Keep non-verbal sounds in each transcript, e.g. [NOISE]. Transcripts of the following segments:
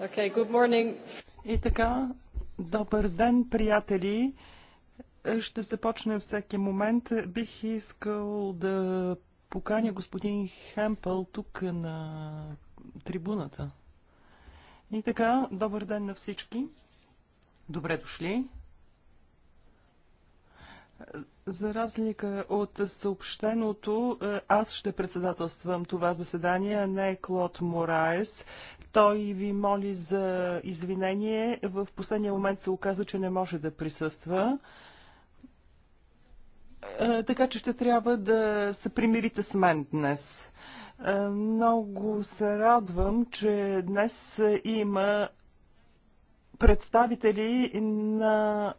Okay, good morning. И така, добър ден, приятели. Ще започне всеки момент. Бих искал да поканя господин Хемпъл тук на трибуната. И така, добър ден на всички. Добре дошли. За разлика от съобщеното, аз ще председателствам това заседание, а не Клод Мораес. Той ви моли за извинение. В последния момент се оказа, че не може да присъства. Е, така че ще трябва да се примирите с мен днес. Е, много се радвам, че днес има представители на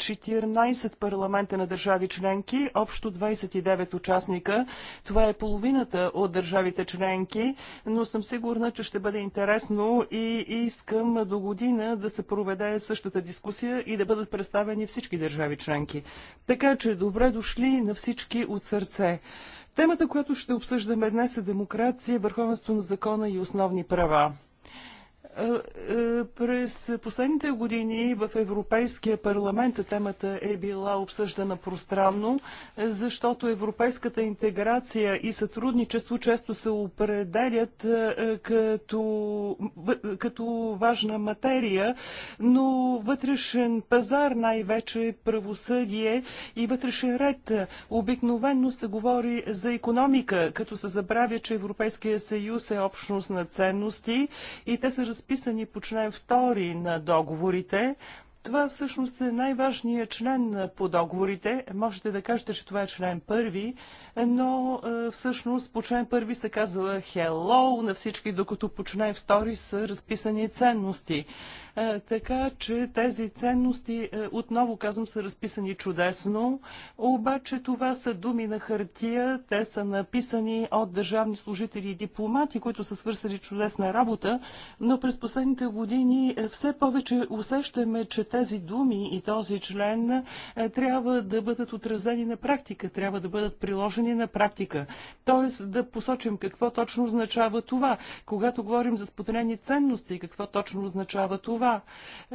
14 парламента на държави членки, общо 29 участника. Това е половината от държавите членки, но съм сигурна, че ще бъде интересно и искам до година да се проведе същата дискусия и да бъдат представени всички държави членки. Така че добре дошли на всички от сърце. Темата, която ще обсъждаме днес е демокрация, върховенство на закона и основни права. Е, е, през последните години в Европейския парламент темата е била обсъждана пространно, защото европейската интеграция и сътрудничество често се определят е, като, като важна материя, но вътрешен пазар, най-вече правосъдие и вътрешен ред. Обикновенно се говори за економика, като се забравя, че Европейския съюз е общност на ценности и те се разпределят разписани по член 2 на договорите. Това всъщност е най-важният член по договорите. Можете да кажете, че това е член първи, но е, всъщност по член първи се казва hello на всички, докато по член втори са разписани ценности. Е, така че тези ценности, е, отново казвам, са разписани чудесно, обаче това са думи на хартия, те са написани от държавни служители и дипломати, които са свързали чудесна работа, но през последните години е, все повече усещаме, че тези думи и този член трябва да бъдат отразени на практика, трябва да бъдат приложени на практика. Тоест да посочим какво точно означава това. Когато говорим за споделени ценности, какво точно означава това? това.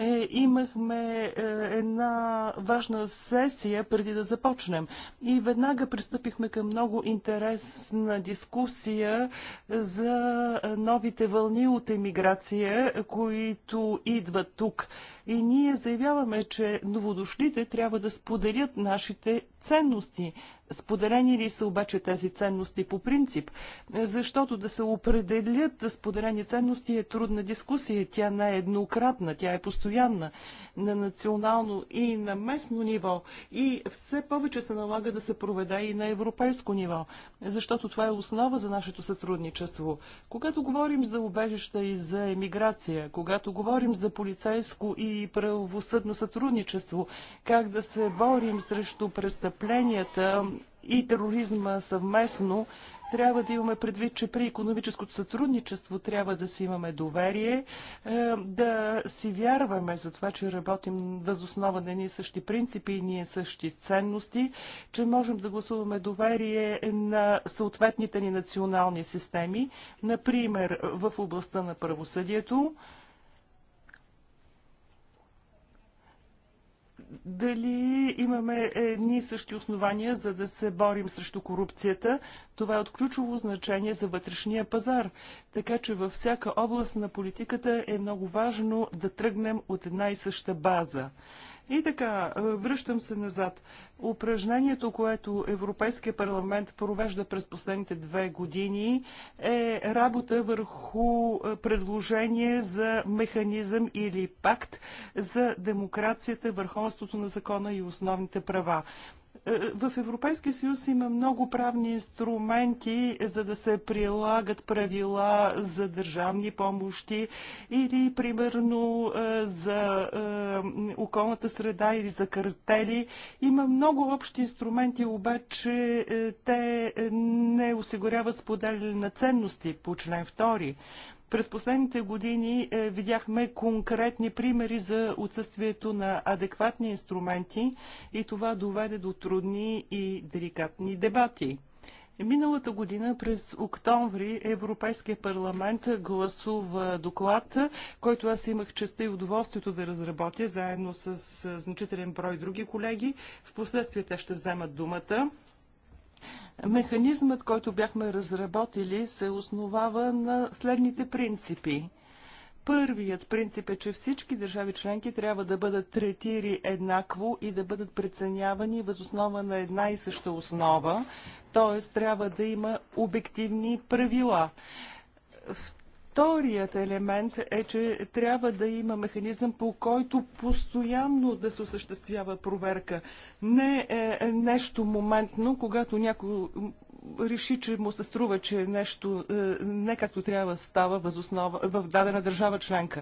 Е, имахме е, една важна сесия преди да започнем и веднага пристъпихме към много интересна дискусия за новите вълни от емиграция, които идват тук. И ние заявяваме, че новодошлите трябва да споделят нашите ценности. Споделени ли са обаче тези ценности по принцип? Защото да се определят споделени ценности е трудна дискусия. Тя не е еднократна, тя е постоянна на национално и на местно ниво. И все повече се налага да се проведе и на европейско ниво, защото това е основа за нашето сътрудничество. Когато говорим за убежища и за емиграция, когато говорим за полицейско и и правосъдно сътрудничество, как да се борим срещу престъпленията и тероризма съвместно, трябва да имаме предвид, че при економическото сътрудничество трябва да си имаме доверие, е, да си вярваме за това, че работим възоснова на ние същи принципи и ние същи ценности, че можем да гласуваме доверие на съответните ни национални системи, например в областта на правосъдието. дали имаме едни същи основания за да се борим срещу корупцията. Това е от ключово значение за вътрешния пазар. Така че във всяка област на политиката е много важно да тръгнем от една и съща база. И така, връщам се назад. Упражнението, което Европейския парламент провежда през последните две години е работа върху предложение за механизъм или пакт за демокрацията, върховенството на закона и основните права в Европейския съюз има много правни инструменти, за да се прилагат правила за държавни помощи или, примерно, е, за е, околната среда или за картели. Има много общи инструменти, обаче е, те не осигуряват споделяне на ценности по член 2. През последните години е, видяхме конкретни примери за отсъствието на адекватни инструменти и това доведе до трудни и деликатни дебати. Миналата година през октомври Европейския парламент гласува доклад, който аз имах честа и удоволствието да разработя заедно с значителен брой други колеги. Впоследствие те ще вземат думата. Механизмът, който бяхме разработили, се основава на следните принципи. Първият принцип е, че всички държави членки трябва да бъдат третири еднакво и да бъдат преценявани възоснова на една и съща основа, т.е. трябва да има обективни правила. Вторият елемент е, че трябва да има механизъм, по който постоянно да се осъществява проверка. Не е нещо моментно, когато някой реши, че му се струва, че нещо е, не както трябва става в дадена държава членка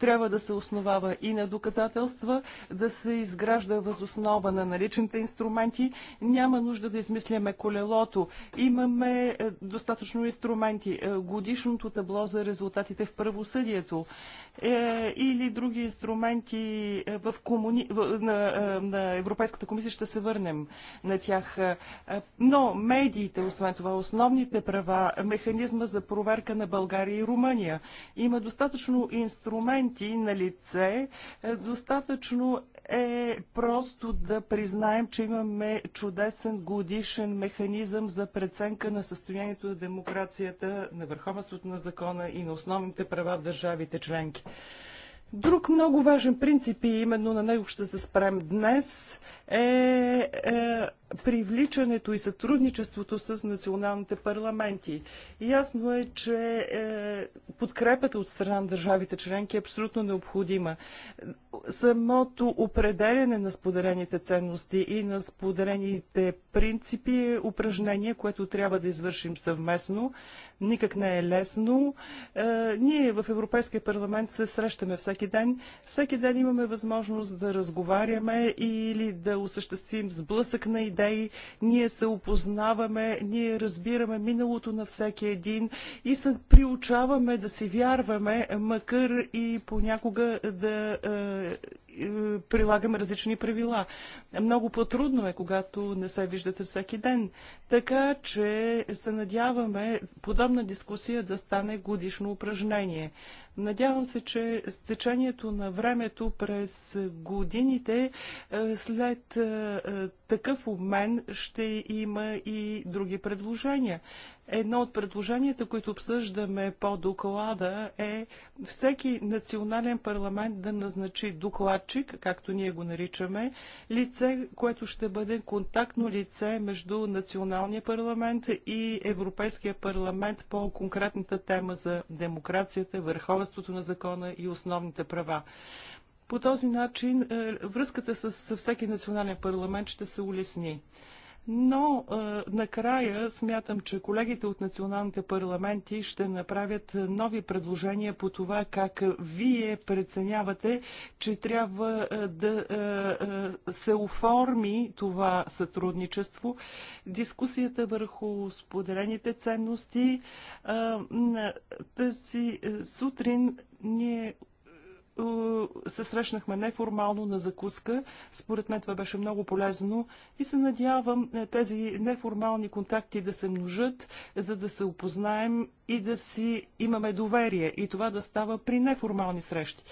трябва да се основава и на доказателства, да се изгражда възоснова на наличните инструменти. Няма нужда да измисляме колелото. Имаме е, достатъчно инструменти. Е, годишното табло за резултатите в правосъдието е, или други инструменти в комуни... на, на Европейската комисия ще се върнем на тях. Но медиите, освен това, основните права, механизма за проверка на България и Румъния. Има достатъчно инструменти моменти на лице, е, достатъчно е просто да признаем, че имаме чудесен годишен механизъм за преценка на състоянието на демокрацията, на върховенството на закона и на основните права в държавите членки. Друг много важен принцип и именно на него ще се спрем днес е, е привличането и сътрудничеството с националните парламенти. Ясно е, че е, подкрепата от страна на държавите членки е абсолютно необходима. Самото определене на споделените ценности и на споделените принципи е упражнение, което трябва да извършим съвместно. Никак не е лесно. Е, ние в Европейския парламент се срещаме всеки ден. Всеки ден имаме възможност да разговаряме или да осъществим сблъсък на идеи идеи, ние се опознаваме, ние разбираме миналото на всеки един и се приучаваме да си вярваме, макар и понякога да е, е, прилагаме различни правила. Много по-трудно е, когато не се виждате всеки ден. Така че се надяваме подобна дискусия да стане годишно упражнение. Надявам се, че с течението на времето през годините е, след е, такъв обмен ще има и други предложения. Едно от предложенията, които обсъждаме по доклада е всеки национален парламент да назначи докладчик, както ние го наричаме, лице, което ще бъде контактно лице между националния парламент и Европейския парламент по конкретната тема за демокрацията, върховенството на закона и основните права. По този начин е, връзката с всеки национален парламент ще се улесни. Но а, е, накрая смятам, че колегите от националните парламенти ще направят нови предложения по това как вие преценявате, че трябва а, е, да а, е, се оформи това сътрудничество. Дискусията върху споделените ценности. на тази сутрин ние е, се срещнахме неформално на закуска. Според мен това беше много полезно и се надявам е, тези неформални контакти да се множат, за да се опознаем и да си имаме доверие и това да става при неформални срещи.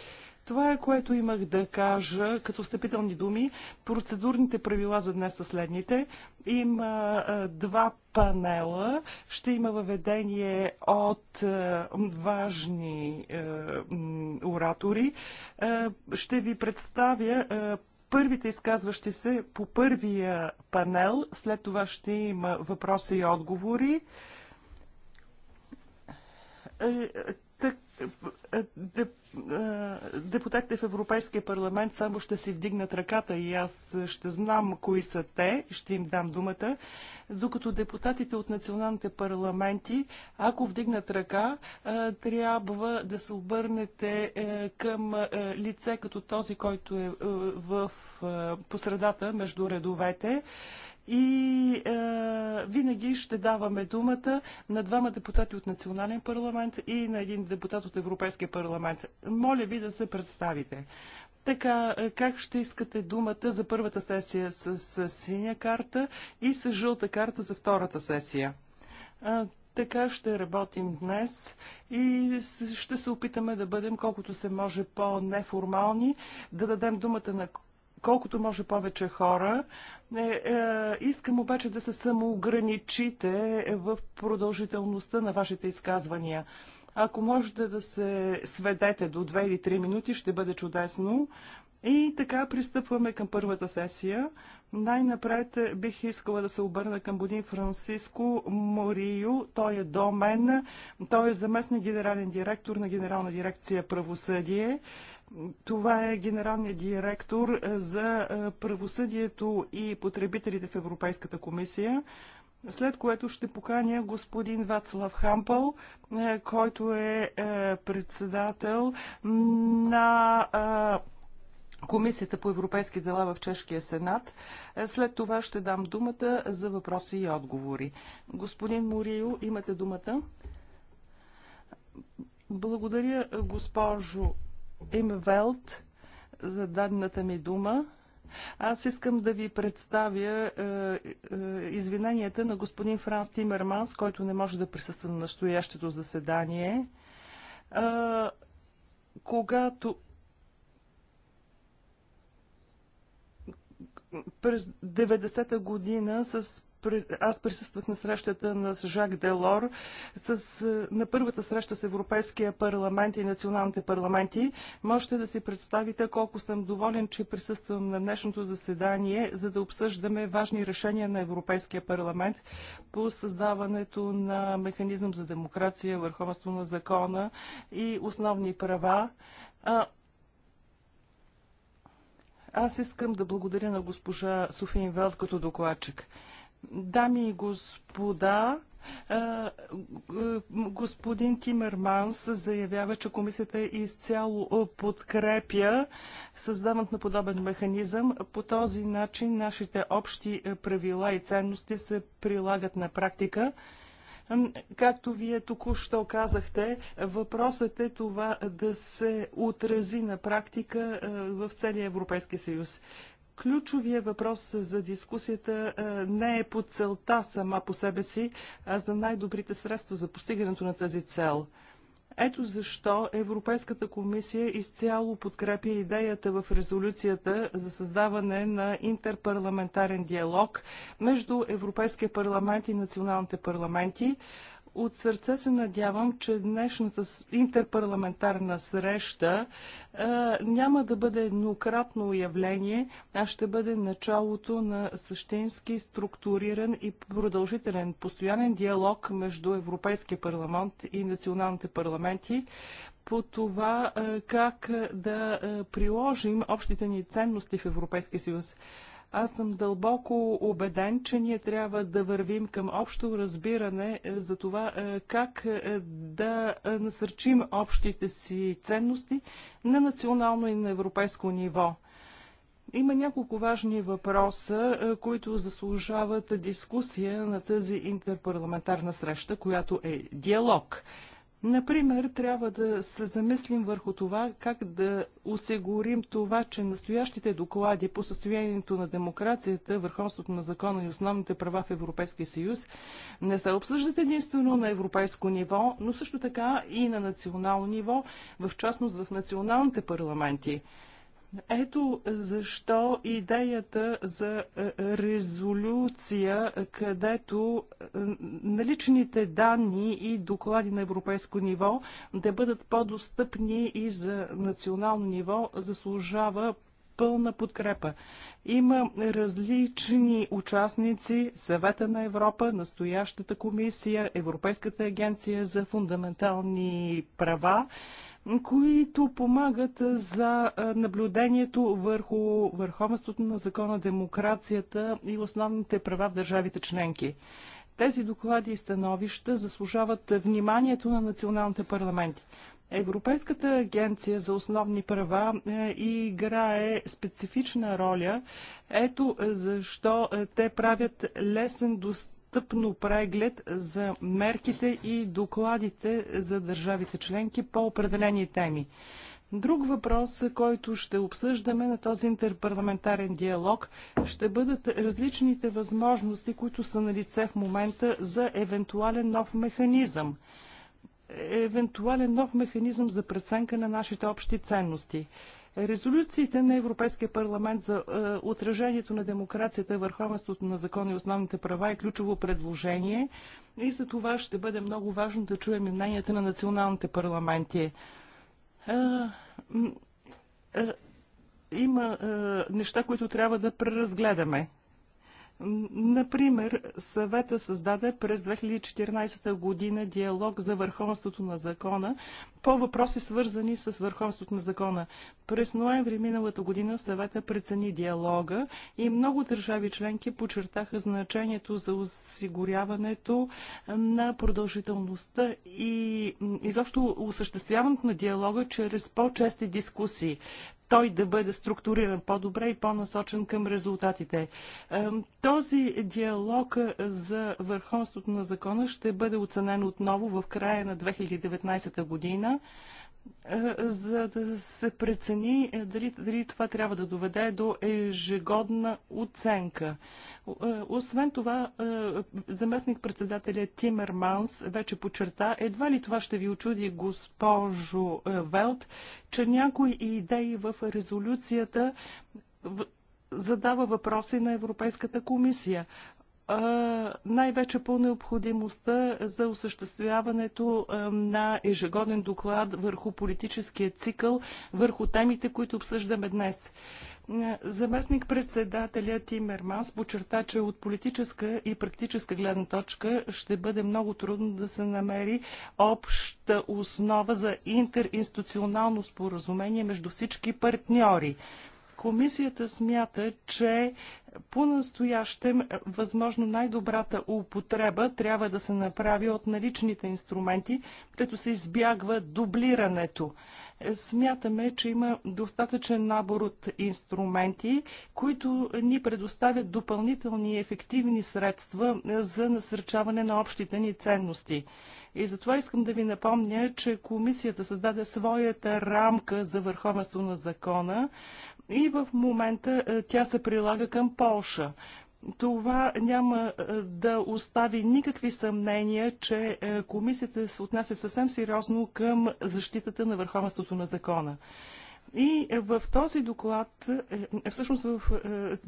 Това е което имах да кажа като стъпителни думи. Процедурните правила за днес са следните. Има два панела. Ще има въведение от важни оратори. Ще ви представя първите изказващи се по първия панел. След това ще има въпроси и отговори е, е, е, е, депутатите в Европейския парламент само ще си вдигнат ръката и аз ще знам кои са те, ще им дам думата, докато депутатите от националните парламенти, ако вдигнат ръка, трябва да се обърнете към лице като този, който е в посредата между редовете и е, винаги ще даваме думата на двама депутати от Национален парламент и на един депутат от Европейския парламент. Моля ви да се представите. Така, е, как ще искате думата за първата сесия с, с синя карта и с жълта карта за втората сесия? А, е, така ще работим днес и ще се опитаме да бъдем колкото се може по-неформални, да дадем думата на колкото може повече хора. Е, е, искам обаче да се самоограничите в продължителността на вашите изказвания. Ако можете да се сведете до 2 или 3 минути, ще бъде чудесно. И така пристъпваме към първата сесия. Най-напред бих искала да се обърна към Бодин Франциско Морио. Той е до мен. Той е заместник генерален директор на Генерална дирекция правосъдие. Това е генералният директор е, за е, правосъдието и потребителите в Европейската комисия след което ще поканя господин Вацлав Хампъл, е, който е председател на Комисията по европейски дела в Чешкия сенат. След това ще дам думата за въпроси и отговори. Господин Морио, имате думата. Благодаря, госпожо им Велт за дадената ми дума. Аз искам да ви представя е, е, извиненията на господин Франс Тимерманс, който не може да присъства на настоящето заседание. Е, когато през 90-та година с аз присъствах на срещата на Жак Делор с, е, на първата среща с Европейския парламент и националните парламенти. Можете да си представите колко съм доволен, че присъствам на днешното заседание, за да обсъждаме важни решения на Европейския парламент по създаването на механизъм за демокрация, върховенство на закона и основни права. Аз искам да благодаря на госпожа Софин Велт като докладчик. Дами и господа, е, е, господин Тимерманс заявява, че комисията изцяло е, подкрепя създаването на подобен механизъм. По този начин нашите общи правила и ценности се прилагат на практика. Както вие току-що казахте, въпросът е това да се отрази на практика в целия Европейски съюз. Ключовия въпрос за дискусията не е по целта сама по себе си, а за най-добрите средства за постигането на тази цел. Ето защо Европейската комисия изцяло подкрепя идеята в резолюцията за създаване на интерпарламентарен диалог между Европейския парламент и националните парламенти, от сърце се надявам, че днешната интерпарламентарна среща а, е, няма да бъде еднократно явление, а ще бъде началото на същински, структуриран и продължителен постоянен диалог между Европейския парламент и националните парламенти по това е, как да е, приложим общите ни ценности в Европейския съюз. Аз съм дълбоко убеден, че ние трябва да вървим към общо разбиране е, за това е, как е, да насърчим общите си ценности на национално и на европейско ниво. Има няколко важни въпроса, които заслужават дискусия на тази интерпарламентарна среща, която е диалог. Например, трябва да се замислим върху това, как да осигурим това, че настоящите доклади по състоянието на демокрацията, върховството на закона и основните права в Европейския съюз не се обсъждат единствено на европейско ниво, но също така и на национално ниво, в частност в националните парламенти. Ето защо идеята за е, резолюция, където е, наличните данни и доклади на европейско ниво да бъдат по-достъпни и за национално ниво, заслужава пълна подкрепа. Има различни участници, съвета на Европа, настоящата комисия, Европейската агенция за фундаментални права които помагат за наблюдението върху върховенството на закона, демокрацията и основните права в държавите членки. Тези доклади и становища заслужават вниманието на националните парламенти. Европейската агенция за основни права е, играе специфична роля. Ето е, защо е, те правят лесен достъп тъпно преглед за мерките и докладите за държавите членки по определени теми. Друг въпрос, който ще обсъждаме на този интерпарламентарен диалог, ще бъдат различните възможности, които са на лице в момента за евентуален нов механизъм евентуален нов механизъм за преценка на нашите общи ценности. Резолюциите на Европейския парламент за е, отражението на демокрацията, върховенството на закон и основните права е ключово предложение и за това ще бъде много важно да чуем и мненията на националните парламенти е, е, има е, неща, които трябва да преразгледаме. Например, съвета създаде през 2014 година диалог за върховенството на закона по въпроси свързани с върховенството на закона. През ноември миналата година съвета прецени диалога и много държави членки подчертаха значението за осигуряването на продължителността и изобщо осъществяването на диалога чрез по-чести дискусии той да бъде структуриран по-добре и по-насочен към резултатите. Този диалог за върховството на закона ще бъде оценен отново в края на 2019 година за да се прецени е, дали, дали това трябва да доведе до ежегодна оценка. Е, освен това, е, заместник председателя Тимер Манс вече почерта. едва ли това ще ви очуди госпожо Велт, че някои идеи в резолюцията задава въпроси на Европейската комисия най-вече по необходимостта за осъществяването на ежегоден доклад върху политическия цикъл, върху темите, които обсъждаме днес. Заместник председателя Тимерманс подчерта, че от политическа и практическа гледна точка ще бъде много трудно да се намери обща основа за интеринституционално споразумение между всички партньори. Комисията смята, че по-настоящем, е, възможно най-добрата употреба трябва да се направи от наличните инструменти, като се избягва дублирането. Е, смятаме, че има достатъчен набор от инструменти, които ни предоставят допълнителни и ефективни средства е, за насърчаване на общите ни ценности. И затова искам да ви напомня, че комисията създаде своята рамка за върховенство на закона, и в момента е, тя се прилага към Полша. Това няма е, да остави никакви съмнения, че е, комисията се отнася съвсем сериозно към защитата на върховенството на закона. И в този доклад, всъщност в,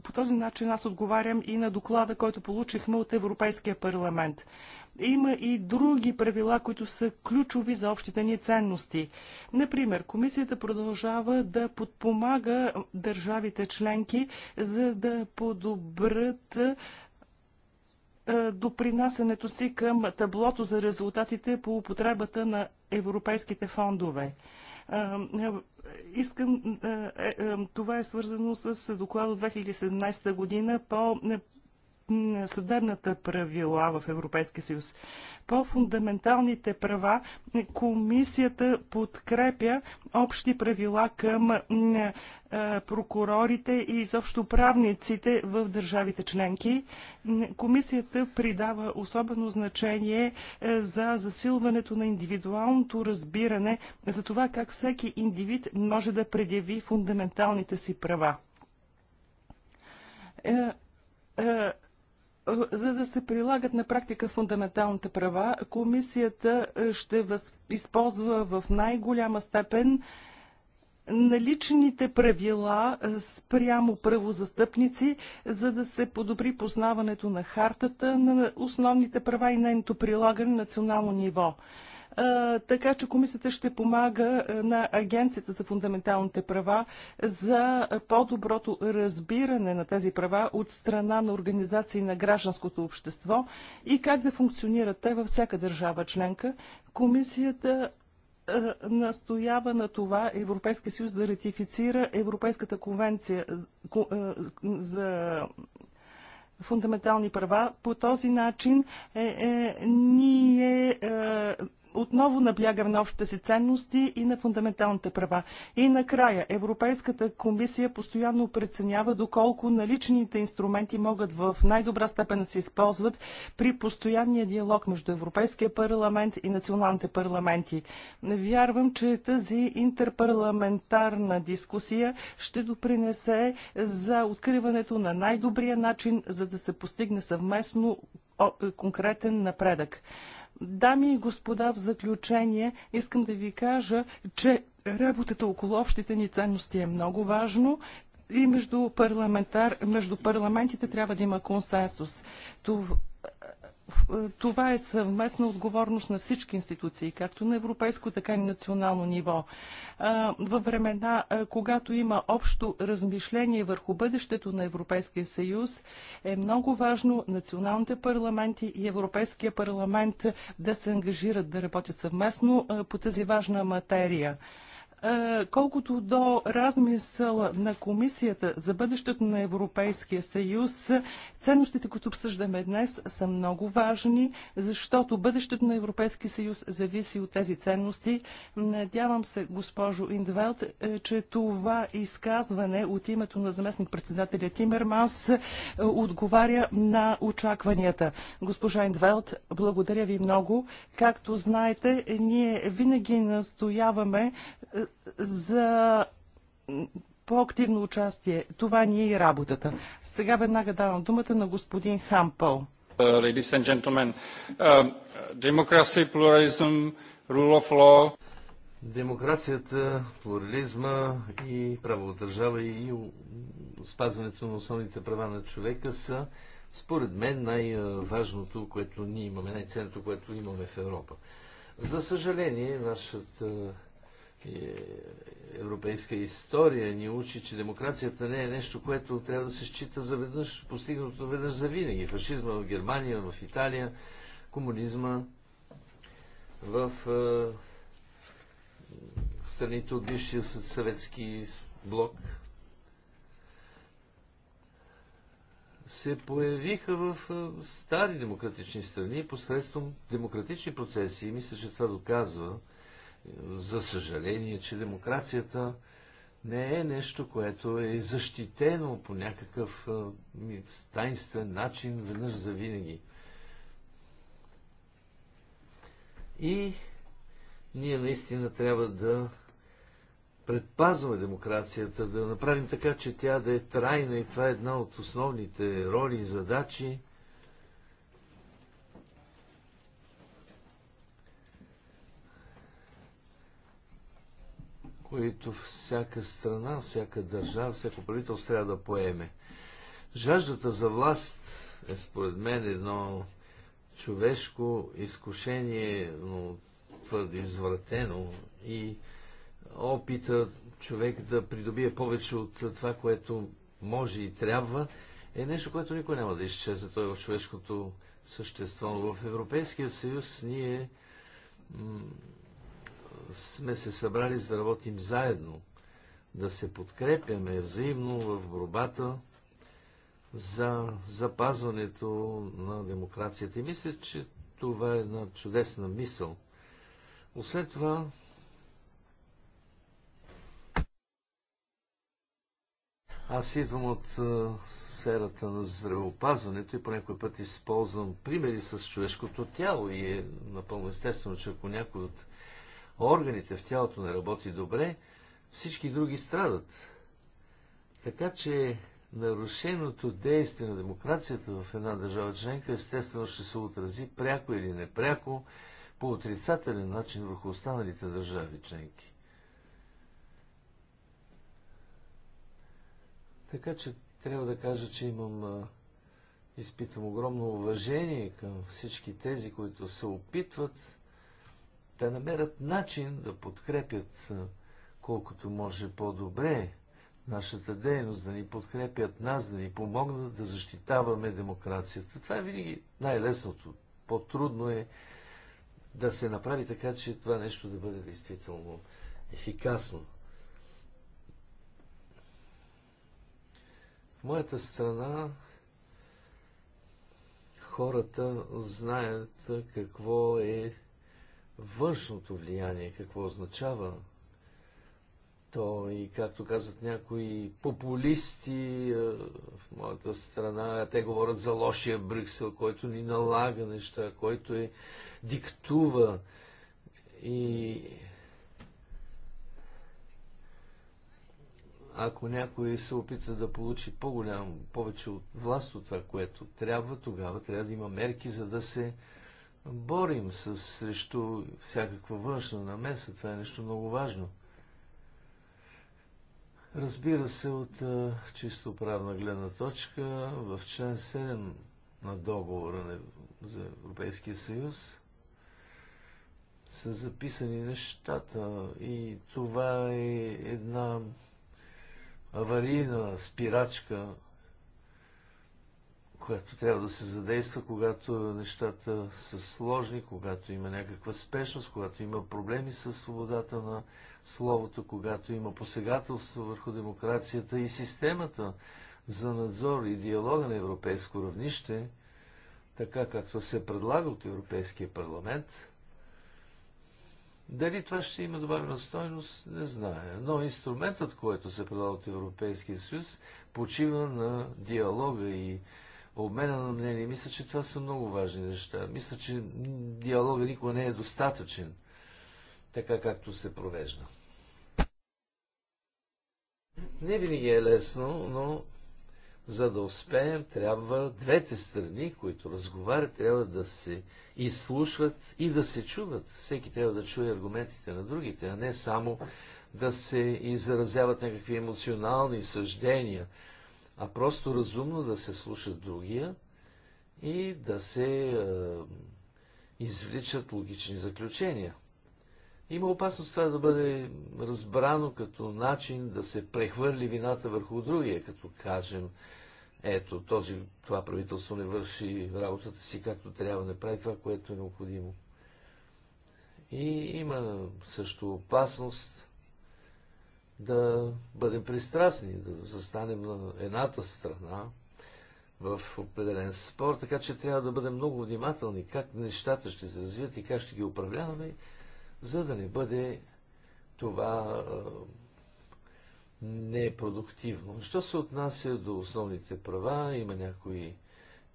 по този начин аз отговарям и на доклада, който получихме от Европейския парламент има и други правила, които са ключови за общите ни ценности. Например, комисията продължава да подпомага държавите членки, за да подобрят е, допринасянето си към таблото за резултатите по употребата на европейските фондове. Е, искам, е, това е свързано с доклад от 2017 година по съдебната правила в Европейския съюз. По фундаменталните права комисията подкрепя общи правила към прокурорите и изобщо правниците в държавите членки. Комисията придава особено значение за засилването на индивидуалното разбиране за това как всеки индивид може да предяви фундаменталните си права. Е, е, за да се прилагат на практика фундаменталните права, комисията е, ще въз... използва в най-голяма степен наличните правила е, спрямо правозастъпници, за да се подобри познаването на хартата на основните права и нейното прилагане на национално ниво така че комисията ще помага на Агенцията за фундаменталните права за по-доброто разбиране на тези права от страна на организации на гражданското общество и как да функционират те във всяка държава членка. Комисията настоява на това Европейския съюз да ратифицира Европейската конвенция за фундаментални права. По този начин е, е, ние е, отново наблягам на общите си ценности и на фундаменталните права. И накрая, Европейската комисия постоянно преценява доколко наличните инструменти могат в най-добра степен да се използват при постоянния диалог между Европейския парламент и националните парламенти. Вярвам, че тази интерпарламентарна дискусия ще допринесе за откриването на най-добрия начин, за да се постигне съвместно конкретен напредък. Дами и господа, в заключение искам да ви кажа, че работата около общите ни ценности е много важно и между, парламентар, между парламентите трябва да има консенсус. Това това е съвместна отговорност на всички институции, както на европейско, така и на национално ниво. Във времена, когато има общо размишление върху бъдещето на Европейския съюз, е много важно националните парламенти и Европейския парламент да се ангажират да работят съвместно по тази важна материя. Е, колкото до размисъла на комисията за бъдещето на Европейския съюз, ценностите, които обсъждаме днес, са много важни, защото бъдещето на Европейския съюз зависи от тези ценности. Надявам се, госпожо Индвелт, е, че това изказване от името на заместник-председателя Тимерманс е, отговаря на очакванията. Госпожа Индвелт, благодаря ви много. Както знаете, ние винаги настояваме за по-активно участие. Това ни е и работата. Сега веднага давам думата на господин Хампъл. Uh, ladies and gentlemen, democracy, uh, pluralism, rule of law. Демокрацията, плурализма и правова държава и спазването на основните права на човека са, според мен, най-важното, което ние имаме, най-ценното, което имаме в Европа. За съжаление, нашата е, европейска история ни учи, че демокрацията не е нещо, което трябва да се счита за веднъж, постигнато веднъж за винаги. Фашизма в Германия, в Италия, комунизма в е, страните от бившия съветски блок се появиха в е, стари демократични страни посредством демократични процеси. И мисля, че това доказва, за съжаление, че демокрацията не е нещо, което е защитено по някакъв тайнствен начин веднъж за винаги. И ние наистина трябва да предпазваме демокрацията, да направим така, че тя да е трайна и това е една от основните роли и задачи които всяка страна, всяка държава, всяко правителство трябва да поеме. Жаждата за власт е според мен едно човешко изкушение, но твърде извратено и опита човек да придобие повече от това, което може и трябва, е нещо, което никой няма да изчезе. Той е в човешкото същество. Но в Европейския съюз ние сме се събрали за да работим заедно, да се подкрепяме взаимно в борбата за запазването на демокрацията. И мисля, че това е една чудесна мисъл. Освен това, Аз идвам от сферата на здравеопазването и по някой път използвам примери с човешкото тяло и е напълно естествено, че ако някой от органите в тялото не работи добре, всички други страдат. Така че нарушеното действие на демокрацията в една държава членка естествено ще се отрази пряко или непряко по отрицателен начин върху останалите държави членки. Така че трябва да кажа, че имам изпитвам огромно уважение към всички тези, които се опитват да намерят начин да подкрепят колкото може по-добре нашата дейност, да ни подкрепят нас, да ни помогнат да защитаваме демокрацията. Това е винаги най-лесното. По-трудно е да се направи така, че това нещо да бъде действително ефикасно. В моята страна хората знаят какво е външното влияние, какво означава то и както казват някои популисти е, в моята страна, те говорят за лошия Брюксел, който ни налага неща, който е диктува и ако някой се опита да получи по-голям, повече от власт от това, което трябва, тогава трябва да има мерки, за да се борим с, срещу всякаква външна намеса. Това е нещо много важно. Разбира се, от а, чисто правна гледна точка, в член 7 на договора на, за Европейския съюз са записани нещата и това е една аварийна спирачка, която трябва да се задейства, когато нещата са сложни, когато има някаква спешност, когато има проблеми с свободата на словото, когато има посегателство върху демокрацията и системата за надзор и диалога на европейско равнище, така както се предлага от Европейския парламент. Дали това ще има добавена стойност, не знае. Но инструментът, който се предлага от Европейския съюз, почива на диалога и обмена на мнение. Мисля, че това са много важни неща. Мисля, че диалога никога не е достатъчен, така както се провежда. Не винаги е лесно, но за да успеем, трябва двете страни, които разговарят, трябва да се изслушват и да се чуват. Всеки трябва да чуе аргументите на другите, а не само да се изразяват някакви емоционални съждения а просто разумно да се слушат другия и да се е, извличат логични заключения. Има опасност това да бъде разбрано като начин да се прехвърли вината върху другия, като кажем, ето, този, това правителство не върши работата си както трябва, не прави това, което е необходимо. И има също опасност да бъдем пристрастни, да застанем на едната страна в определен спор, така че трябва да бъдем много внимателни как нещата ще се развият и как ще ги управляваме, за да не бъде това непродуктивно. Що се отнася до основните права, има някои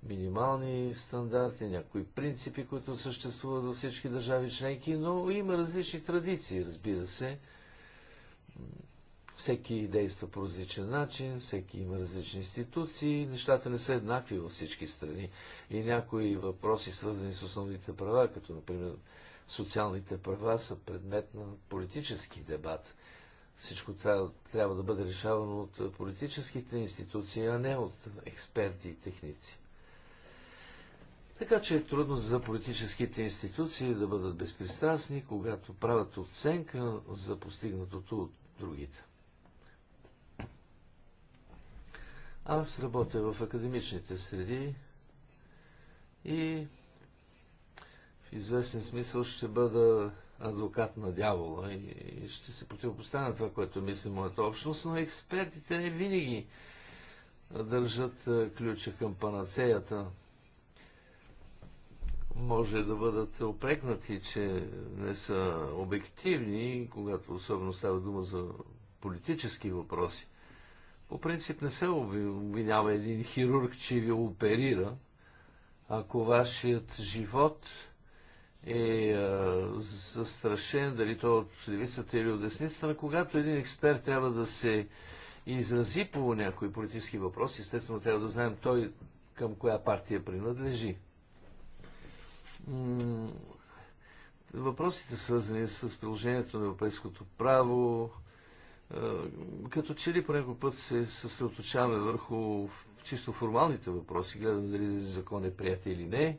минимални стандарти, някои принципи, които съществуват във всички държави членки, но има различни традиции, разбира се. Всеки действа по различен начин, всеки има различни институции, нещата не са еднакви във всички страни. И някои въпроси, свързани с основните права, като например социалните права, са предмет на политически дебат. Всичко това трябва да бъде решавано от политическите институции, а не от експерти и техници. Така че е трудно за политическите институции да бъдат безпристрастни, когато правят оценка за постигнатото от другите. Аз работя в академичните среди и в известен смисъл ще бъда адвокат на дявола и ще се противопоставя на това, което мисли моята общност, но експертите не винаги държат е, ключа към панацеята. Може да бъдат опрекнати, че не са обективни, когато особено става дума за политически въпроси. По принцип не се обвинява един хирург, че ви оперира. Ако вашият живот е а, застрашен, дали то от левицата или от десницата, но когато един експерт трябва да се изрази по някои политически въпроси, естествено трябва да знаем той към коя партия принадлежи. Въпросите, свързани с приложението на европейското право, като че ли по някой път се съсредоточаваме върху чисто формалните въпроси, гледаме дали закон е прият или не,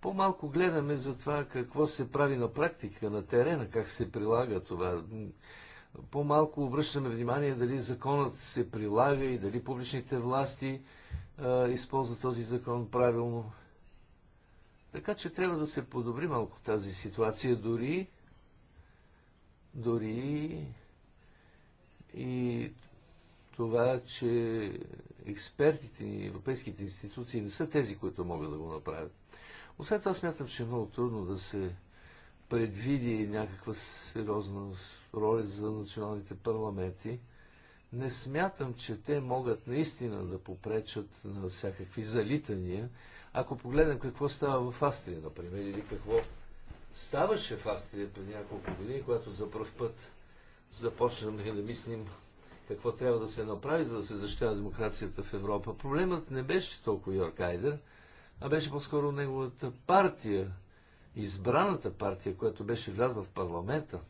по-малко гледаме за това какво се прави на практика, на терена, как се прилага това. По-малко обръщаме внимание дали законът се прилага и дали публичните власти а, използват този закон правилно. Така че трябва да се подобри малко тази ситуация, дори, дори и това, че експертите и европейските институции не са тези, които могат да го направят. Освен това смятам, че е много трудно да се предвиди някаква сериозна роля за националните парламенти. Не смятам, че те могат наистина да попречат на всякакви залитания. Ако погледнем какво става в Австрия, например, или какво ставаше в Австрия преди няколко години, когато за първ път започнахме да мислим какво трябва да се направи, за да се защитава демокрацията в Европа. Проблемът не беше толкова Йорк Айдер, а беше по-скоро неговата партия, избраната партия, която беше влязла в парламента.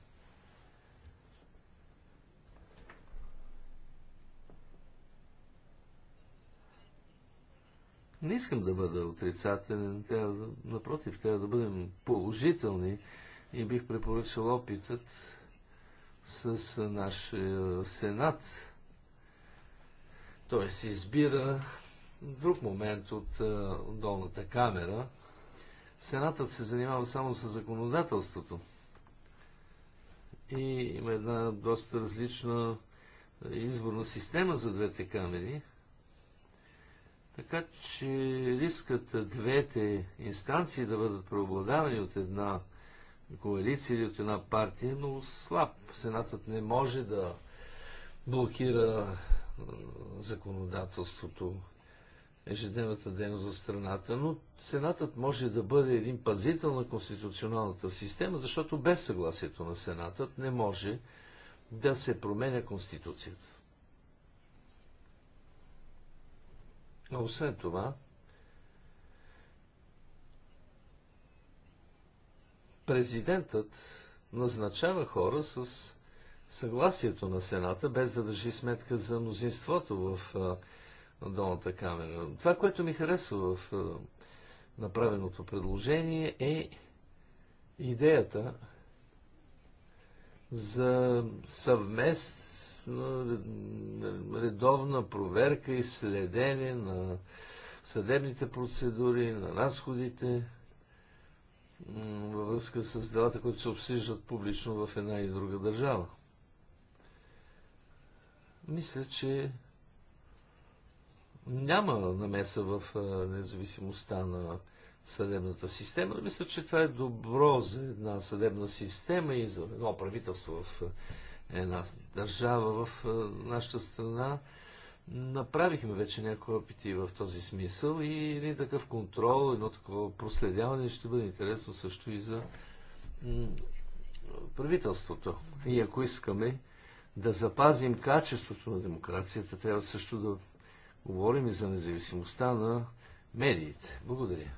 Не искам да бъда отрицателен, трябва да, напротив, трябва да бъдем положителни и бих препоръчал опитът с нашия Сенат. Той се избира в друг момент от долната камера. Сенатът се занимава само с законодателството. И има една доста различна изборна система за двете камери. Така че рискът двете инстанции да бъдат преобладавани от една коалиция или от една партия е много слаб. Сенатът не може да блокира законодателството, ежедневната дейност за страната, но Сенатът може да бъде един пазител на конституционалната система, защото без съгласието на Сенатът не може да се променя Конституцията. А освен това, президентът назначава хора с съгласието на Сената, без да държи сметка за мнозинството в а, долната камера. Това, което ми харесва в а, направеното предложение е идеята за съвместна редовна проверка и следение на съдебните процедури, на разходите, във връзка с делата, които се обсъждат публично в една и друга държава. Мисля, че няма намеса в независимостта на съдебната система. Мисля, че това е добро за една съдебна система и за едно правителство в една държава в нашата страна. Направихме вече някои опити в този смисъл и един такъв контрол, едно такова проследяване ще бъде интересно също и за правителството. И ако искаме да запазим качеството на демокрацията, трябва също да говорим и за независимостта на медиите. Благодаря.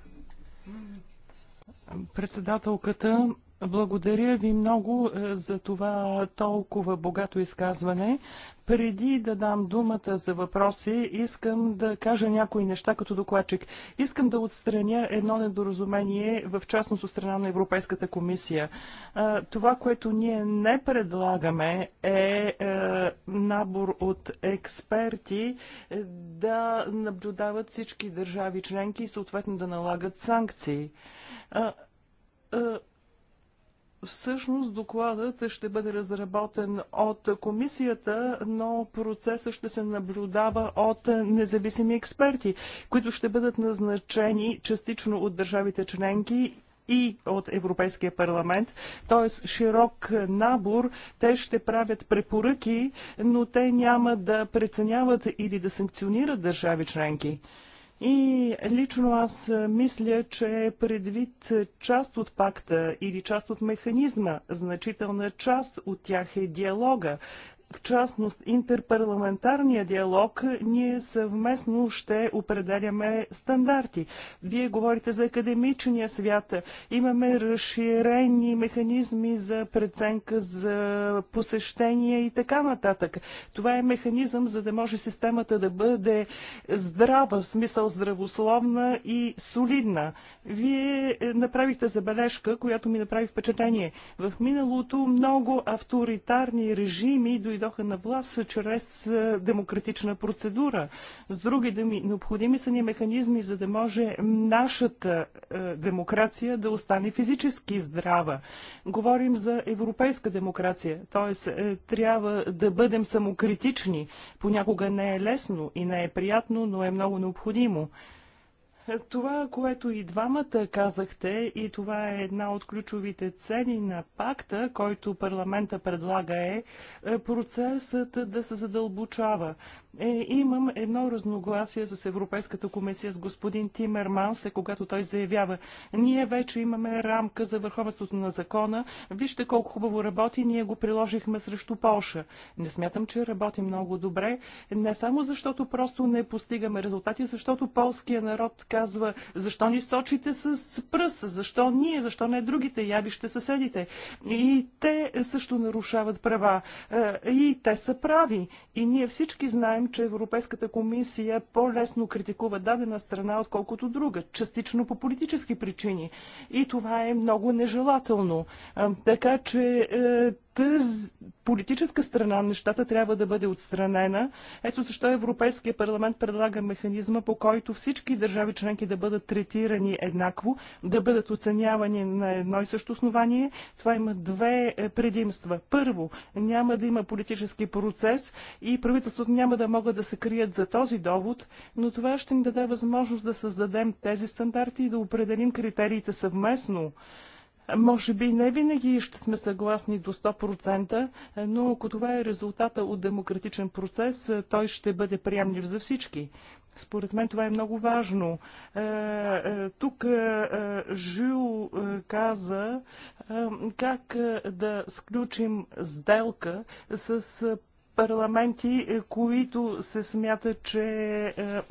Председателката, благодаря ви много е, за това толкова богато изказване. Преди да дам думата за въпроси, искам да кажа някои неща като докладчик. Искам да отстраня едно недоразумение, в частност от страна на Европейската комисия. Това, което ние не предлагаме е, е набор от експерти е, да наблюдават всички държави членки и съответно да налагат санкции Всъщност докладът ще бъде разработен от комисията, но процесът ще се наблюдава от независими експерти, които ще бъдат назначени частично от държавите членки и от Европейския парламент, т.е. широк набор. Те ще правят препоръки, но те няма да преценяват или да санкционират държави членки. И лично аз мисля, че предвид част от пакта или част от механизма, значителна част от тях е диалога в частност интерпарламентарния диалог, ние съвместно ще определяме стандарти. Вие говорите за академичния свят. Имаме разширени механизми за преценка, за посещение и така нататък. Това е механизъм, за да може системата да бъде здрава, в смисъл здравословна и солидна. Вие е, направихте забележка, която ми направи впечатление. В миналото много авторитарни режими дойдоха дойдоха на власт чрез е, демократична процедура. С други думи, необходими са ни механизми, за да може нашата е, демокрация да остане физически здрава. Говорим за европейска демокрация, т.е. Е, трябва да бъдем самокритични. Понякога не е лесно и не е приятно, но е много необходимо. Това, което и двамата казахте, и това е една от ключовите цели на пакта, който парламента предлага е, е процесът да се задълбочава. Е, имам едно разногласие с Европейската комисия с господин Тимер Мансе, когато той заявява, ние вече имаме рамка за върховенството на закона, вижте колко хубаво работи, ние го приложихме срещу Полша. Не смятам, че работи много добре, не само защото просто не постигаме резултати, защото полския народ казва, защо ни сочите с пръст, защо ние, защо не другите, ябище съседите. И те също нарушават права. Е, и те са прави. И ние всички знаем, че Европейската комисия по-лесно критикува дадена страна, отколкото друга, частично по политически причини. И това е много нежелателно. Е, така че е, тази политическа страна на нещата трябва да бъде отстранена. Ето защо Европейския парламент предлага механизма, по който всички държави членки да бъдат третирани еднакво, да бъдат оценявани на едно и също основание. Това има две е, предимства. Първо, няма да има политически процес и правителството няма да могат да се крият за този довод, но това ще ни даде възможност да създадем тези стандарти и да определим критериите съвместно. Може би не винаги ще сме съгласни до 100%, но ако това е резултата от демократичен процес, той ще бъде приемлив за всички. Според мен това е много важно. Е, е, тук е, Жил каза как да сключим сделка с парламенти, които се смята, че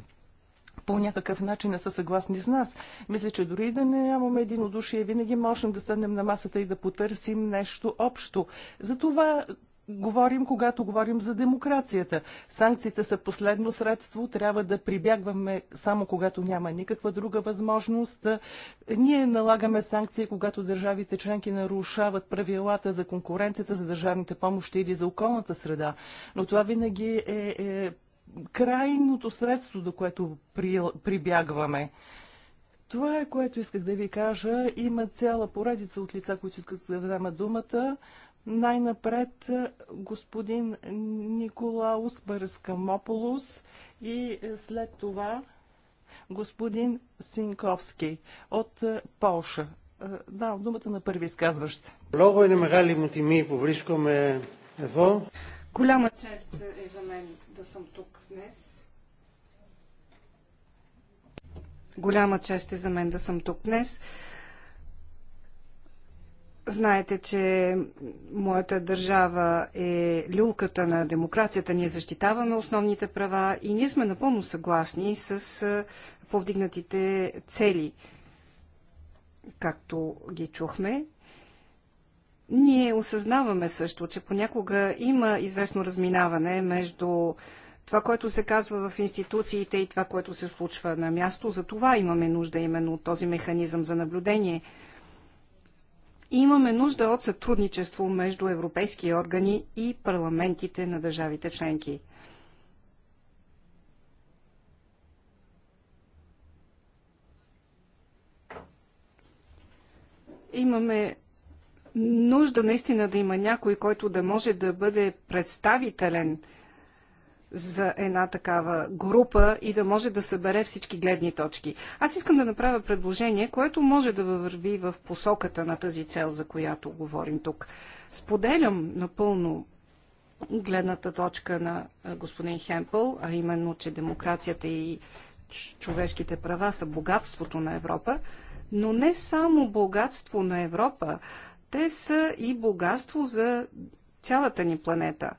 по някакъв начин не са съгласни с нас. Мисля, че дори да не нямаме единодушие, винаги можем да седнем на масата и да потърсим нещо общо. Затова говорим, когато говорим за демокрацията. Санкциите са последно средство, трябва да прибягваме само когато няма никаква друга възможност. Ние налагаме санкции, когато държавите членки нарушават правилата за конкуренцията, за държавните помощи или за околната среда. Но това винаги е, е крайното средство, до което при, прибягваме. Това е което исках да ви кажа. Има цяла поредица от лица, които искат да взема думата. Най-напред господин Николаус Бърскамополус, и след това господин Синковски от Полша. Да, думата на първи изказващ. Много е намагали му тими, поврискаме ево. Голяма чест е за мен да съм тук днес. Голяма чест е за мен да съм тук днес. Знаете, че моята държава е люлката на демокрацията. Ние защитаваме основните права и ние сме напълно съгласни с повдигнатите цели, както ги чухме. Ние осъзнаваме също, че понякога има известно разминаване между това, което се казва в институциите и това, което се случва на място. За това имаме нужда именно от този механизъм за наблюдение. И имаме нужда от сътрудничество между европейски органи и парламентите на държавите членки. Имаме нужда наистина да има някой, който да може да бъде представителен за една такава група и да може да събере всички гледни точки. Аз искам да направя предложение, което може да върви в посоката на тази цел, за която говорим тук. Споделям напълно гледната точка на господин Хемпъл, а именно, че демокрацията и човешките права са богатството на Европа, но не само богатство на Европа, те са и богатство за цялата ни планета.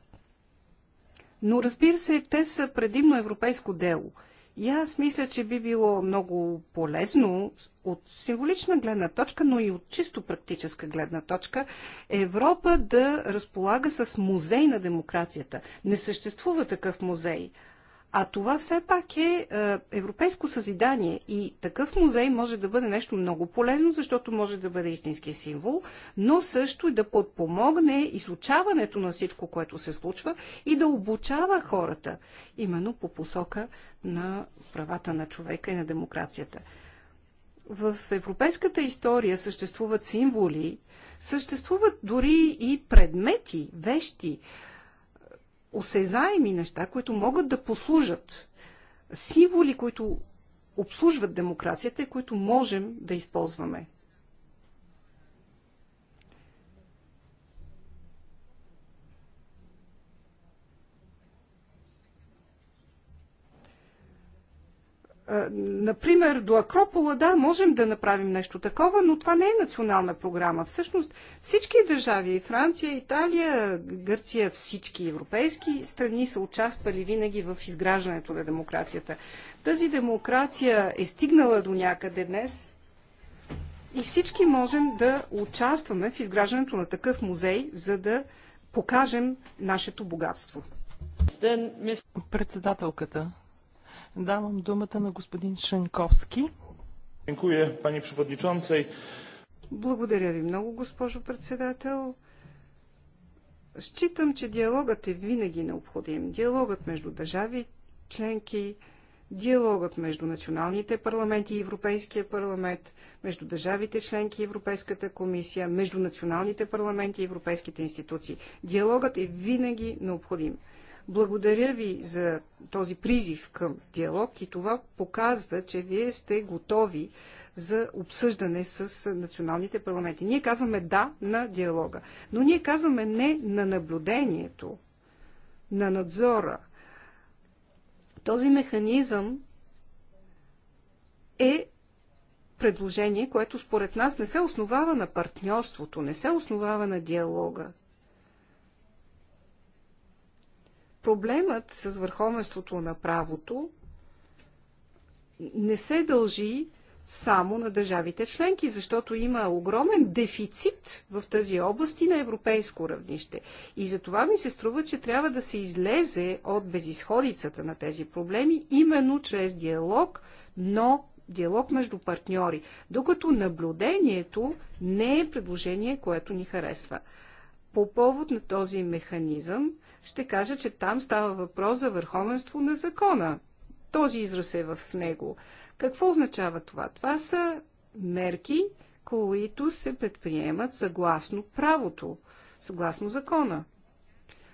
Но разбира се, те са предимно европейско дело. И аз мисля, че би било много полезно от символична гледна точка, но и от чисто практическа гледна точка, Европа да разполага с музей на демокрацията. Не съществува такъв музей. А това все пак е, е европейско съзидание и такъв музей може да бъде нещо много полезно, защото може да бъде истински символ, но също и да подпомогне изучаването на всичко, което се случва и да обучава хората именно по посока на правата на човека и на демокрацията. В европейската история съществуват символи, съществуват дори и предмети, вещи, осезаеми неща, които могат да послужат символи, които обслужват демокрацията и които можем да използваме. Например, до Акропола, да, можем да направим нещо такова, но това не е национална програма. Всъщност всички държави, Франция, Италия, Гърция, всички европейски страни са участвали винаги в изграждането на демокрацията. Тази демокрация е стигнала до някъде днес и всички можем да участваме в изграждането на такъв музей, за да покажем нашето богатство. Председателката, Давам думата на господин Шенковски. Благодаря ви много, госпожо председател. Считам, че диалогът е винаги необходим. Диалогът между държави, членки, диалогът между националните парламенти и Европейския парламент, между държавите членки и Европейската комисия, между националните парламенти и европейските институции. Диалогът е винаги необходим. Благодаря ви за този призив към диалог и това показва, че вие сте готови за обсъждане с националните парламенти. Ние казваме да на диалога, но ние казваме не на наблюдението, на надзора. Този механизъм е предложение, което според нас не се основава на партньорството, не се основава на диалога. проблемът с върховенството на правото не се дължи само на държавите членки, защото има огромен дефицит в тази област и на европейско равнище. И за това ми се струва, че трябва да се излезе от безисходицата на тези проблеми, именно чрез диалог, но диалог между партньори, докато наблюдението не е предложение, което ни харесва. По повод на този механизъм ще кажа, че там става въпрос за върховенство на закона. Този израз е в него. Какво означава това? Това са мерки, които се предприемат съгласно правото, съгласно закона.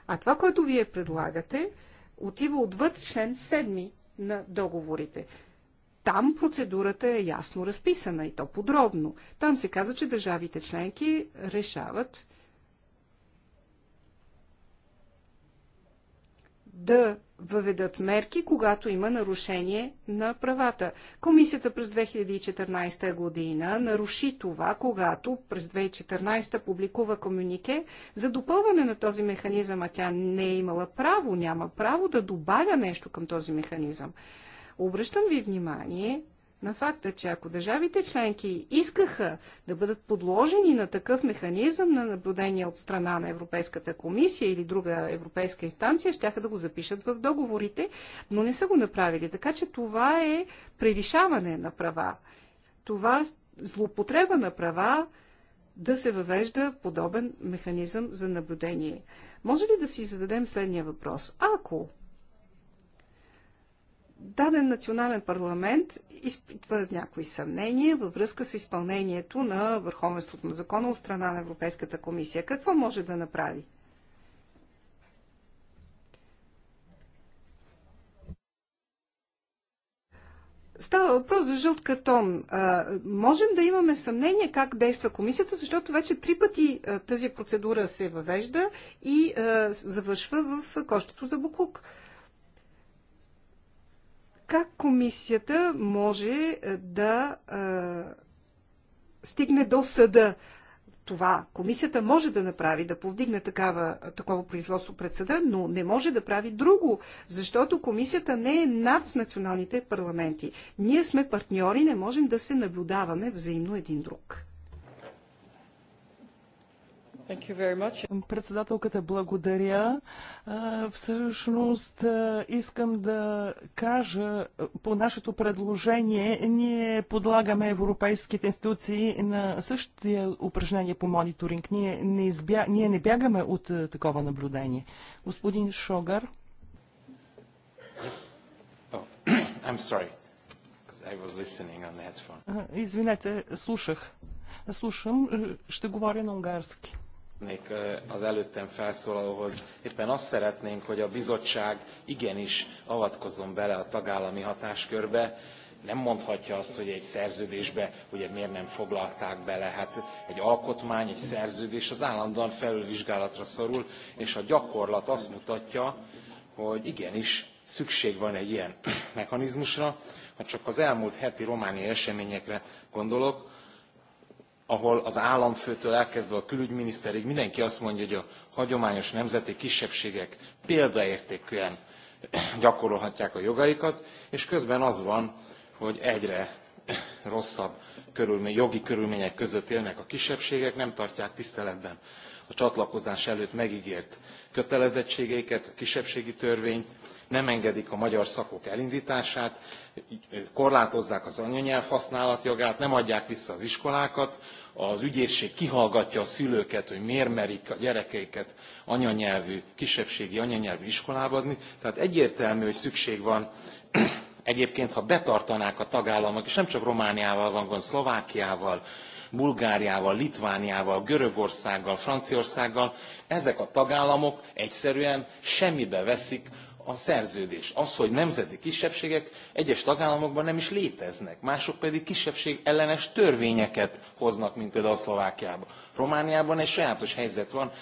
А това, което вие предлагате, отива отвъд член 7 на договорите. Там процедурата е ясно разписана и то подробно. Там се казва, че държавите членки решават да въведат мерки, когато има нарушение на правата. Комисията през 2014 година наруши това, когато през 2014 публикува комюнике за допълване на този механизъм, а тя не е имала право, няма право да добавя нещо към този механизъм. Обръщам ви внимание, на факта, че ако държавите членки искаха да бъдат подложени на такъв механизъм на наблюдение от страна на Европейската комисия или друга европейска инстанция, ще да го запишат в договорите, но не са го направили. Така че това е превишаване на права. Това злопотреба на права да се въвежда подобен механизъм за наблюдение. Може ли да си зададем следния въпрос? Ако даден национален парламент изпитва някои съмнения във връзка с изпълнението на върховенството на закона от страна на Европейската комисия. Какво може да направи? Става въпрос за жълт картон. можем да имаме съмнение как действа комисията, защото вече три пъти тази процедура се въвежда и завършва в кощето за Букук. Как комисията може е, да а, е, стигне до съда? Това комисията може да направи, да повдигне такава, такова производство пред съда, но не може да прави друго, защото комисията не е над националните парламенти. Ние сме партньори, не можем да се наблюдаваме взаимно един друг. Председателката, благодаря. Всъщност искам да кажа, по нашето предложение ние подлагаме европейските институции на същия упражнение по мониторинг. Ние не, избя... ние не бягаме от такова наблюдение. Господин Шогар. Oh, [CLEARS THROAT] I'm sorry. I was listening on the headphone. Извинете, слушах. Слушам, ще говоря на унгарски. Nék az előttem felszólalóhoz. Éppen azt szeretnénk, hogy a bizottság igenis avatkozzon bele a tagállami hatáskörbe, nem mondhatja azt, hogy egy szerződésbe ugye miért nem foglalták bele. Hát egy alkotmány, egy szerződés az állandóan felülvizsgálatra szorul, és a gyakorlat azt mutatja, hogy igenis szükség van egy ilyen mechanizmusra. Ha csak az elmúlt heti romániai eseményekre gondolok, ahol az államfőtől elkezdve a külügyminiszterig mindenki azt mondja, hogy a hagyományos nemzeti kisebbségek példaértékűen gyakorolhatják a jogaikat, és közben az van, hogy egyre rosszabb körülmény, jogi körülmények között élnek a kisebbségek, nem tartják tiszteletben a csatlakozás előtt megígért kötelezettségeiket, a kisebbségi törvényt, nem engedik a magyar szakok elindítását, korlátozzák az anyanyelv használat jogát, nem adják vissza az iskolákat, az ügyészség kihallgatja a szülőket, hogy miért merik a gyerekeiket anyanyelvű, kisebbségi anyanyelvű iskolába adni. Tehát egyértelmű, hogy szükség van egyébként, ha betartanák a tagállamok, és nem csak Romániával van gond, Szlovákiával, Bulgáriával, Litvániával, Görögországgal, Franciaországgal, ezek a tagállamok egyszerűen semmibe veszik a szerződés. Az, hogy nemzeti kisebbségek egyes tagállamokban nem is léteznek, mások pedig kisebbség ellenes törvényeket hoznak, mint például a Szlovákiában. Romániában egy sajátos helyzet van.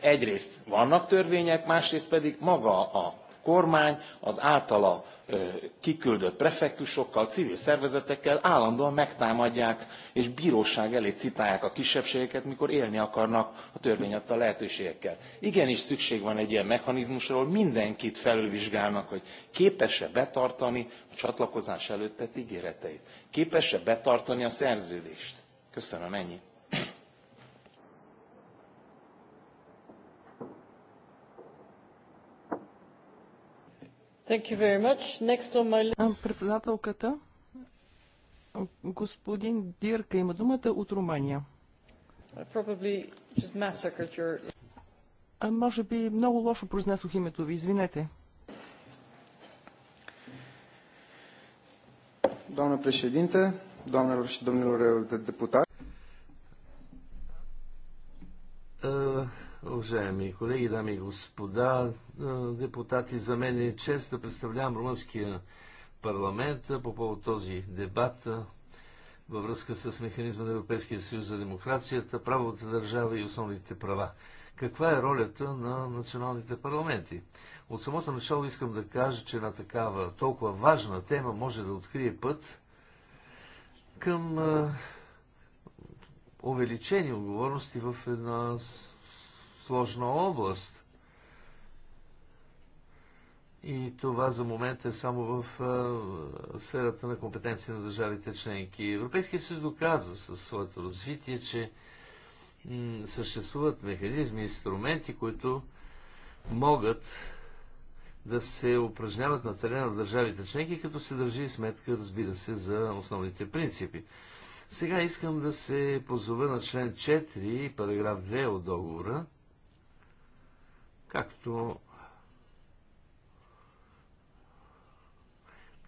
Egyrészt vannak törvények, másrészt pedig maga a kormány az általa kiküldött prefektusokkal, civil szervezetekkel állandóan megtámadják és bíróság elé citálják a kisebbségeket, mikor élni akarnak a törvény adta lehetőségekkel. Igenis szükség van egy ilyen ahol mindenkit felülvizsgálnak, hogy képes-e betartani a csatlakozás előtt tett ígéreteit. Képes-e betartani a szerződést? Köszönöm, ennyi. Председателката, господин Дирка има думата от Румъния. може би много лошо произнесох името ви, извинете. Doamnă președinte, doamnelor și domnilor е, Уважаеми колеги, дами и господа, депутати, за мен е чест да представлявам румънския парламент по повод този дебат във връзка с механизма на Европейския съюз за демокрацията, правовата държава и основните права. Каква е ролята на националните парламенти? От самото начало искам да кажа, че на такава толкова важна тема може да открие път към увеличени отговорности в една сложна област. И това за момент е само в а, сферата на компетенция на държавите членки. Европейския съюз доказа със своето развитие, че съществуват механизми, инструменти, които могат да се упражняват на терена на държавите членки, като се държи сметка, разбира се, за основните принципи. Сега искам да се позова на член 4, параграф 2 от договора, както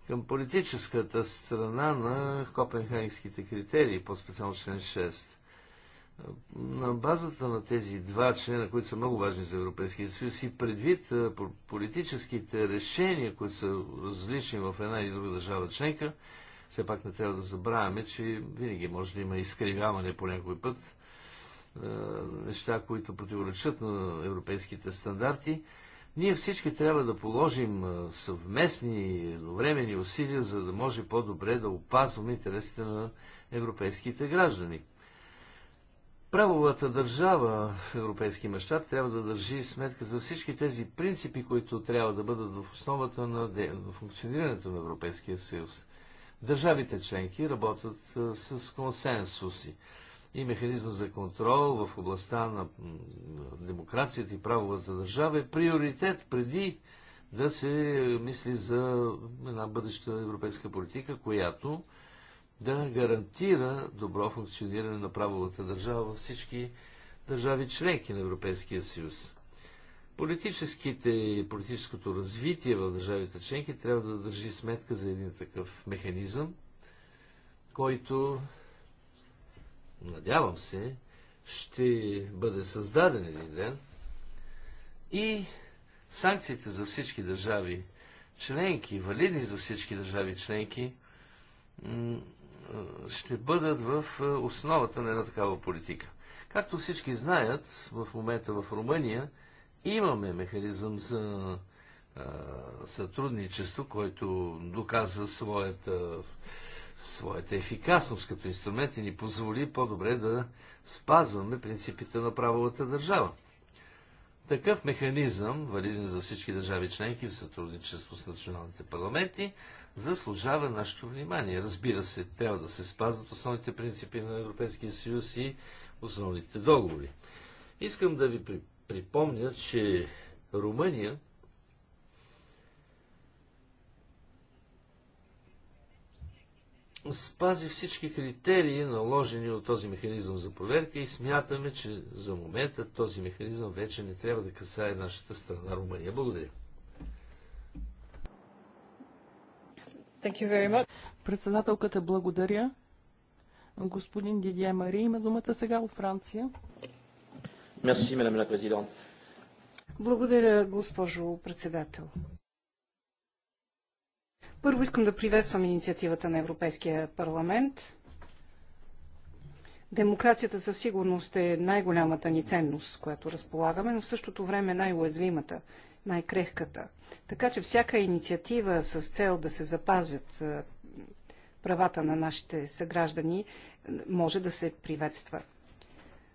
към политическата страна на копенхагенските критерии, по-специално член 6. На базата на тези два члена, които са много важни за Европейския съюз и предвид политическите решения, които са различни в една или друга държава членка, все пак не трябва да забравяме, че винаги може да има изкривяване по някой път е, неща, които противоречат на европейските стандарти, ние всички трябва да положим е, съвместни, едновремени усилия, за да може по-добре да опазваме интересите на европейските граждани. Правовата държава в европейски мащаб трябва да държи сметка за всички тези принципи, които трябва да бъдат в основата на функционирането на Европейския съюз. Държавите членки работят е, с консенсуси и механизма за контрол в областта на демокрацията и правовата държава е приоритет преди да се мисли за една бъдеща европейска политика, която да гарантира добро функциониране на правовата държава във всички държави членки на Европейския съюз. Политическите и политическото развитие в държавите членки трябва да държи сметка за един такъв механизъм, който надявам се, ще бъде създаден един ден и санкциите за всички държави членки, валидни за всички държави членки, ще бъдат в основата на една такава политика. Както всички знаят, в момента в Румъния имаме механизъм за сътрудничество, който доказа своята своята ефикасност като инструмент и ни позволи по-добре да спазваме принципите на правовата държава. Такъв механизъм, валиден за всички държави членки в сътрудничество с националните парламенти, заслужава нашето внимание. Разбира се, трябва да се спазват основните принципи на Европейския съюз и основните договори. Искам да ви припомня, че Румъния спази всички критерии, наложени от този механизъм за проверка и смятаме, че за момента този механизъм вече не трябва да касае нашата страна Румъния. Благодаря. Председателката благодаря. Господин Дидия Мари има думата сега от Франция. Merci, Благодаря, госпожо председател. Първо искам да приветствам инициативата на Европейския парламент. Демокрацията със сигурност е най-голямата ни ценност, която разполагаме, но в същото време най-уязвимата, най-крехката. Така че всяка инициатива с цел да се запазят правата на нашите съграждани може да се приветства.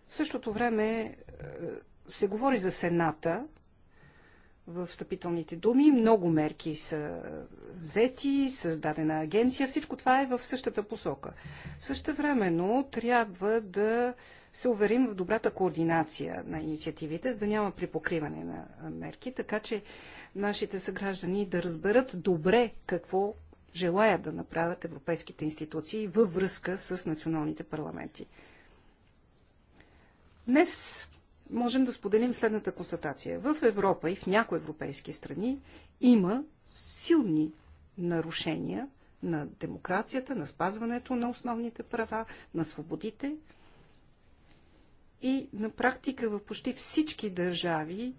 В същото време се говори за Сената, в встъпителните думи. Много мерки са взети, създадена агенция. Всичко това е в същата посока. Също времено трябва да се уверим в добрата координация на инициативите, за да няма припокриване на мерки, така че нашите съграждани да разберат добре какво желаят да направят европейските институции във връзка с националните парламенти. Днес можем да споделим следната констатация. В Европа и в някои европейски страни има силни нарушения на демокрацията, на спазването на основните права, на свободите. И на практика в почти всички държави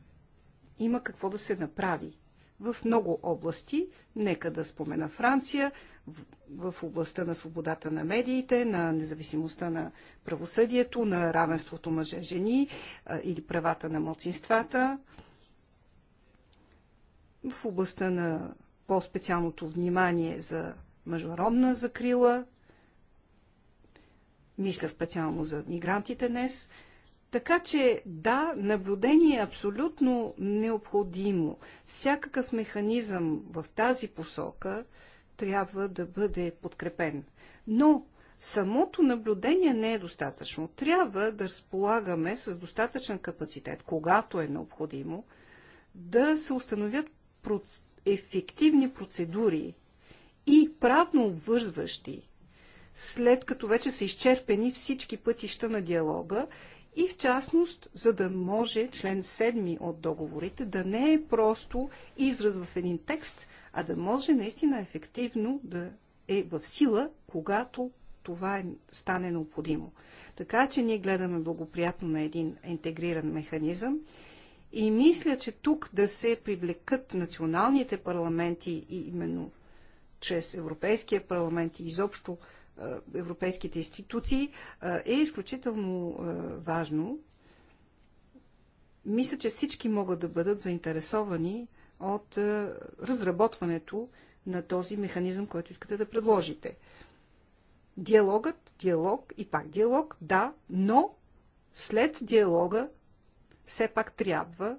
има какво да се направи. В много области, нека да спомена Франция, в, в областта на свободата на медиите, на независимостта на правосъдието, на равенството мъже-жени или правата на младсинствата, в областта на по-специалното внимание за международна закрила, мисля специално за мигрантите днес. Така че, да, наблюдение е абсолютно необходимо. Всякакъв механизъм в тази посока – трябва да бъде подкрепен. Но самото наблюдение не е достатъчно. Трябва да разполагаме с достатъчен капацитет, когато е необходимо, да се установят ефективни процедури и правно обвързващи, след като вече са изчерпени всички пътища на диалога и в частност, за да може член 7 от договорите да не е просто израз в един текст, а да може наистина ефективно да е в сила, когато това е, стане необходимо. Така че ние гледаме благоприятно на един интегриран механизъм и мисля, че тук да се привлекат националните парламенти и именно чрез Европейския парламент и изобщо европейските институции е изключително важно. Мисля, че всички могат да бъдат заинтересовани от е, разработването на този механизъм, който искате да предложите. Диалогът, диалог и пак диалог, да, но след диалога все пак трябва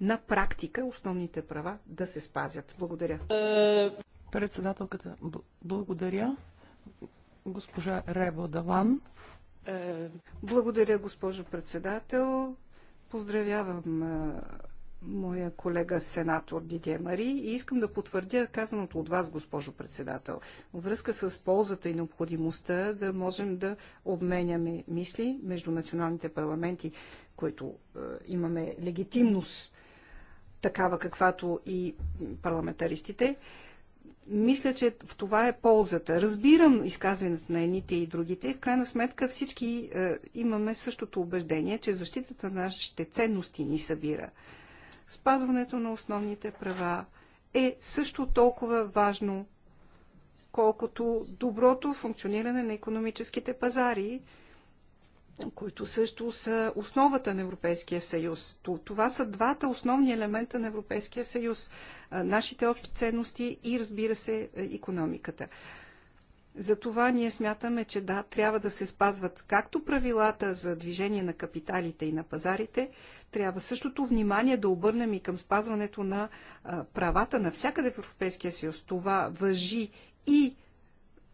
на практика основните права да се спазят. Благодаря. Е, Председателката, благодаря. Госпожа Рево Далан. Е, благодаря, госпожо председател. Поздравявам моя колега сенатор Дидия Мари и искам да потвърдя казаното от вас, госпожо председател. Във връзка с ползата и необходимостта да можем да обменяме мисли между националните парламенти, които е, имаме легитимност такава каквато и парламентаристите, мисля, че в това е ползата. Разбирам изказването на едните и другите. В крайна сметка всички е, имаме същото убеждение, че защитата на нашите ценности ни събира спазването на основните права е също толкова важно, колкото доброто функциониране на економическите пазари, които също са основата на Европейския съюз. Това са двата основни елемента на Европейския съюз. Нашите общи ценности и, разбира се, економиката. Затова ние смятаме, че да, трябва да се спазват както правилата за движение на капиталите и на пазарите, трябва същото внимание да обърнем и към спазването на правата навсякъде в Европейския съюз. Това въжи и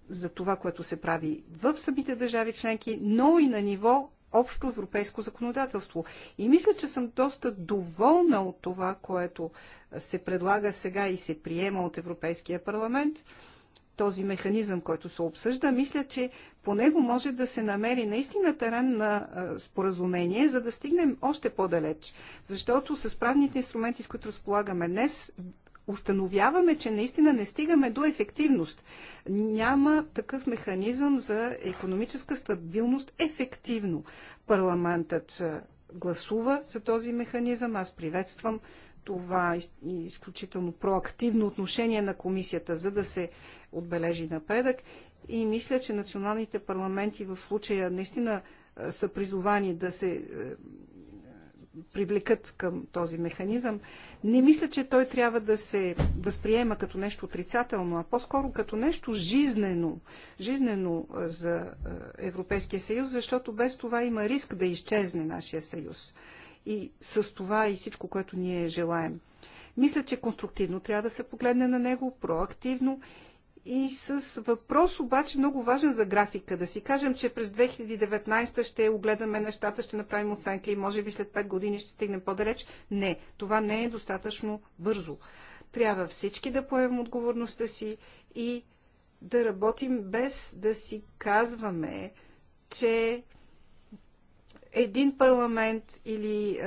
за това, което се прави в самите държави членки, но и на ниво общо европейско законодателство. И мисля, че съм доста доволна от това, което се предлага сега и се приема от Европейския парламент този механизъм, който се обсъжда, мисля, че по него може да се намери наистина таран на споразумение, за да стигнем още по-далеч. Защото с правните инструменти, с които разполагаме днес, установяваме, че наистина не стигаме до ефективност. Няма такъв механизъм за економическа стабилност ефективно. Парламентът гласува за този механизъм. Аз приветствам това изключително проактивно отношение на комисията, за да се отбележи напредък и мисля, че националните парламенти в случая наистина е, са призовани да се е, привлекат към този механизъм. Не мисля, че той трябва да се възприема като нещо отрицателно, а по-скоро като нещо жизнено, жизнено е, за Европейския съюз, защото без това има риск да изчезне нашия съюз. И с това и всичко, което ние желаем. Мисля, че конструктивно трябва да се погледне на него, проактивно и с въпрос обаче много важен за графика. Да си кажем, че през 2019 ще огледаме нещата, ще направим оценка и може би след 5 години ще стигнем по-далеч. Не, това не е достатъчно бързо. Трябва всички да поемем отговорността си и да работим без да си казваме, че един парламент или е,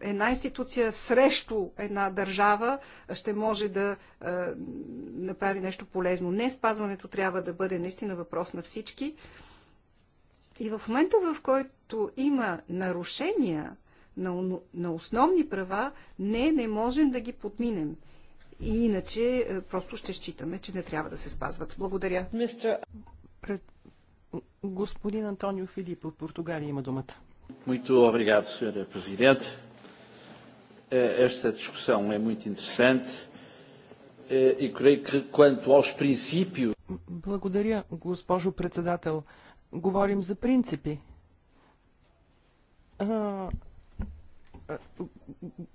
една институция срещу една държава ще може да е, направи нещо полезно. Не, спазването трябва да бъде наистина въпрос на всички. И в момента, в който има нарушения на, на основни права, не, не можем да ги подминем. И иначе е, просто ще считаме, че не трябва да се спазват. Благодаря. Мистер... Пред Господин Антонио Филип от Португалия има думата. Muito obrigado, Sra. Presidente. Е, esta discussão é muito interessante е, e creio que quanto aos princípios... Благодаря, госпожо председател. Говорим за принципи. Е,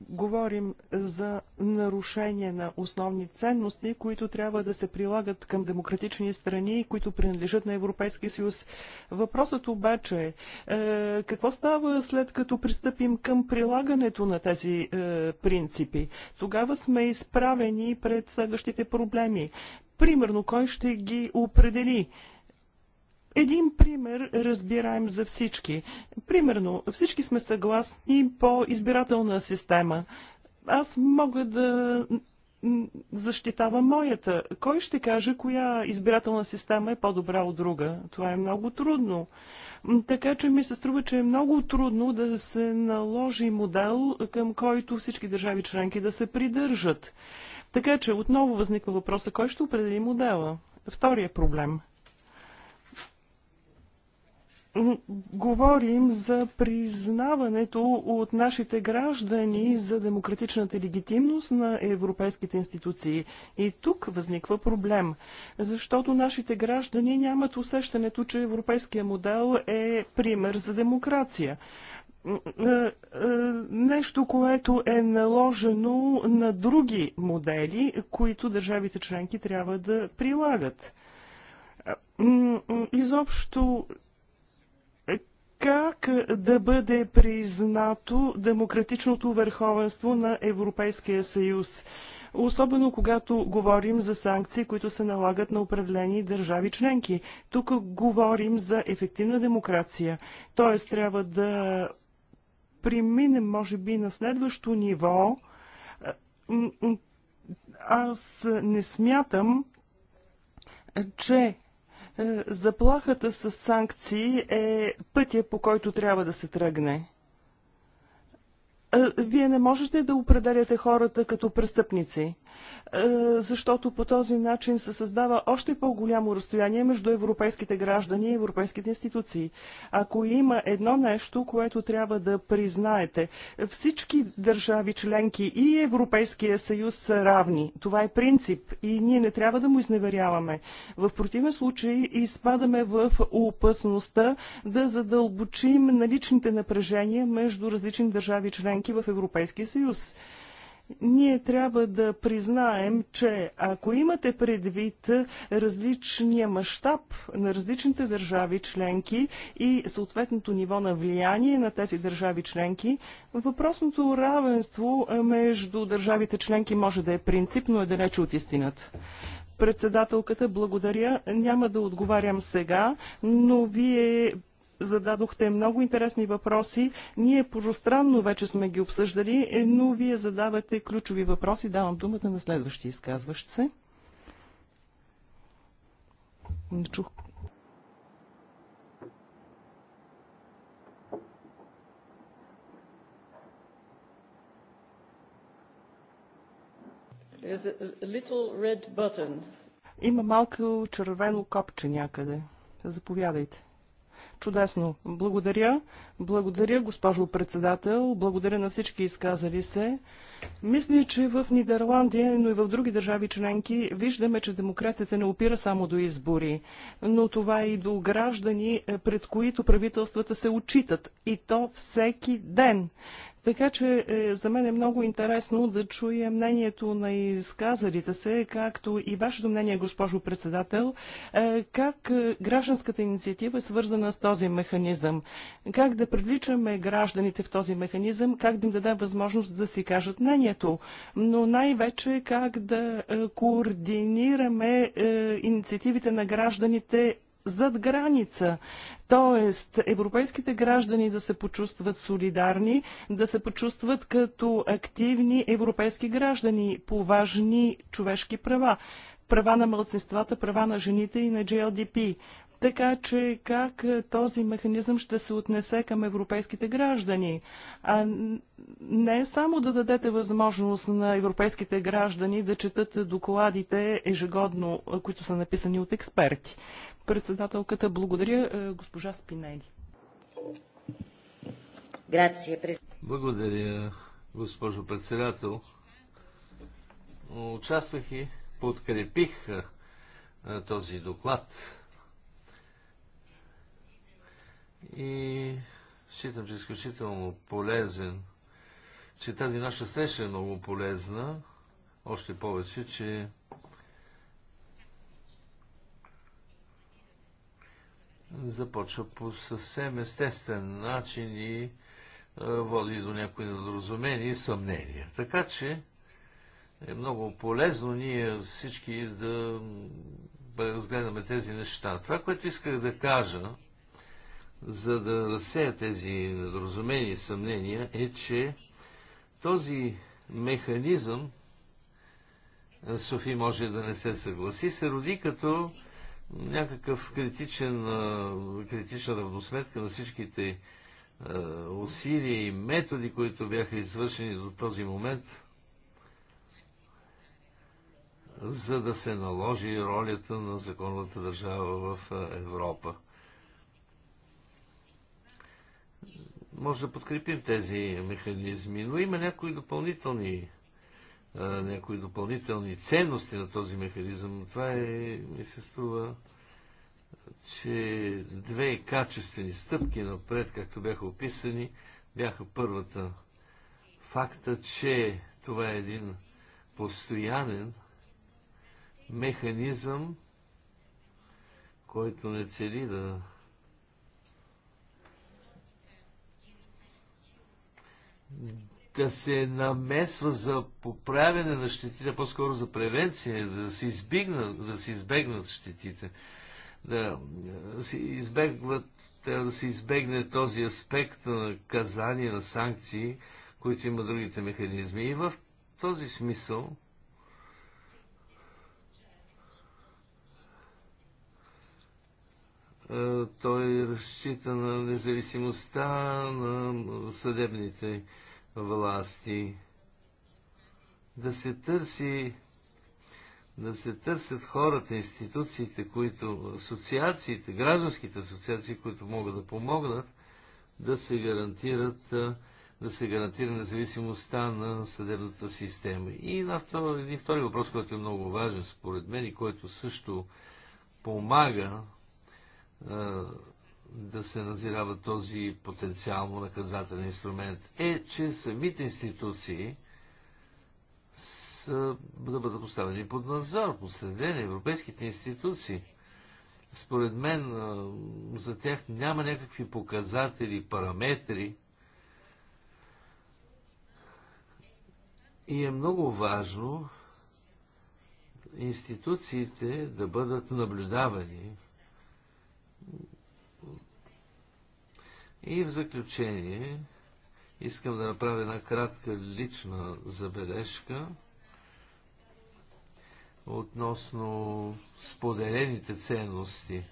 говорим за нарушение на основни ценности, които трябва да се прилагат към демократични страни, които принадлежат на Европейския съюз. Въпросът обаче е какво става след като пристъпим към прилагането на тези е, принципи? Тогава сме изправени пред следващите проблеми. Примерно, кой ще ги определи? Един пример разбираем за всички. Примерно, всички сме съгласни по избирателна система. Аз мога да защитава моята. Кой ще каже коя избирателна система е по-добра от друга? Това е много трудно. Така че ми се струва, че е много трудно да се наложи модел, към който всички държави членки да се придържат. Така че отново възниква въпроса, кой ще определи модела? Втория проблем – Говорим за признаването от нашите граждани за демократичната легитимност на европейските институции. И тук възниква проблем, защото нашите граждани нямат усещането, че европейския модел е пример за демокрация е, е, нещо, което е наложено на други модели, които държавите членки трябва да прилагат. Изобщо как е, да бъде признато демократичното върховенство на Европейския съюз особено когато говорим за санкции, които се налагат на определени държави членки. Тук говорим за ефективна демокрация, т.е. трябва да преминем, може би, на следващо ниво. Е, аз не смятам, че е, заплахата с санкции е пътя, по който трябва да се тръгне. Е, вие не можете да определяте хората като престъпници. Е, защото по този начин се създава още по-голямо разстояние между европейските граждани и европейските институции. Ако има едно нещо, което трябва да признаете, всички държави членки и Европейския съюз са равни. Това е принцип и ние не трябва да му изневеряваме. В противен случай изпадаме в опасността да задълбочим наличните напрежения между различни държави членки в Европейския съюз ние трябва да признаем, че ако имате предвид различния мащаб на различните държави членки и съответното ниво на влияние на тези държави членки, въпросното равенство между държавите членки може да е принцип, но е далече от истината. Председателката, благодаря. Няма да отговарям сега, но вие зададохте много интересни въпроси. Ние пожестранно вече сме ги обсъждали, но вие задавате ключови въпроси. Давам думата на следващия изказващ се. Не чух Има малко червено копче някъде. Заповядайте. Чудесно. Благодаря. Благодаря, госпожо председател. Благодаря на всички изказали се. Мисля, че в Нидерландия, но и в други държави членки виждаме, че демокрацията не опира само до избори, но това е и до граждани, пред които правителствата се отчитат. И то всеки ден. Така че е, за мен е много интересно да чуя мнението на изказалите се, както и вашето мнение, госпожо председател, е, как е, гражданската инициатива е свързана с този механизъм. Как да привличаме гражданите в този механизъм, как да им дадем възможност да си кажат мнението, но най-вече как да е, координираме е, инициативите на гражданите зад граница. Тоест, европейските граждани да се почувстват солидарни, да се почувстват като активни европейски граждани по важни човешки права. Права на младсинствата, права на жените и на GLDP. Така че как този механизъм ще се отнесе към европейските граждани? А не само да дадете възможност на европейските граждани да четат докладите ежегодно, които са написани от експерти. Председателката благодаря е, госпожа Спинели. Благодаря, госпожо председател. Участвах и подкрепих е, е, този доклад. И считам, че е изключително полезен, че тази наша среща е много полезна, още повече, че започва по съвсем естествен начин и е, води до някои недоразумения и съмнения. Така че е много полезно ние всички да разгледаме тези неща. Това, което исках да кажа, за да разсея тези недоразумения и съмнения, е, че този механизъм, е, Софи може да не се съгласи, се роди като някакъв критичен, критична равносметка на всичките усилия и методи, които бяха извършени до този момент, за да се наложи ролята на законната държава в Европа. Може да подкрепим тези механизми, но има някои допълнителни някои допълнителни ценности на този механизъм, това е, ми се струва, че две качествени стъпки напред, както бяха описани, бяха първата. Факта, че това е един постоянен механизъм, който не цели да да се намесва за поправяне на щетите, по-скоро за превенция, да се, избегнат, да се избегнат щетите, да, да се избегват, трябва да се избегне този аспект на казания, на санкции, които има другите механизми. И в този смисъл той разчита на независимостта на съдебните власти. Да се търси да се търсят хората, институциите, които, асоциациите, гражданските асоциации, които могат да помогнат, да се гарантират да се гарантира независимостта на съдебната система. И на втори, един втори въпрос, който е много важен според мен и който също помага да се назирава този потенциално наказателен инструмент е, че самите институции са, да бъдат поставени под надзор, последени европейските институции. Според мен за тях няма някакви показатели, параметри. И е много важно институциите да бъдат наблюдавани, И в заключение искам да направя една кратка лична забележка относно споделените ценности.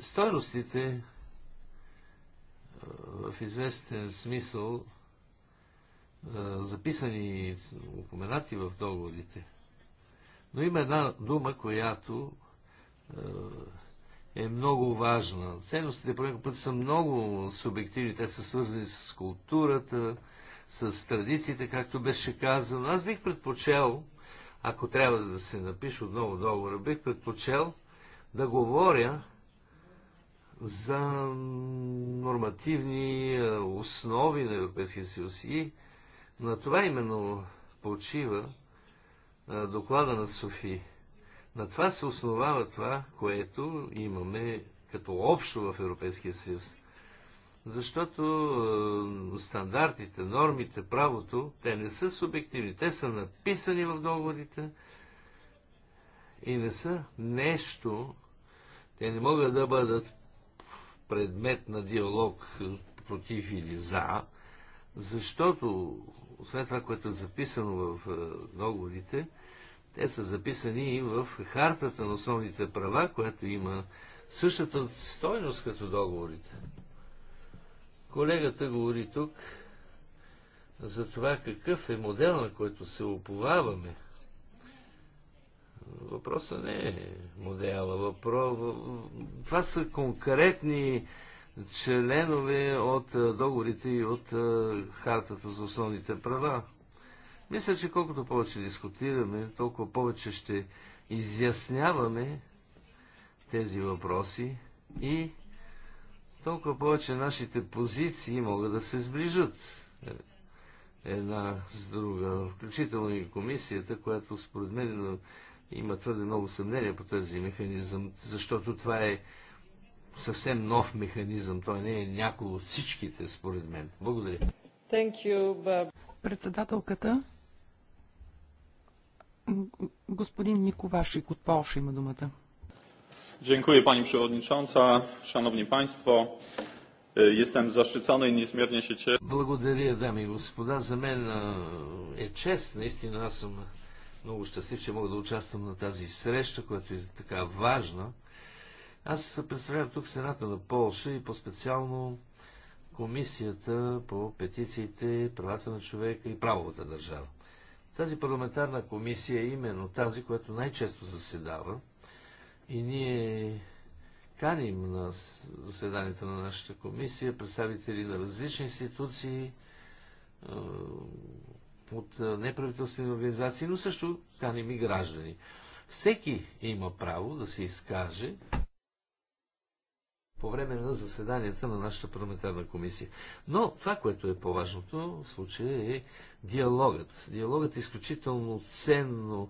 Стойностите в известен смисъл записани, упоменати в договорите – но има една дума, която е, е много важна. Ценностите по някакъв път са много субективни. Те са свързани с културата, с традициите, както беше казано. Аз бих предпочел, ако трябва да се напише отново договора, бих предпочел да говоря за нормативни е, основи на Европейския съюз. И на това именно почива доклада на Софи. На това се основава това, което имаме като общо в Европейския съюз. Защото стандартите, нормите, правото, те не са субективни. Те са написани в договорите и не са нещо. Те не могат да бъдат предмет на диалог против или за, защото освен това, което е записано в е, договорите, те са записани и в хартата на основните права, която има същата стойност като договорите. Колегата говори тук за това какъв е модел, на който се оповаваме. Въпросът не е модела. Въпро... Това са конкретни членове от е, договорите и от е, хартата за основните права. Мисля, че колкото повече дискутираме, толкова повече ще изясняваме тези въпроси и толкова повече нашите позиции могат да се сближат е, една с друга, включително и комисията, която според мен има твърде много съмнение по този механизъм, защото това е съвсем нов механизъм. Той не е някой от всичките, според мен. Благодаря. Thank you, Bob. Председателката господин Микувашик от Польша има думата. Dziękuję Pani Przewodnicząca, Szanowni Państwo. E, jestem zaszczycony i niezmiernie się cieszę. Благодаря, дами и господа. За мен е чест. Наистина аз съм много щастлив, че мога да участвам на тази среща, която е така важна аз се представлявам тук Сената на Полша и по-специално Комисията по петициите, правата на човека и правовата държава. Тази парламентарна комисия е именно тази, която най-често заседава и ние каним на заседанията на нашата комисия представители на различни институции, е, от е, неправителствени организации, но също каним и граждани. Всеки има право да се изкаже по време на заседанията на нашата парламентарна комисия. Но това, което е по-важното в случая е диалогът. Диалогът е изключително ценно,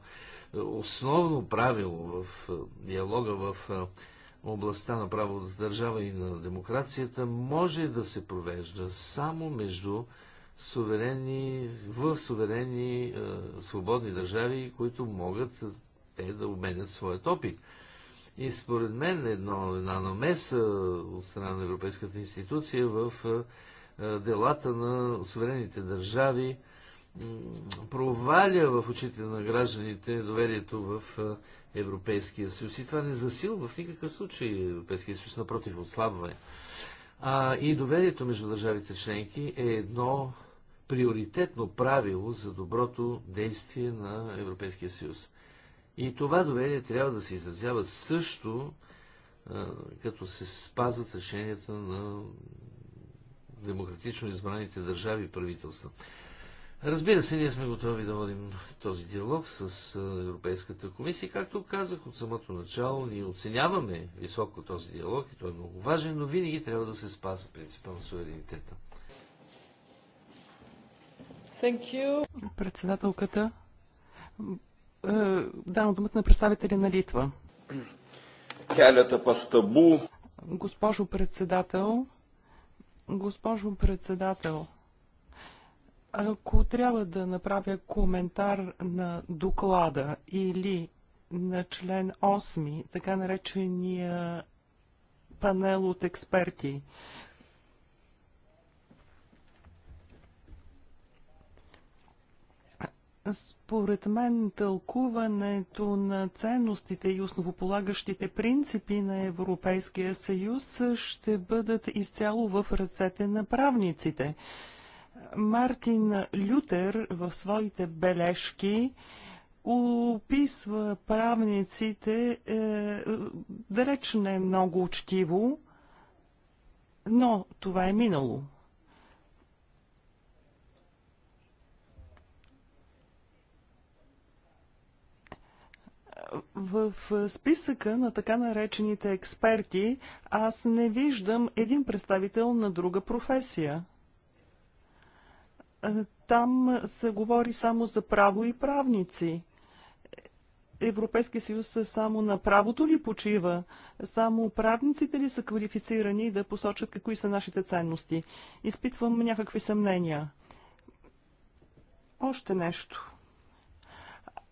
е, основно правило в е, диалога в е, областта на правото държава и на демокрацията може да се провежда само между суверени, в суверени свободни държави, които могат те да обменят своят опит. И според мен едно, една намеса от страна на Европейската институция в е, е, делата на суверените държави проваля в очите на гражданите доверието в е, Европейския съюз. И това не засилва в никакъв случай Европейския съюз, напротив, отслабва. А, и доверието между държавите членки е едно приоритетно правило за доброто действие на Европейския съюз. И това доверие трябва да се изразява също като се спазват решенията на демократично избраните държави и правителства. Разбира се, ние сме готови да водим този диалог с Европейската комисия. Както казах от самото начало, ние оценяваме високо този диалог и той е много важен, но винаги трябва да се спазва принципа на суверенитета. Председателката, е, давам думата на представители на Литва. Келята пастабу. Госпожо председател, госпожо председател, ако трябва да направя коментар на доклада или на член 8, така наречения панел от експерти, Според мен тълкуването на ценностите и основополагащите принципи на Европейския съюз ще бъдат изцяло в ръцете на правниците. Мартин Лютер в своите бележки описва правниците, е, далеч не е много учтиво, но това е минало. В списъка на така наречените експерти аз не виждам един представител на друга професия. Е, там се говори само за право и правници. Европейския съюз е само на правото ли почива? Само правниците ли са квалифицирани да посочат какви са нашите ценности? Изпитвам някакви съмнения. Още нещо.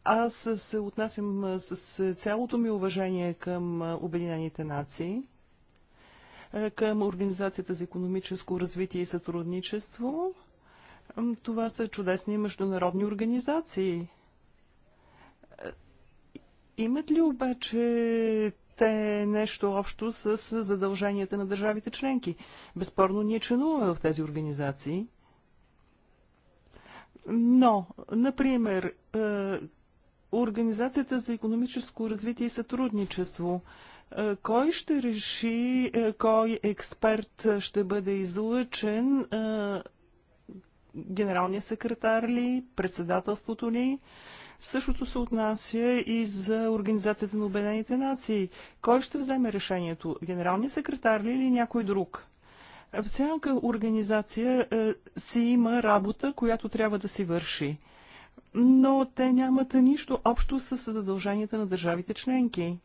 Аз се отнасям с цялото ми уважение към Обединените нации, към Организацията за економическо развитие и сътрудничество. Това са чудесни международни организации. Имат ли обаче те нещо общо с задълженията на държавите членки? Безспорно ние членуваме в тези организации. Но, например, Организацията за економическо развитие и сътрудничество. Е, кой ще реши, е, кой експерт ще бъде излъчен? Е, генералният секретар ли? Председателството ли? Същото се отнася и за Организацията на Обединените нации. Кой ще вземе решението? Генералният секретар ли или някой друг? Всяка организация е, си има работа, която трябва да си върши но те нямат нищо общо с задълженията на държавите членки.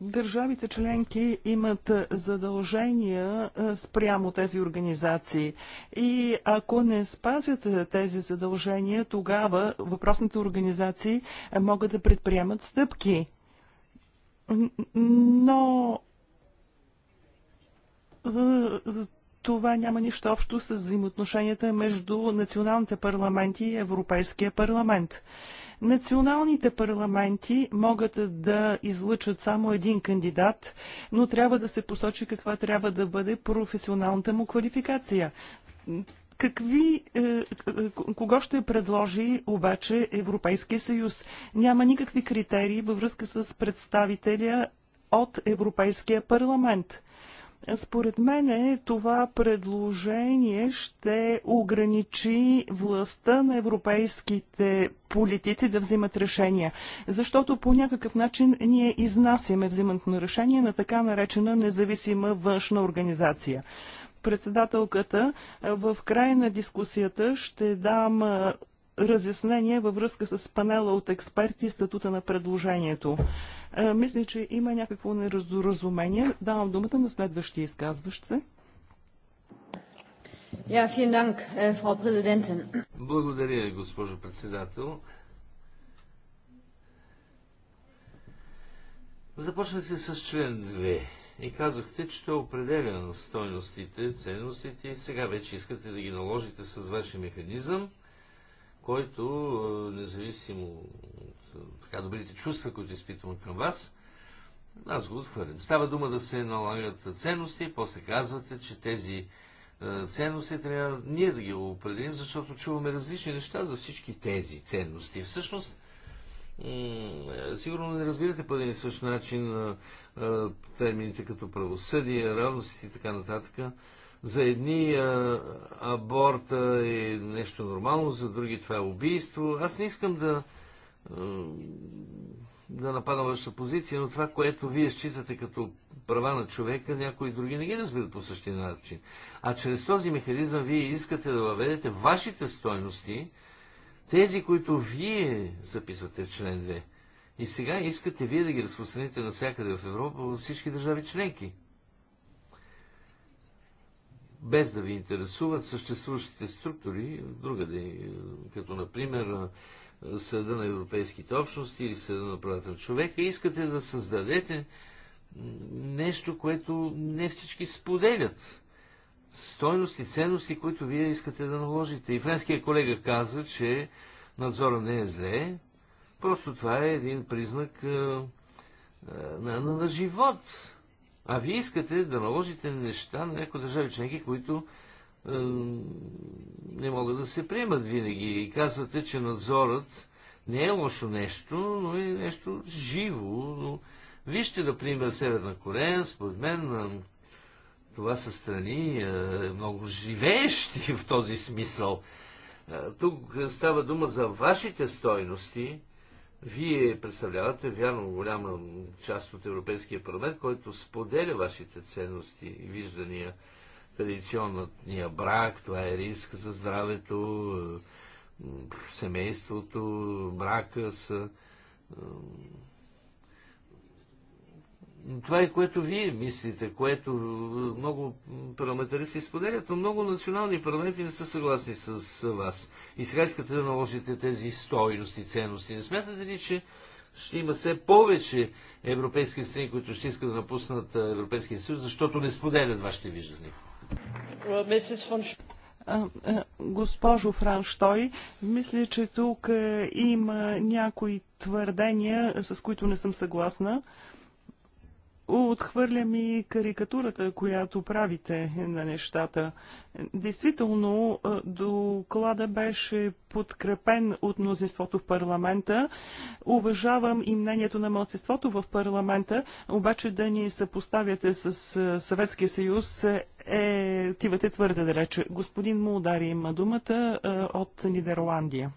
Държавите членки имат задължения спрямо тези организации и ако не спазят тези задължения, тогава въпросните организации могат да предприемат стъпки. Но това няма нищо общо с взаимоотношенията между националните парламенти и Европейския парламент. Националните парламенти могат да излъчат само един кандидат, но трябва да се посочи каква трябва да бъде професионалната му квалификация. Какви, е, кого ще предложи обаче Европейския съюз? Няма никакви критерии във връзка с представителя от Европейския парламент. Според мен това предложение ще ограничи властта на европейските политици да взимат решения, защото по някакъв начин ние изнасяме взимането на решение на така наречена независима външна организация председателката. В края на дискусията ще дам разяснение във връзка с панела от експерти и статута на предложението. Е, мисля, че има някакво неразоразумение. Давам думата на следващия изказващ се. Yeah, Dank, е, Frau Благодаря, госпожо председател. Започнахте с член 2 и казахте, че той е определя стойностите, ценностите и сега вече искате да ги наложите с вашия механизъм – който, независимо от така добрите чувства, които изпитвам към вас, аз го отхвърлям. Става дума да се налагат ценности, после казвате, че тези ценности трябва ние да ги определим, защото чуваме различни неща за всички тези ценности. Всъщност, сигурно не разбирате по един и същ начин термините като правосъдие, равности и така нататък. За едни а, аборта е нещо нормално, за други това е убийство. Аз не искам да, да нападам вашата позиция, но това, което вие считате като права на човека, някои други не ги разбират по същия начин. А чрез този механизъм вие искате да въведете вашите стойности, тези, които вие записвате в член 2. И сега искате вие да ги разпространите навсякъде в Европа, във всички държави членки без да ви интересуват съществуващите структури другаде, като например Съда на Европейските общности или Съда на правата на човека, искате да създадете нещо, което не всички споделят. Стойности, ценности, които вие искате да наложите. И френския колега каза, че надзора не е зле, просто това е един признак на, на, на живот. А вие искате да наложите неща на някои държави членки, които е, не могат да се приемат винаги. И казвате, че надзорът не е лошо нещо, но е нещо живо. Но... Вижте, например, Северна Корея, според мен, това са страни е, много живеещи в този смисъл. Е, тук е, става дума за вашите стойности, вие представлявате, вярно, голяма част от Европейския парламент, който споделя вашите ценности и виждания. Традиционния брак, това е риск за здравето, семейството, брака са това е което вие мислите, което много парламентаристи споделят, но много национални парламенти не са съгласни с вас. И сега искате да наложите тези стойности, ценности. Не смятате ли, че ще има все повече европейски страни, които ще искат да напуснат Европейския съюз, защото не споделят вашите виждания? Госпожо Франштой, мисля, че тук е, има някои твърдения, с които не съм съгласна. Отхвърлям и карикатурата, която правите на нещата. Действително, доклада беше подкрепен от мнозинството в парламента. Уважавам и мнението на младсинството в парламента, обаче да ни съпоставяте с Съветския съюз е, тивате твърде далече. Господин Мулдари има думата от Нидерландия.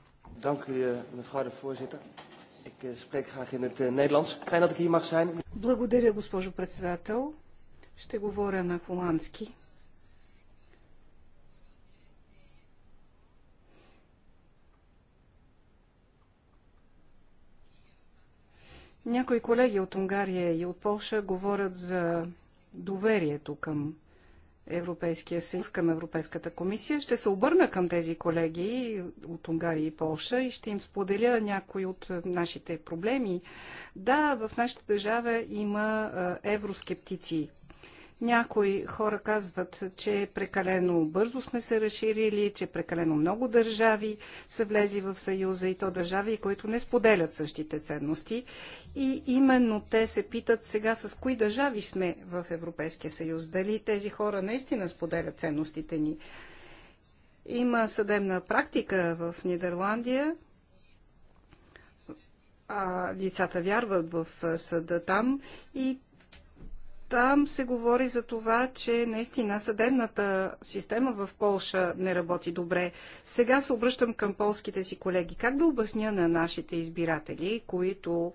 Dank u, eh, mevrouw Ik eh, spreek graag in het eh, Nederlands. Fijn dat ik hier mag zijn. Благодаря, госпожо председател. Ще говоря на холандски. Някои колеги от Унгария и от Польша говорят за доверието към Европейския съюз, към Европейската комисия. Ще се обърна към тези колеги от Унгария и Полша и ще им споделя някои от нашите проблеми. Да, в нашата държава има евроскептици. Някои хора казват, че прекалено бързо сме се разширили, че прекалено много държави са влезли в Съюза и то държави, които не споделят същите ценности. И именно те се питат сега с кои държави сме в Европейския съюз. Дали тези хора наистина споделят ценностите ни. Има съдебна практика в Нидерландия. А лицата вярват в съда там и там се говори за това, че наистина съдебната система в Полша не работи добре. Сега се обръщам към полските си колеги. Как да обясня на нашите избиратели, които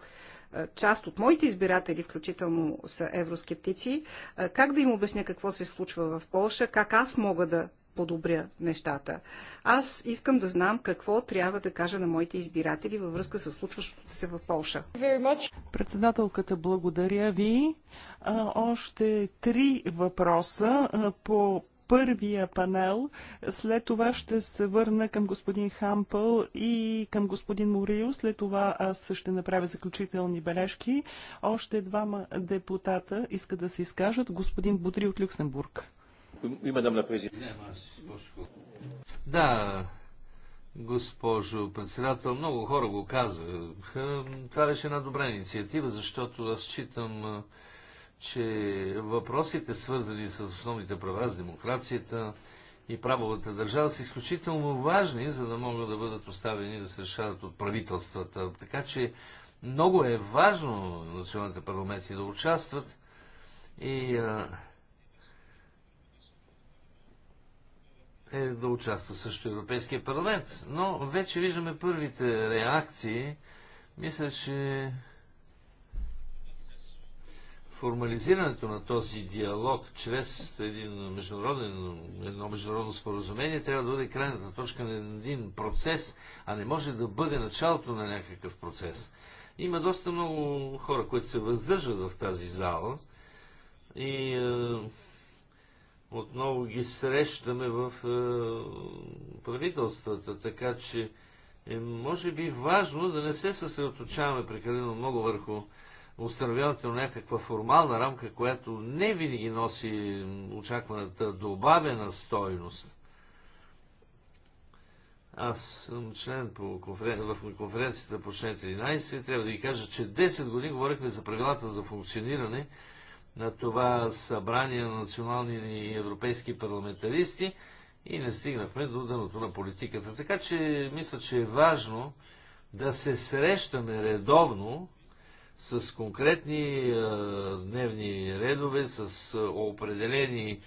е, част от моите избиратели, включително са евроскептици, е, как да им обясня какво се случва в Полша, как аз мога да подобря нещата. Аз искам да знам какво трябва да кажа на моите избиратели във връзка с случващото се в Польша. Председателката, благодаря ви. още три въпроса по първия панел. След това ще се върна към господин Хампъл и към господин Морио. След това аз ще направя заключителни бележки. Още двама депутата искат да се изкажат. Господин Будри от Люксембург. Oui, madame la Да, госпожо председател, много хора го казаха. Това беше една добра инициатива, защото аз считам, че въпросите, свързани с основните права, с демокрацията и правовата държава, са изключително важни, за да могат да бъдат оставени да се решават от правителствата. Така че много е важно националните парламенти да участват и а, е да участва също Европейския парламент. Но вече виждаме първите реакции. Мисля, че формализирането на този диалог чрез един международен, едно международно споразумение трябва да бъде крайната точка на един процес, а не може да бъде началото на някакъв процес. Има доста много хора, които се въздържат в тази зала и е, отново ги срещаме в е, правителствата, така че е, може би важно да не се съсредоточаваме прекалено много върху установяването на някаква формална рамка, която не винаги носи очакваната добавена стойност. Аз съм член по конферен... в конференцията по член 13. Трябва да ви кажа, че 10 години говорихме за правилата за функциониране на това събрание на национални и европейски парламентаристи и не стигнахме до дъното на политиката. Така че мисля, че е важно да се срещаме редовно с конкретни дневни редове, с определени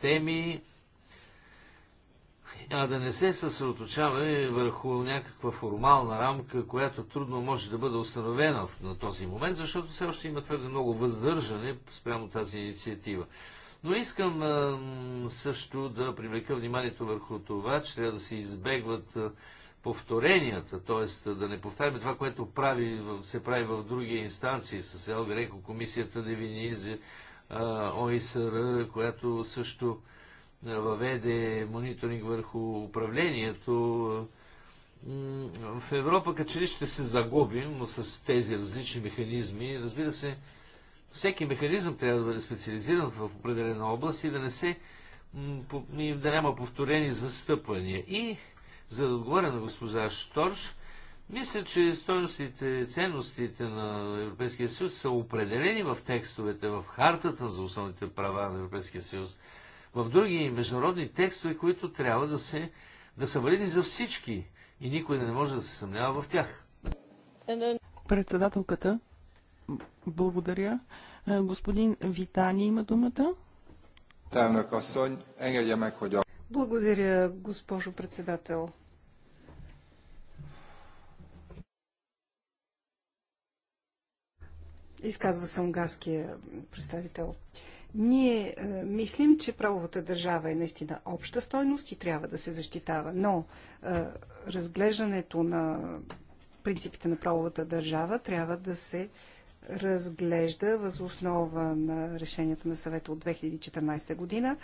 теми, а да не се съсредоточава върху някаква формална рамка, която трудно може да бъде установена на този момент, защото все още има твърде много въздържане спрямо тази инициатива. Но искам също да привлека вниманието върху това, че трябва да се избегват повторенията, т.е. да не повтаряме това, което прави, се прави в други инстанции, с Елгреко, комисията Девинизи, ОИСР, която също въведе мониторинг върху управлението, в Европа като ли ще се загубим но с тези различни механизми. Разбира се, всеки механизъм трябва да бъде специализиран в определена област и да не се да няма повторени застъпвания. И, за да отговоря на госпожа Шторш, мисля, че стойностите, ценностите на Европейския съюз са определени в текстовете, в хартата за основните права на Европейския съюз в други международни текстове, които трябва да, се, да са валидни за всички и никой не може да се съмнява в тях. Председателката, благодаря. Е, господин Витани има думата. Благодаря, госпожо председател. Изказва се унгарския представител. Ние е, мислим, че правовата държава е наистина обща стойност и трябва да се защитава, но е, разглеждането на принципите на правовата държава трябва да се разглежда въз основа на решението на съвета от 2014 година.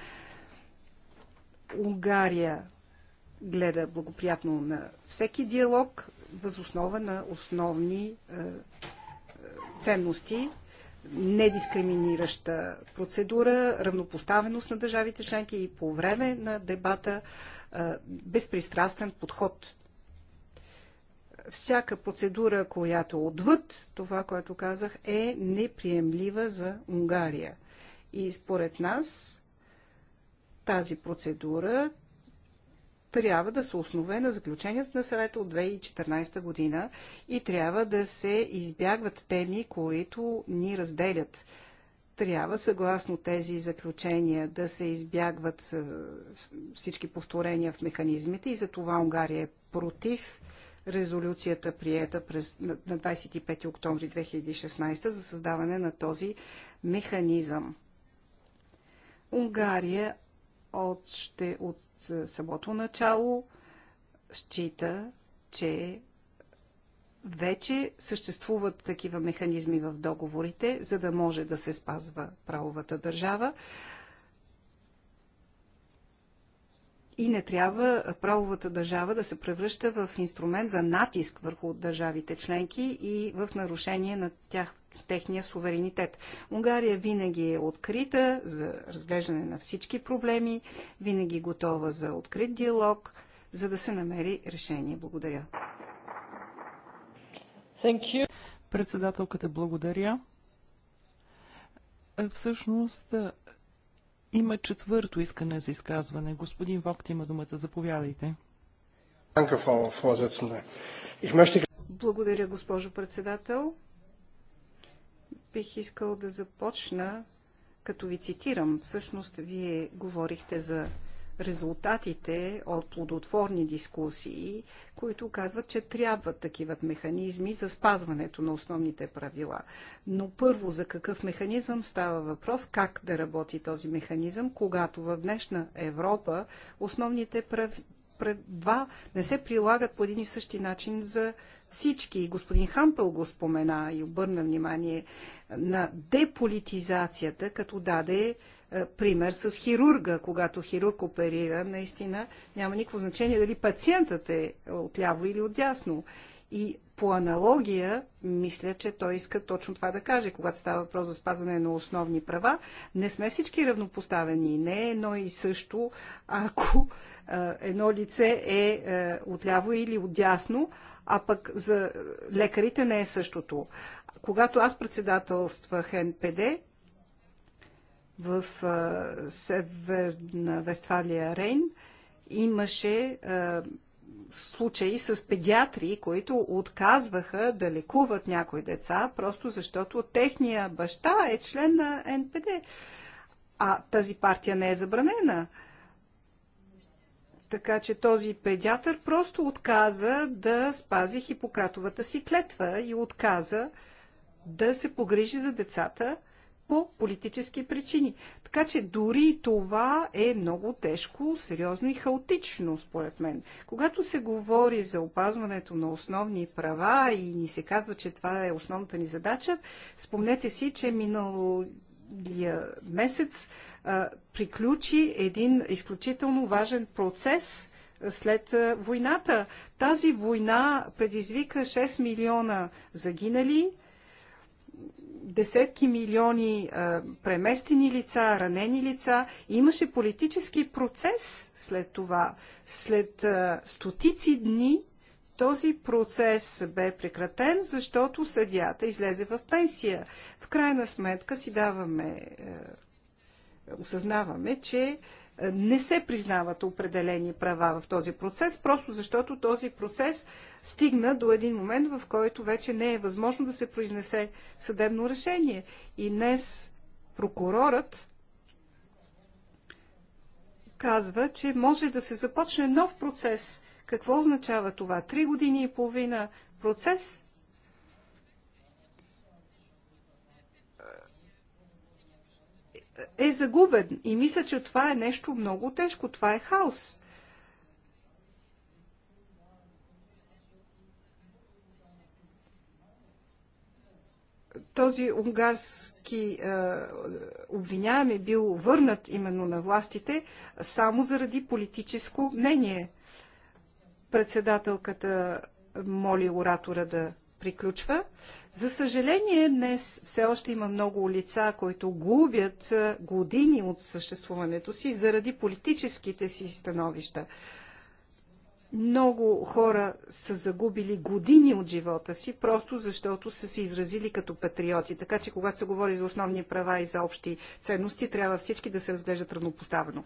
Унгария гледа благоприятно на всеки диалог въз основа на основни е, е ценности, недискриминираща процедура, равнопоставеност на държавите членки и по време на дебата безпристрастен подход. Всяка процедура, която отвъд това, което казах, е неприемлива за Унгария. И според нас тази процедура трябва да се основе на заключението на съвета от 2014 година и трябва да се избягват теми, които ни разделят. Трябва, съгласно тези заключения, да се избягват е, всички повторения в механизмите и за това Унгария е против резолюцията, приета през, на 25 октомври 2016 за създаване на този механизъм. Унгария от, ще от самото начало счита, че вече съществуват такива механизми в договорите, за да може да се спазва правовата държава. и не трябва правовата държава да се превръща в инструмент за натиск върху държавите членки и в нарушение на тях, техния суверенитет. Унгария винаги е открита за разглеждане на всички проблеми, винаги е готова за открит диалог, за да се намери решение. Благодаря. Председателката благодаря. Е, всъщност е, има четвърто искане за изказване. Господин Вокт има думата. Заповядайте. Благодаря, госпожо председател. Бих искал да започна, като ви цитирам. Всъщност, вие говорихте за резултатите от плодотворни дискусии, които казват, че трябват такива механизми за спазването на основните правила. Но първо за какъв механизъм става въпрос, как да работи този механизъм, когато в днешна Европа основните прав... Два не се прилагат по един и същи начин за всички. Господин Хампъл го спомена и обърна внимание на деполитизацията, като даде е, пример с хирурга. Когато хирург оперира, наистина няма никакво значение дали пациентът е отляво или отдясно. И по аналогия, мисля, че той иска точно това да каже, когато става въпрос за спазване на основни права. Не сме всички равнопоставени. Не е едно и също, ако е, едно лице е, е отляво или отдясно, а пък за лекарите не е същото. Когато аз председателствах НПД, в Северна Вестфалия Рейн имаше случаи с педиатри, които отказваха да лекуват някои деца, просто защото техния баща е член на НПД. А тази партия не е забранена. Така че този педиатър просто отказа да спази хипократовата си клетва и отказа да се погрижи за децата – по политически причини. Така че дори това е много тежко, сериозно и хаотично, според мен. Когато се говори за опазването на основни права и ни се казва, че това е основната ни задача, спомнете си, че минало месец а, приключи един изключително важен процес след а, войната. Тази война предизвика 6 милиона загинали, десетки милиони а, преместени лица, ранени лица. Имаше политически процес след това. След а, стотици дни този процес бе прекратен, защото съдята излезе в пенсия. В крайна сметка си даваме, осъзнаваме, че не се признават определени права в този процес, просто защото този процес стигна до един момент, в който вече не е възможно да се произнесе съдебно решение. И днес прокурорът казва, че може да се започне нов процес. Какво означава това? Три години и половина процес е загубен. И мисля, че това е нещо много тежко. Това е хаос. Този унгарски е, обвиняем е бил върнат именно на властите само заради политическо мнение. Председателката моли оратора да приключва. За съжаление, днес все още има много лица, които губят е, години от съществуването си заради политическите си становища. Много хора са загубили години от живота си, просто защото са се изразили като патриоти. Така че, когато се говори за основни права и за общи ценности, трябва всички да се разглеждат равнопоставено.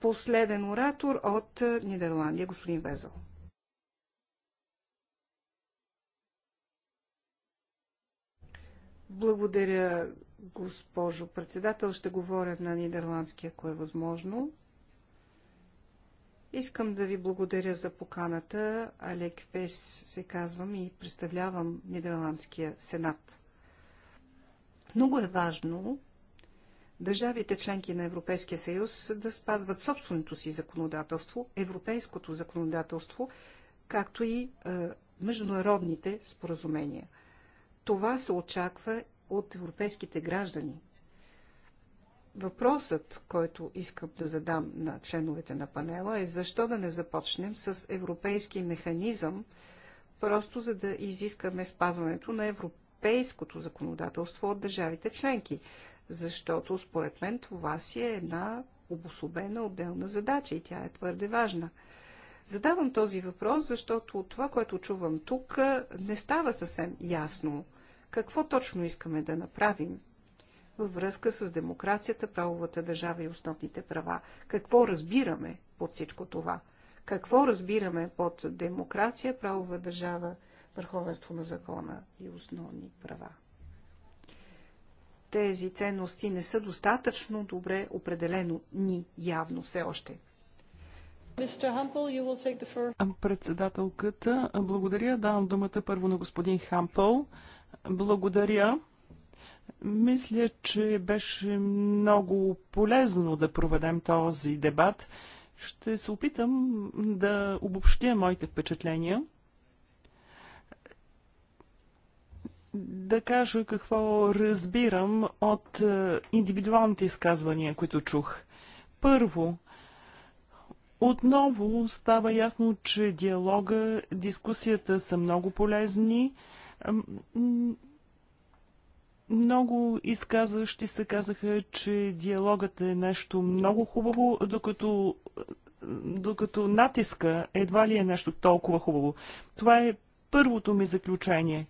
Последен оратор от е, Нидерландия, господин Везел. Благодаря, госпожо председател. Ще говоря на нидерландски, ако е възможно. Искам да ви благодаря за поканата. Алек Фес се казвам и представлявам Нидерландския сенат. Много е важно държавите членки на Европейския съюз да спазват собственото си законодателство, европейското законодателство, както и е, международните споразумения – това се очаква от европейските граждани. Въпросът, който искам да задам на членовете на панела е защо да не започнем с европейски механизъм, просто за да изискаме спазването на европейското законодателство от държавите членки. Защото, според мен, това си е една обособена отделна задача и тя е твърде важна. Задавам този въпрос, защото това, което чувам тук, не става съвсем ясно какво точно искаме да направим във връзка с демокрацията, правовата държава и основните права. Какво разбираме под всичко това? Какво разбираме под демокрация, правова държава, върховенство на закона и основни права? Тези ценности не са достатъчно добре определено ни явно все още. Председателката, благодаря. Давам думата първо на господин Хампъл. Благодаря. Мисля, че беше много полезно да проведем този дебат. Ще се опитам да обобщя моите впечатления. Да кажа какво разбирам от е, индивидуалните изказвания, които чух. Първо, отново става ясно, че диалога, дискусията са много полезни. Много изказващи се казаха, че диалогът е нещо много хубаво, докато, докато натиска едва ли е нещо толкова хубаво. Това е първото ми заключение.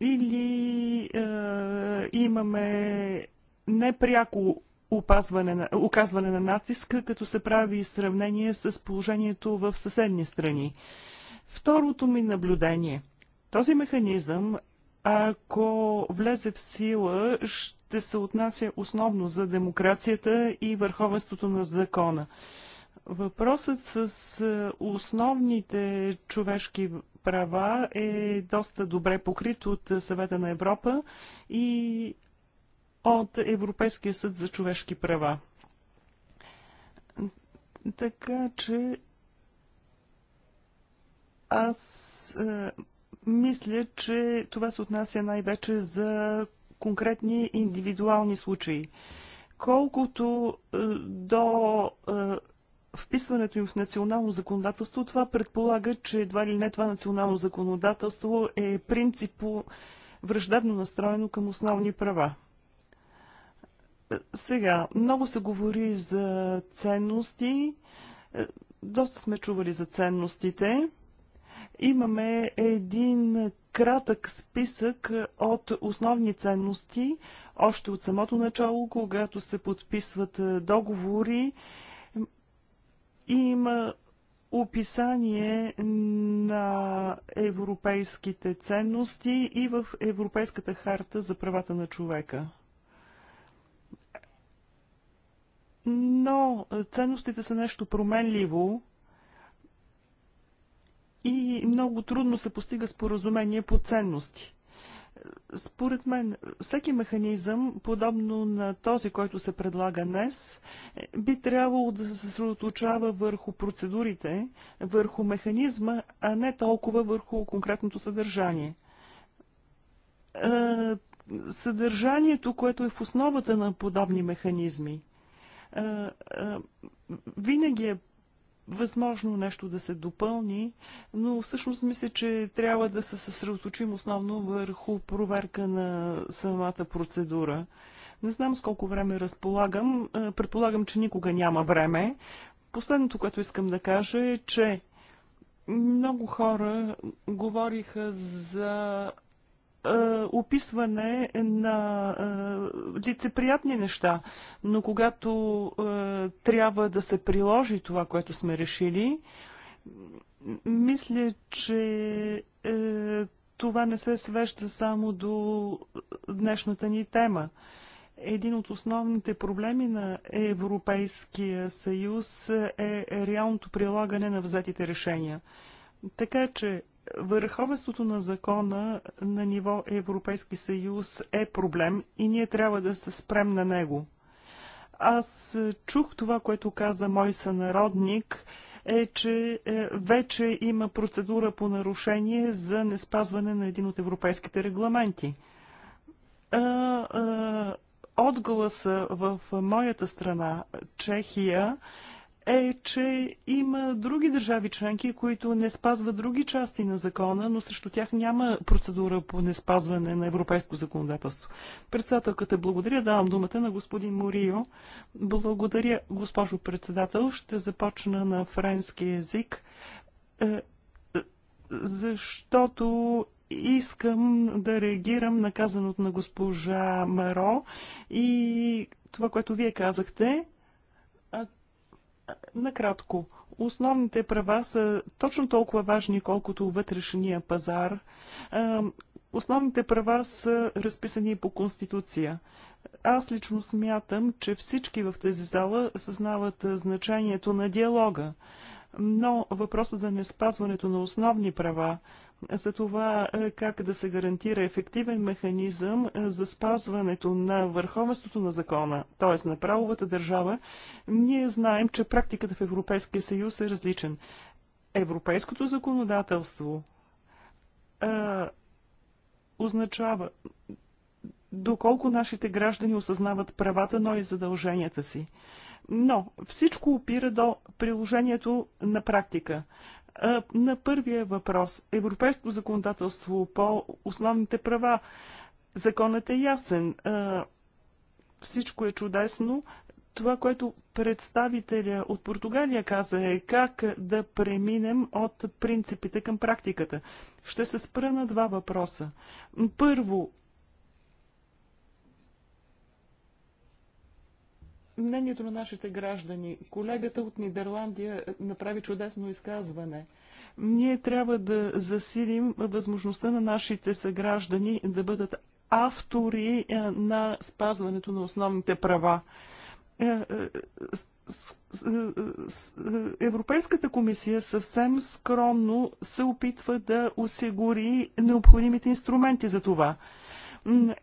Или е, имаме непряко опазване на, оказване на натиска, като се прави сравнение с положението в съседни страни. Второто ми наблюдение – този механизъм, ако влезе в сила, ще се отнася основно за демокрацията и върховенството на закона. Въпросът с е, основните човешки права е доста добре покрит от е, Съвета на Европа и от Европейския съд за човешки права. Така че аз е, мисля, че това се отнася най-вече за конкретни индивидуални случаи. Колкото е, до е, вписването им в национално законодателство, това предполага, че едва ли не това национално законодателство е принципо враждебно настроено към основни права. Е, сега, много се говори за ценности. Доста сме чували за ценностите. Имаме един кратък списък от основни ценности, още от самото начало, когато се подписват е, договори. Има описание на европейските ценности и в Европейската харта за правата на човека. Но е, ценностите са нещо променливо и много трудно се постига споразумение по ценности. Според мен, всеки механизъм, подобно на този, който се предлага днес, би трябвало да се съсредоточава върху процедурите, върху механизма, а не толкова върху конкретното съдържание. Е, съдържанието, което е в основата на подобни механизми, е, е, винаги е възможно нещо да се допълни, но всъщност мисля, че трябва да се съсредоточим основно върху проверка на самата процедура. Не знам с колко време разполагам. Е, предполагам, че никога няма време. Последното, което искам да кажа е, че много хора говориха за е, описване на е, лицеприятни неща, но когато е, трябва да се приложи това, което сме решили, мисля, че това не се свежда само до днешната ни тема. Един от основните проблеми на Европейския съюз е реалното прилагане на взетите решения. Така че върховенството на закона на ниво Европейски съюз е проблем и ние трябва да се спрем на него. Аз е, чух това, което каза мой сънародник, е, че е, вече има процедура по нарушение за неспазване на един от европейските регламенти. Отгласа в моята страна, Чехия, е, че има други държави членки, които не спазват други части на закона, но срещу тях няма процедура по неспазване на европейско законодателство. Председателката благодаря. Давам думата на господин Морио. Благодаря, госпожо председател. Ще започна на френски язик, е, защото искам да реагирам на казаното на госпожа Маро и това, което вие казахте Накратко, основните права са точно толкова важни, колкото вътрешния пазар. Основните права са разписани по Конституция. Аз лично смятам, че всички в тази зала съзнават значението на диалога. Но въпросът за неспазването на основни права, за това е, как да се гарантира ефективен механизъм е, за спазването на върховенството на закона, т.е. на правовата държава, ние знаем, че практиката в Европейския съюз е различен. Европейското законодателство а, е, означава доколко нашите граждани осъзнават правата, но и задълженията си. Но всичко опира до приложението на практика. На първия въпрос. Европейско законодателство по основните права. Законът е ясен. Всичко е чудесно. Това, което представителя от Португалия каза е как да преминем от принципите към практиката. Ще се спра на два въпроса. Първо, мнението на нашите граждани. Колегата от Нидерландия направи чудесно изказване. Ние трябва да засилим възможността на нашите съграждани да бъдат автори е, на спазването на основните права. Е, е, Европейската комисия съвсем скромно се опитва да осигури необходимите инструменти за това –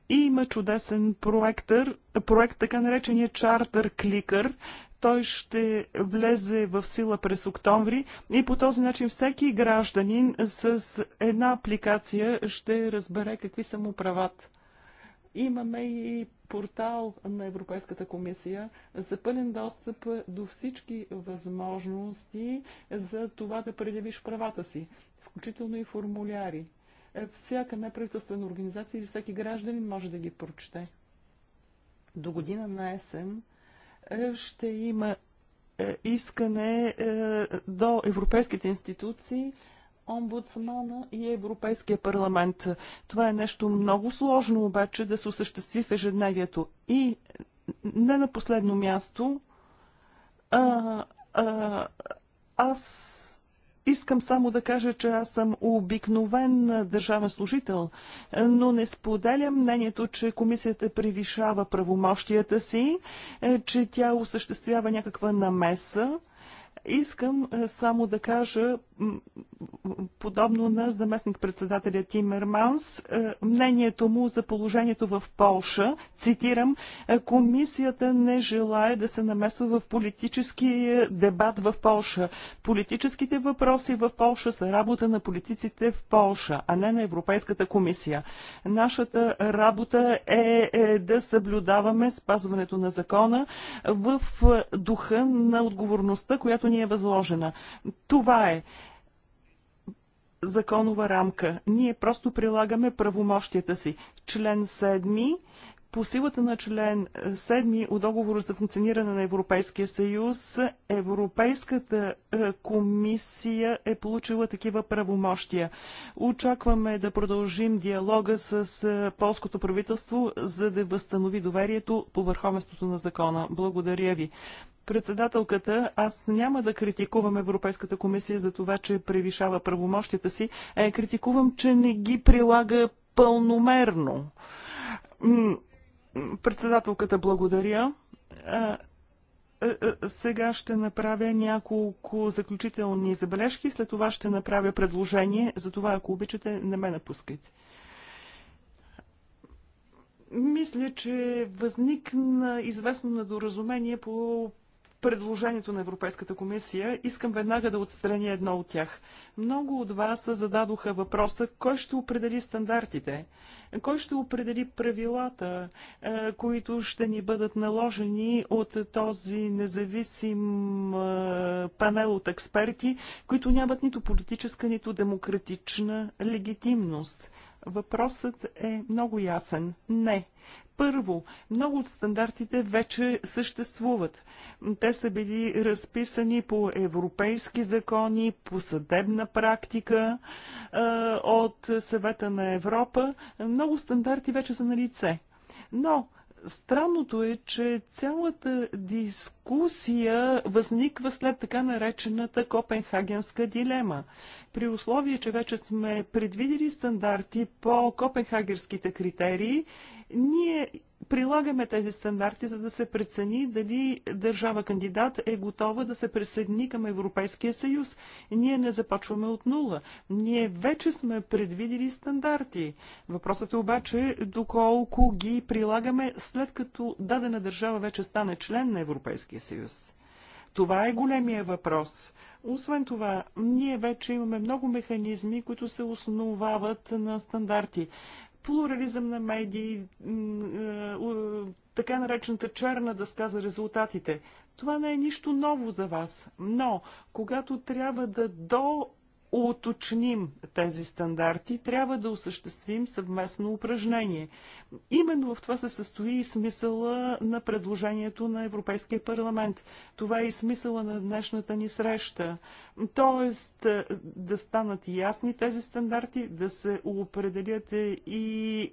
и има чудесен проектър, проект така наречения Charter Clicker, той ще влезе в сила през октомври и по този начин всеки гражданин с една апликация ще разбере какви са му правата. Имаме и портал на Европейската комисия за пълен достъп до всички възможности за това да предявиш правата си, включително и формуляри. Е, всяка неправителствена организация или всеки гражданин може да ги прочете. До година на есен е, ще има е, искане до европейските институции, омбудсмана и Европейския парламент. Това е нещо много сложно обаче да се осъществи в ежедневието. И не на последно място, а, а, аз Искам само да кажа, че аз съм обикновен държавен служител, но не споделям мнението, че комисията превишава правомощията си, че тя осъществява някаква намеса. Искам е, само да кажа, подобно на заместник-председателя Тимерманс, е, мнението му за положението в Полша, цитирам, е, комисията не желая да се намесва в политически дебат в Полша. Политическите въпроси в Полша са работа на политиците в Полша, а не на Европейската комисия. Нашата работа е, е да съблюдаваме спазването на закона в духа на отговорността, която ни е възложена. Това е законова рамка. Ние просто прилагаме правомощията си. Член 7 по силата на член 7 от договора за функциониране на Европейския съюз, Европейската е, комисия е получила такива правомощия. Очакваме да продължим диалога с е, полското правителство, за да възстанови доверието по върховенството на закона. Благодаря ви председателката, аз няма да критикувам Европейската комисия за това, че превишава правомощията си, е, критикувам, че не ги прилага пълномерно. Председателката благодаря. Сега ще направя няколко заключителни забележки, след това ще направя предложение, за това ако обичате, не ме напускайте. Мисля, че възникна известно недоразумение по предложението на Европейската комисия, искам веднага да отстраня едно от тях. Много от вас зададоха въпроса, кой ще определи стандартите, кой ще определи правилата, е, които ще ни бъдат наложени от този независим е, панел от експерти, които нямат нито политическа, нито демократична легитимност. Въпросът е много ясен. Не. Първо, много от стандартите вече съществуват. Те са били разписани по европейски закони, по съдебна практика от Съвета на Европа. Много стандарти вече са на лице. Но Странното е, че цялата дискусия възниква след така наречената Копенхагенска дилема. При условие, че вече сме предвидили стандарти по копенхагерските критерии, ние прилагаме тези стандарти, за да се прецени дали държава кандидат е готова да се присъедини към Европейския съюз. Ние не започваме от нула. Ние вече сме предвидили стандарти. Въпросът е обаче доколко ги прилагаме след като дадена държава вече стане член на Европейския съюз. Това е големия въпрос. Освен това, ние вече имаме много механизми, които се основават на стандарти плурализъм на медии, е, така наречената черна дъска за резултатите. Това не е нищо ново за вас, но когато трябва да до уточним тези стандарти, трябва да осъществим съвместно упражнение. Именно в това се състои и смисъла на предложението на Европейския парламент. Това е и смисъла на днешната ни среща. Тоест е, да станат ясни тези стандарти, да се определят е, и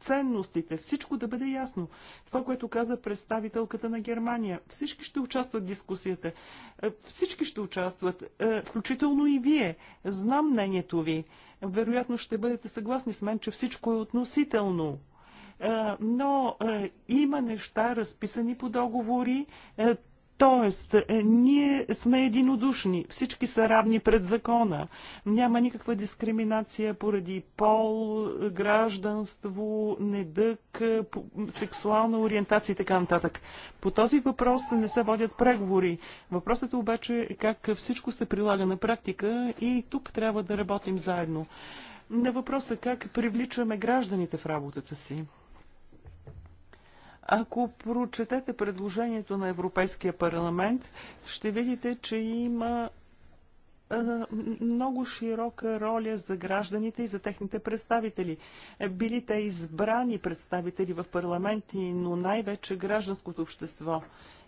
ценностите, всичко да бъде ясно. Това, което каза представителката на Германия. Всички ще участват в дискусията. Е, всички ще участват, е, включително и вие. Знам мнението ви. Вероятно ще бъдете съгласни с мен, че всичко е относително е, но има неща разписани по договори, Тоест, е, ние сме единодушни, всички са равни пред закона. Няма никаква дискриминация поради пол, гражданство, недък, е, сексуална ориентация и така нататък. По този въпрос не се водят преговори. Въпросът е обаче как всичко се прилага на практика и тук трябва да работим заедно. На въпроса как привличаме гражданите в работата си. Ако прочетете предложението на Европейския парламент, ще видите, че има много широка роля за гражданите и за техните представители. Е, били те избрани представители в парламенти, но най-вече гражданското общество.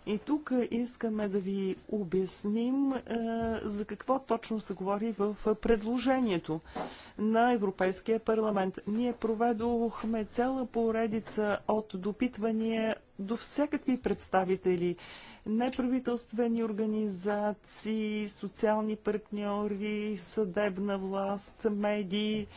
И тук искаме да ви обясним е, за какво точно се говори в предложението на Европейския парламент. Ние проведохме цяла поредица от допитвания до всякакви представители неправителствени организации, социални партньори, съдебна власт, медии.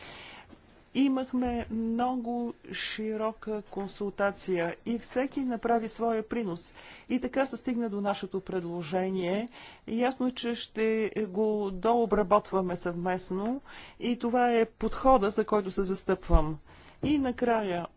Имахме много широка консултация и всеки направи своя принос. И така се стигна до нашето предложение. Ясно е, че ще го дообработваме съвместно и това е подхода, за който се застъпвам. И накрая,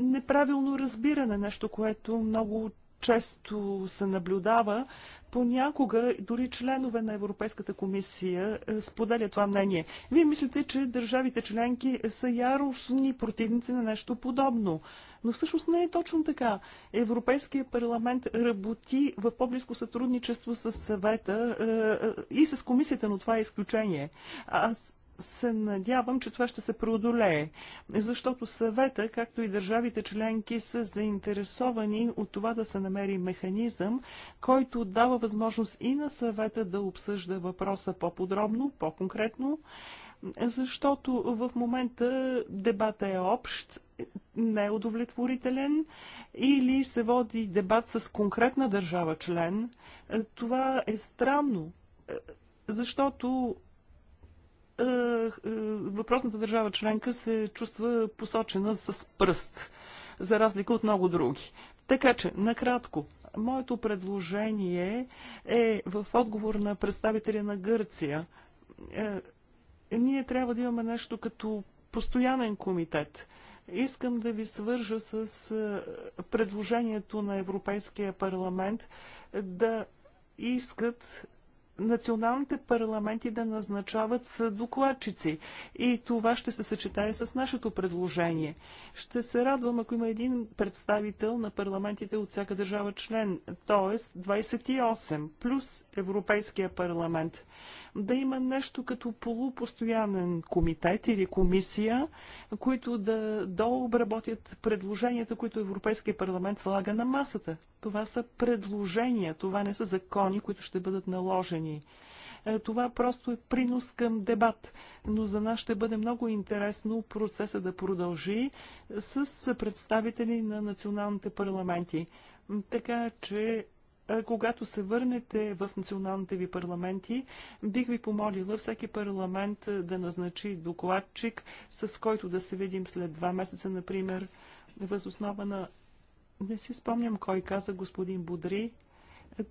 неправилно разбиране, нещо, което много често се наблюдава, Понякога дори членове на Европейската комисия е, споделят това мнение. Вие мислите, че държавите членки са яростни противници на нещо подобно. Но всъщност не е точно така. Европейския парламент работи в по-близко сътрудничество с съвета е, е, и с комисията, но това е изключение. Аз се надявам, че това ще се преодолее, защото съвета, както и държавите членки, са заинтересовани от това да се намери механизъм, който дава възможност и на съвета да обсъжда въпроса по-подробно, по-конкретно, защото в момента дебата е общ, не е удовлетворителен, или се води дебат с конкретна държава член. Е, това е странно, е, защото е, е, въпросната държава членка се чувства посочена с пръст, за разлика от много други. Така че, накратко, моето предложение е в отговор на представителя на Гърция. Е, ние трябва да имаме нещо като постоянен комитет. Искам да ви свържа с предложението на Европейския парламент да искат националните парламенти да назначават докладчици. И това ще се съчетае с нашето предложение. Ще се радвам, ако има един представител на парламентите от всяка държава член, т.е. 28 плюс Европейския парламент да има нещо като полупостоянен комитет или комисия, които да дообработят предложенията, които Европейския парламент слага на масата. Това са предложения, това не са закони, които ще бъдат наложени. Е, това просто е принос към дебат, но за нас ще бъде много интересно процеса да продължи с представители на националните парламенти. Така че когато се върнете в националните ви парламенти, бих ви помолила всеки парламент да назначи докладчик, с който да се видим след два месеца, например, възоснова на... Не си спомням кой каза господин Бодри,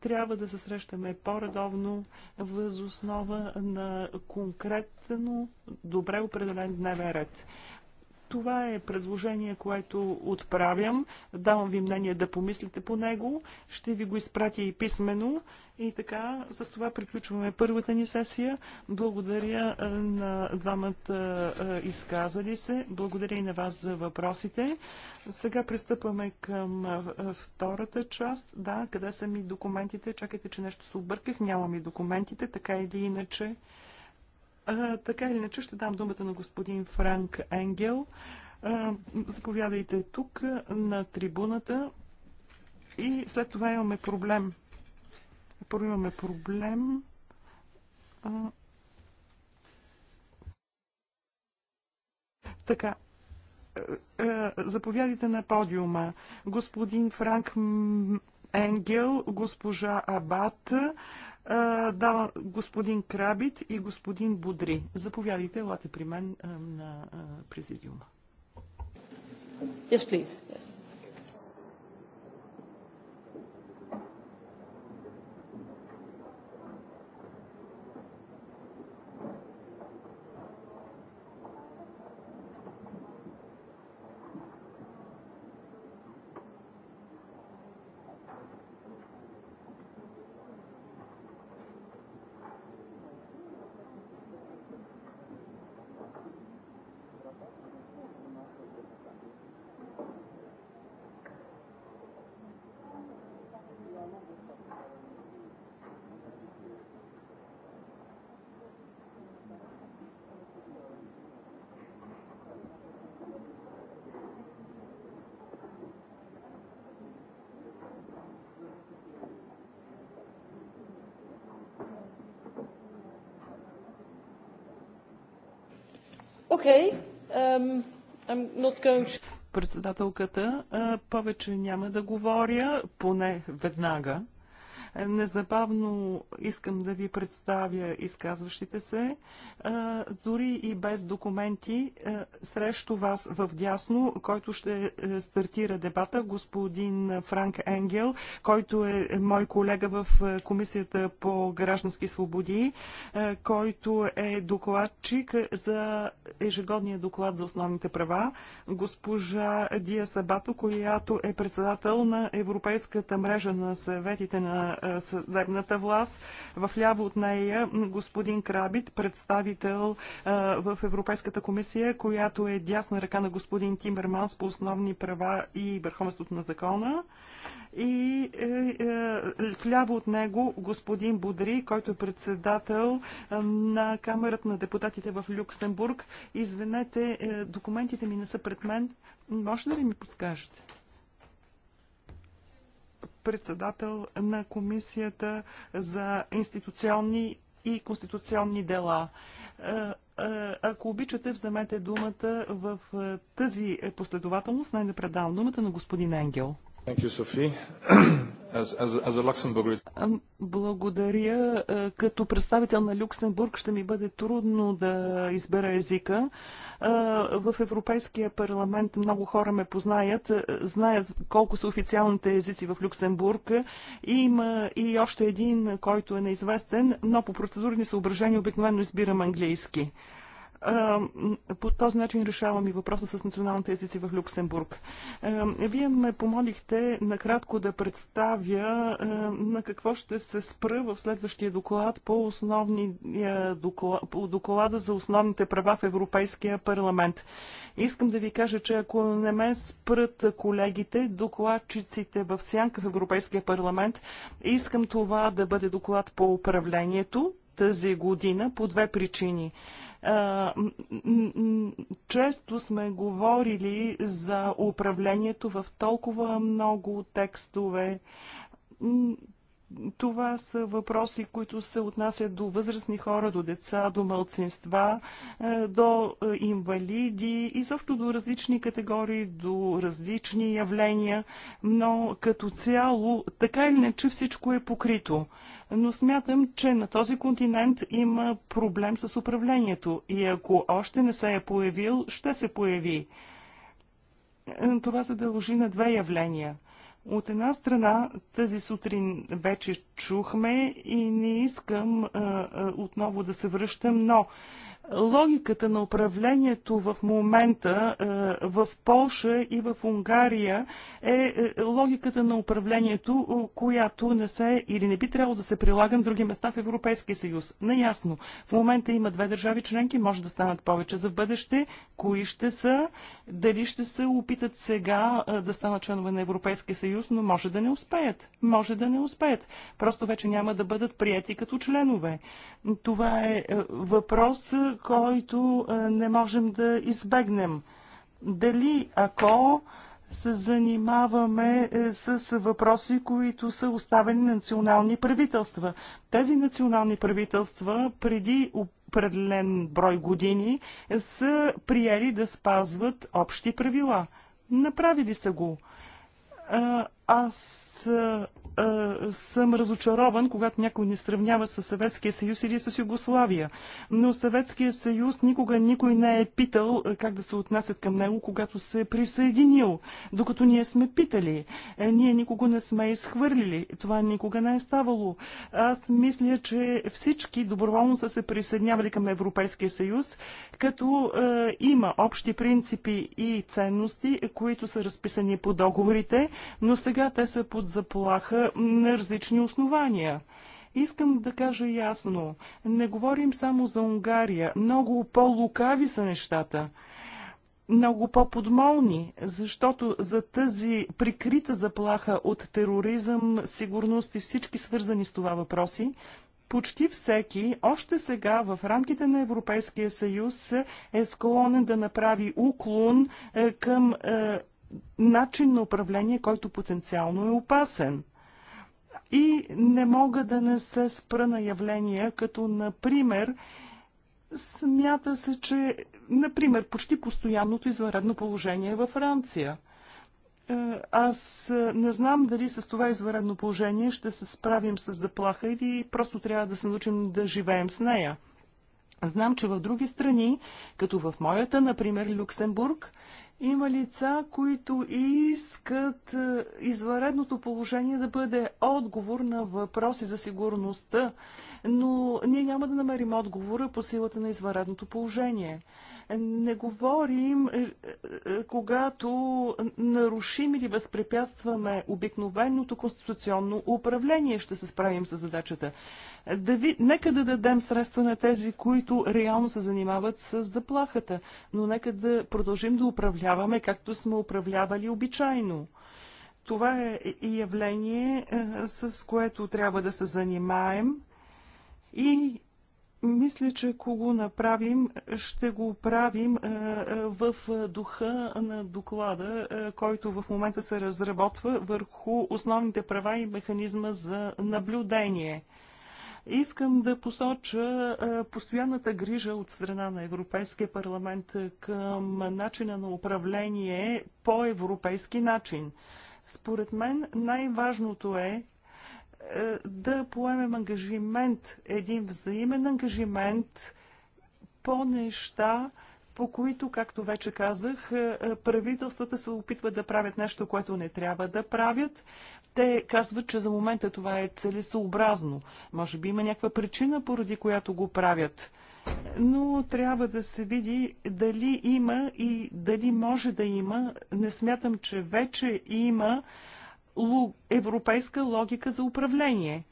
трябва да се срещаме по-редовно възоснова на конкретно добре определен дневен ред. Това е предложение, което отправям. Давам ви мнение да помислите по него. Ще ви го изпратя и писменно. И така, с това приключваме първата ни сесия. Благодаря на двамата изказали се. Благодаря и на вас за въпросите. Сега пристъпваме към втората част. Да, къде са ми документите? Чакайте, че нещо се обърках. Нямам и документите, така или иначе така или иначе ще дам думата на господин Франк Енгел. А, заповядайте тук на трибуната и след това имаме проблем. Първо имаме проблем. А, така, заповядайте на подиума. Господин Франк Енгел, госпожа Абат, Дава господин Крабит и господин Будри. Заповядайте, лате при мен на президиума. Yes, please. Yes. Okay. Um, I'm not going to... Председателката, повече няма да говоря, поне веднага. Незабавно искам да ви представя изказващите се. Дори и без документи, срещу вас в дясно, който ще е, стартира дебата, господин Франк Енгел, който е мой колега в е, Комисията по граждански свободи, който е докладчик за ежегодния доклад за основните права. Госпожа Дия Сабато, която е председател на Европейската мрежа на съветите на е, съдебната власт. В ляво от нея господин Крабит, представител е, в Европейската комисия, която е дясна ръка на господин Тимерманс по основни права и върховенството на закона. И е, в ляво от него господин Будри, който е председател на Камерата на депутатите в Люксембург. Извинете, документите ми не са пред мен. Може ли да ми подскажете? председател на Комисията за институционни и конституционни дела. Е, е, ако обичате, вземете думата в е, тази последователност. най напредавам думата на господин Енгел. You, [CLEARS THROAT] as, as, as Благодаря. Като представител на Люксембург ще ми бъде трудно да избера езика. В Европейския парламент много хора ме познаят, знаят колко са официалните езици в Люксембург. И има и още един, който е неизвестен, но по процедурни съображения обикновено избирам английски. По този начин решавам и въпроса с националните езици в Люксембург. Вие ме помолихте накратко да представя на какво ще се спра в следващия доклад по, основни, по доклада за основните права в Европейския парламент. Искам да ви кажа, че ако не ме спрат колегите, докладчиците в сянка в Европейския парламент, искам това да бъде доклад по управлението, тази година по две причини. Често сме говорили за управлението в толкова много текстове това са въпроси, които се отнасят до възрастни хора, до деца, до мълцинства, е, до е, инвалиди и също до различни категории, до различни явления, но като цяло, така или иначе, всичко е покрито. Но смятам, че на този континент има проблем с управлението и ако още не се е появил, ще се появи. Е, това се дължи на две явления – от една страна, тази сутрин вече чухме и не искам а, а, отново да се връщам, но логиката на управлението в момента е, в Полша и в Унгария е, е логиката на управлението, е, която не се или не би трябвало да се прилага на други места в Европейския съюз. Неясно. В момента има две държави членки, може да станат повече за бъдеще. Кои ще са? Дали ще се опитат сега да станат членове на Европейския съюз, но може да не успеят. Може да не успеят. Просто вече няма да бъдат прияти като членове. Това е въпрос, който е, не можем да избегнем. Дали ако се занимаваме е, с въпроси, които са оставени на национални правителства. Тези национални правителства преди определен брой години са приели да спазват общи правила. Направили са го. Е, аз съм разочарован, когато някой ни сравнява с Съветския съюз или с Югославия. Но Съветския съюз никога никой не е питал как да се отнасят към него, когато се е присъединил. Докато ние сме питали, е, ние никога не сме изхвърлили. Това никога не е ставало. Аз мисля, че всички доброволно са се присъединявали към Европейския съюз, като е, има общи принципи и ценности, които са разписани по договорите, но сега те са под заплаха на различни основания. Искам да кажа ясно, не говорим само за Унгария, много по-лукави са нещата много по-подмолни, защото за тази прикрита заплаха от тероризъм, сигурност и всички свързани с това въпроси, почти всеки още сега в рамките на Европейския съюз е склонен да направи уклон е, към е, начин на управление, който потенциално е опасен. И не мога да не се спра на явления, като например смята се, че например почти постоянното извънредно положение във Франция. Е, аз не знам дали с това извънредно положение ще се справим с заплаха или просто трябва да се научим да живеем с нея. Знам, че в други страни, като в моята, например, Люксембург, има лица, които искат е, извънредното положение да бъде отговор на въпроси за сигурността, но ние няма да намерим отговора по силата на извънредното положение. Не говорим, е, е, е, когато нарушим или възпрепятстваме обикновеното конституционно управление, ще се справим с задачата. Да ви, нека да дадем средства на тези, които реално се занимават с заплахата, но нека да продължим да управляваме, както сме управлявали обичайно. Това е явление, с което трябва да се занимаем и мисля, че ако го направим, ще го правим е, е, в духа на доклада, е, който в момента се разработва върху основните права и механизма за наблюдение. Искам да посоча постоянната грижа от страна на Европейския парламент към начина на управление по европейски начин. Според мен най-важното е е, да поемем ангажимент, един взаимен ангажимент по неща, по които, както вече казах, е, е, правителствата се опитват да правят нещо, което не трябва да правят. Те казват, че за момента това е целесообразно. Може би има някаква причина, поради която го правят. Но трябва да се види дали има и дали може да има. Не смятам, че вече има европейска логика за управление.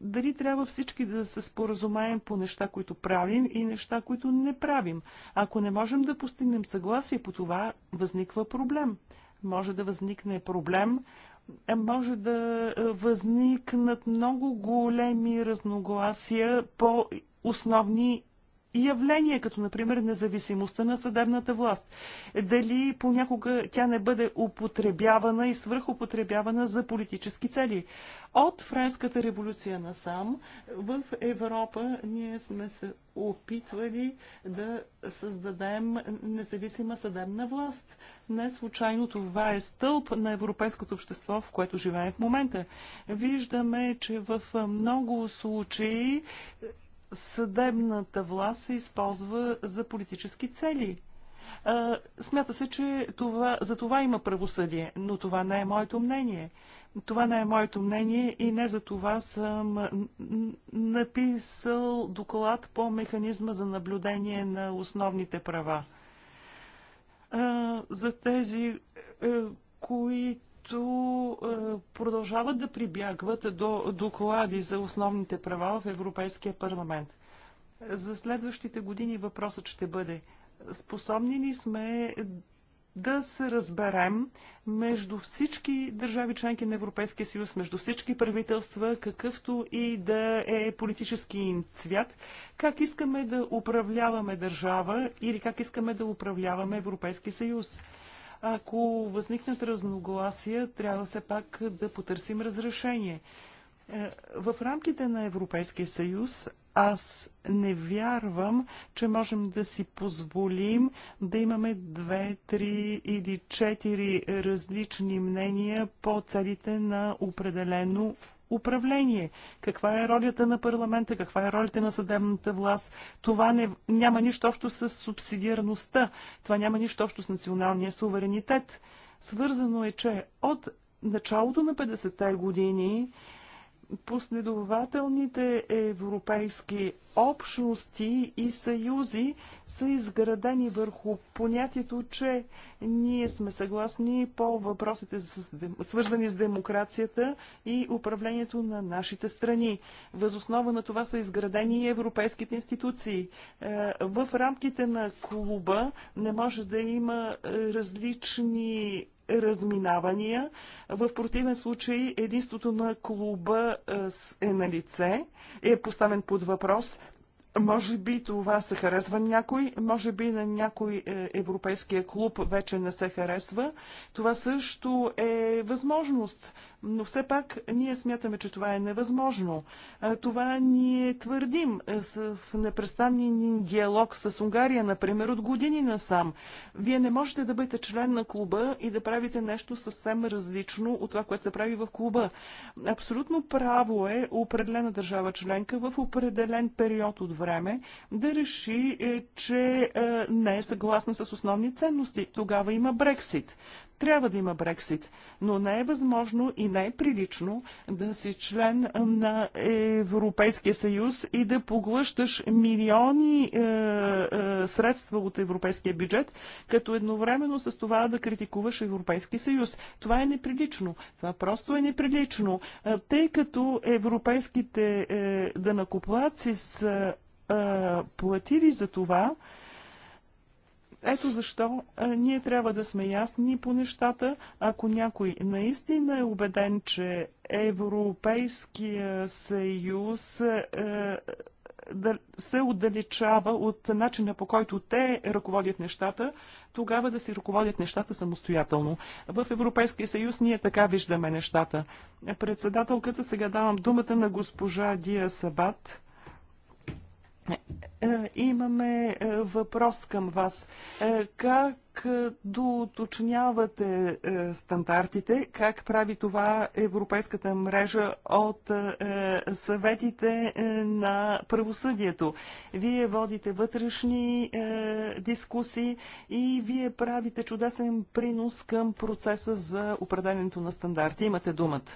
Дали трябва всички да се споразумаем по неща, които правим и неща, които не правим? Ако не можем да постигнем съгласие по това, възниква проблем. Може да възникне проблем, е, може да е, възникнат много големи разногласия по основни явления, като например независимостта на съдебната власт. Дали понякога тя не бъде употребявана и свръхупотребявана за политически цели. От Френската революция насам в Европа ние сме се опитвали да създадем независима съдебна власт. Не случайно това е стълб на европейското общество, в което живеем в момента. Виждаме, че в много случаи съдебната власт се използва за политически цели. Смята се, че това, за това има правосъдие, но това не е моето мнение. Това не е моето мнение и не за това съм написал доклад по механизма за наблюдение на основните права. За тези, е, които които е, продължават да прибягват до доклади за основните права в Европейския парламент. За следващите години въпросът ще бъде способни ли сме да се разберем между всички държави членки на Европейския съюз, между всички правителства, какъвто и да е политически им цвят, как искаме да управляваме държава или как искаме да управляваме Европейския съюз. Ако възникнат разногласия, трябва все пак да потърсим разрешение. Е, в рамките на Европейския съюз аз не вярвам, че можем да си позволим да имаме две, три или четири различни мнения по целите на определено управление. Каква е ролята на парламента, каква е ролята на съдебната власт. Това не, няма нищо общо с субсидиарността, това няма нищо общо с националния суверенитет. Свързано е, че от началото на 50-те години последователните европейски общности и съюзи са изградени върху понятието, че ние сме съгласни по въпросите, свързани с демокрацията и управлението на нашите страни. Възоснова на това са изградени и европейските институции. Е, в рамките на клуба не може да има е, различни разминавания. В противен случай единството на клуба е на лице, е поставен под въпрос. Може би това се харесва някой, може би на някой е, европейския клуб вече не се харесва. Това също е възможност. Но все пак ние смятаме, че това е невъзможно. Това ние твърдим в непрестанен диалог с Унгария, например, от години насам. Вие не можете да бъдете член на клуба и да правите нещо съвсем различно от това, което се прави в клуба. Абсолютно право е определена държава членка в определен период от време да реши, е, че е, не е съгласна с основни ценности. Тогава има Брексит. Трябва да има Брексит, но не е възможно и не е прилично да си член на Европейския съюз и да поглъщаш милиони е, е, средства от европейския бюджет, като едновременно с това да критикуваш Европейския съюз. Това е неприлично. Това просто е неприлично. Е, тъй като европейските е, данакоплаци са е, платили за това, ето защо ние трябва да сме ясни по нещата. Ако някой наистина е убеден, че Европейския съюз да се отдалечава от начина по който те ръководят нещата, тогава да си ръководят нещата самостоятелно. В Европейския съюз ние така виждаме нещата. Председателката сега давам думата на госпожа Дия Сабат. Е, е, имаме е, въпрос към вас. Как доуточнявате стандартите? Как прави това Европейската мрежа от съветите на правосъдието? Вие водите вътрешни дискусии и вие правите чудесен принос към процеса за определенето на стандарти. Имате думата.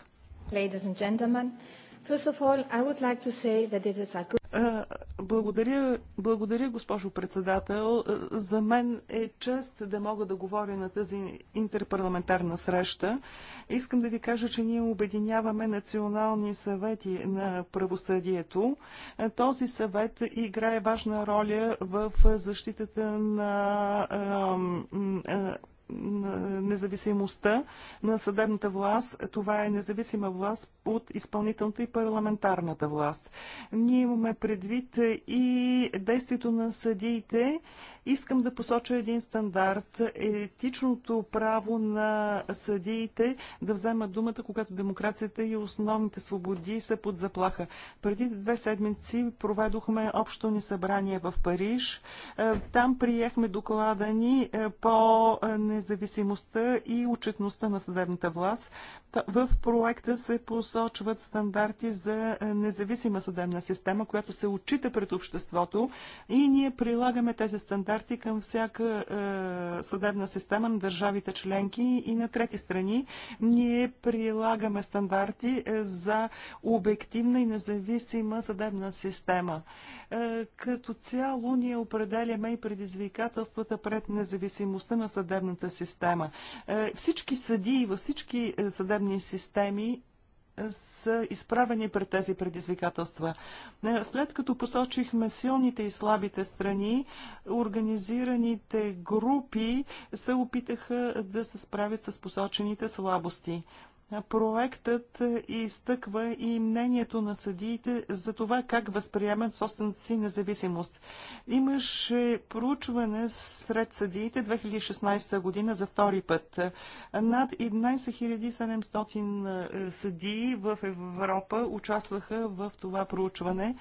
Ladies and gentlemen, first of all, I would like to say that it is a благодаря, благодаря, госпожо председател. За мен е чест да мога да говоря на тази интерпарламентарна среща. Искам да ви кажа, че ние обединяваме национални съвети на правосъдието. Този съвет играе важна роля в защитата на независимостта на съдебната власт. Това е независима власт от изпълнителната и парламентарната власт. Ние имаме предвид и действието на съдиите. Искам да посоча един стандарт. Етичното право на съдиите да вземат думата, когато демокрацията и основните свободи са под заплаха. Преди две седмици проведохме общо ни събрание в Париж. Е, там приехме доклада ни е, по е, независимостта и отчетността на съдебната власт. В проекта се посочват стандарти за е, независима съдебна система, която се отчита пред обществото и ние прилагаме тези стандарти към всяка е, съдебна система на държавите членки и на трети страни. Ние прилагаме стандарти е, за обективна и независима съдебна система. Е, като цяло ние определяме и предизвикателствата пред независимостта на съдебната система. Е, всички съдии във всички е, съдебни системи са изправени пред тези предизвикателства. След като посочихме силните и слабите страни, организираните групи се опитаха да се справят с посочените слабости. Проектът изтъква и мнението на съдиите за това как възприемат собствената си независимост. Имаше проучване сред съдиите 2016 година за втори път. Над 11 700 е, съдии в Европа участваха в това проучване.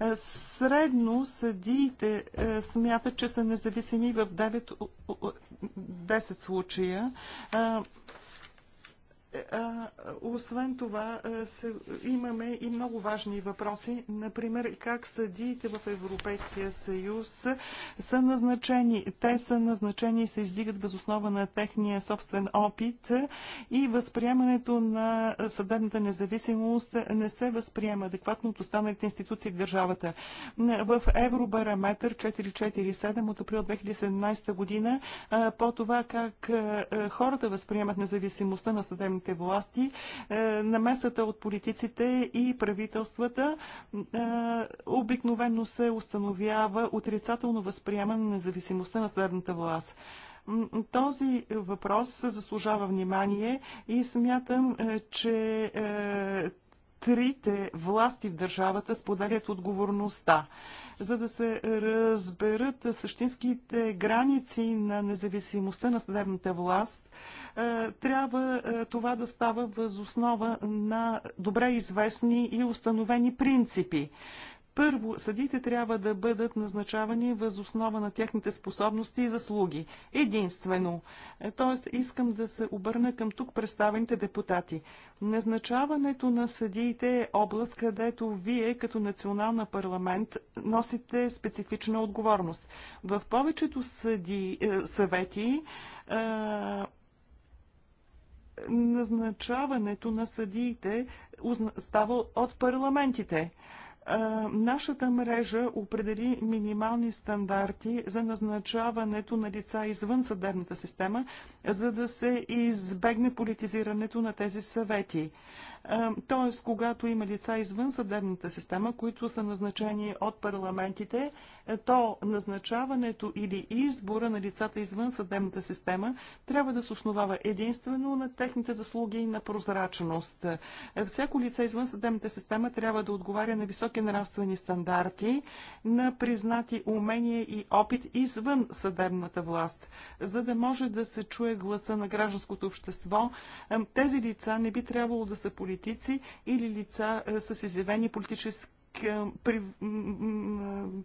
Е, средно съдиите е, смятат, че са независими в 9, 10 случая. А, освен това, се, имаме и много важни въпроси. Например, как съдиите в Европейския съюз са назначени. Те са назначени и се издигат без основа на техния собствен опит и възприемането на съдебната независимост не се възприема адекватно от останалите институции в държавата. В Евробараметър 447 от април 2017 година по това как хората възприемат независимостта на съдебната местните власти, е, намесата от политиците и правителствата е, обикновено се установява отрицателно възприемане на независимостта на съдебната власт. Този въпрос заслужава внимание и смятам, е, че трите власти в държавата споделят отговорността. За да се разберат същинските граници на независимостта на съдебната власт, е, трябва е, това да става възоснова на добре известни и установени принципи. Първо, съдите трябва да бъдат назначавани въз основа на техните способности и заслуги. Единствено. Е, тоест, искам да се обърна към тук представените депутати. Назначаването на съдиите е област, където вие, като национална парламент, носите специфична отговорност. В повечето съди, е, съвети е, назначаването на съдиите става от парламентите. Нашата мрежа определи минимални стандарти за назначаването на лица извън съдебната система, за да се избегне политизирането на тези съвети т.е. когато има лица извън съдебната система, които са назначени от парламентите, е, то назначаването или избора на лицата извън съдебната система трябва да се основава единствено на техните заслуги и на прозрачност. Е, всяко лице извън съдебната система трябва да отговаря на високи нравствени стандарти, на признати умения и опит извън съдебната власт. За да може да се чуе гласа на гражданското общество, е, тези лица не би трябвало да са полицейски политици или лица е, с изявени политически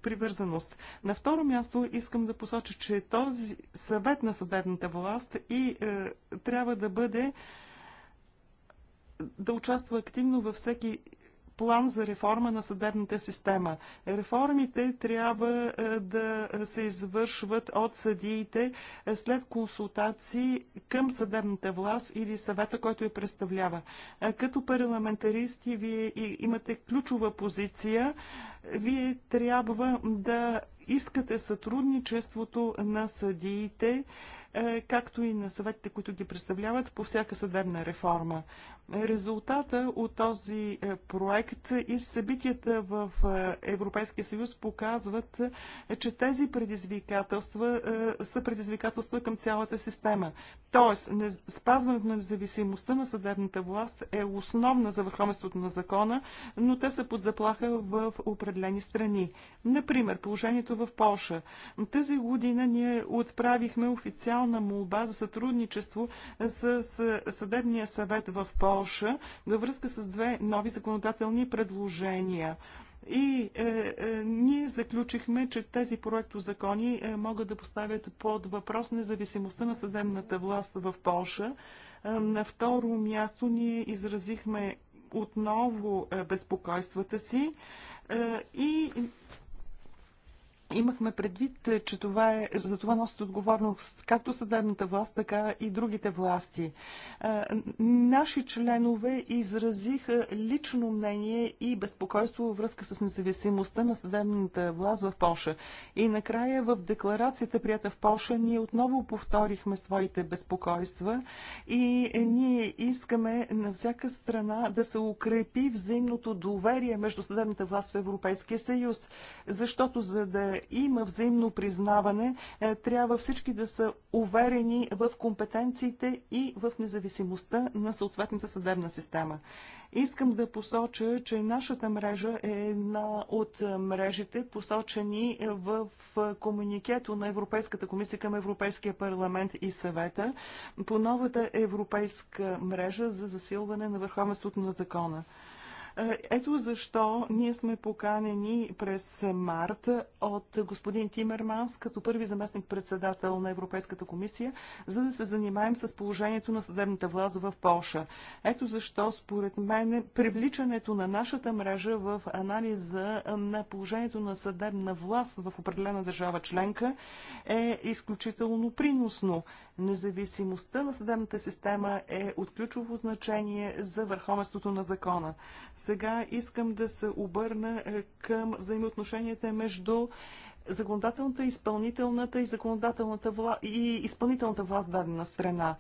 привързаност. На второ място искам да посоча, че този съвет на съдебната власт и е, трябва да бъде да участва активно във всеки план за реформа на съдебната система. Реформите трябва е, да се извършват от съдиите е, след консултации към съдебната власт или съвета, който я представлява. Е, като парламентаристи вие имате ключова позиция. Вие трябва да искате сътрудничеството на съдиите е, както и на съветите, които ги представляват по всяка съдебна реформа. Резултата от този е, проект и събитията в е, Европейския съюз показват, че тези предизвикателства са предизвикателства към цялата система. Тоест, спазването на независимостта на съдебната власт е основна за върховенството на закона, но те са под заплаха в определени страни. Например, положението в Польша. Тази година ние отправихме официално официална молба за сътрудничество с Съдебния съвет в Польша във връзка с две нови законодателни предложения. И е, е, ние заключихме, че тези проектозакони е, могат да поставят под въпрос независимостта на съдебната власт в Польша. Е, на второ място ние изразихме отново е, безпокойствата си е, и Имахме предвид, е, че това е, за това носят отговорност както съдебната власт, така и другите власти. Е, наши членове изразиха лично мнение и безпокойство във връзка с независимостта на съдебната власт в Польша. И накрая в декларацията, прията в Польша, ние отново повторихме своите безпокойства и ние искаме на всяка страна да се укрепи взаимното доверие между съдебната власт в Европейския съюз, защото за да е, има взаимно признаване, е, трябва всички да са уверени в компетенциите и в независимостта на съответната съдебна система. Искам да посоча, че нашата мрежа е една от мрежите, посочени в комуникето на Европейската комисия към Европейския парламент и съвета по новата европейска мрежа за засилване на върховенството на закона. Е, ето защо ние сме поканени през март от господин Тимерманс като първи заместник председател на Европейската комисия, за да се занимаем с положението на съдебната власт в Польша. Ето защо, според мен, привличането на нашата мрежа в анализа на положението на съдебна власт в определена държава членка е изключително приносно. Независимостта на съдебната система е от ключово значение за върховенството на закона. Сега искам да се обърна е, към взаимоотношенията между законодателната, изпълнителната и законодателната вла... и изпълнителната власт в дадена страна.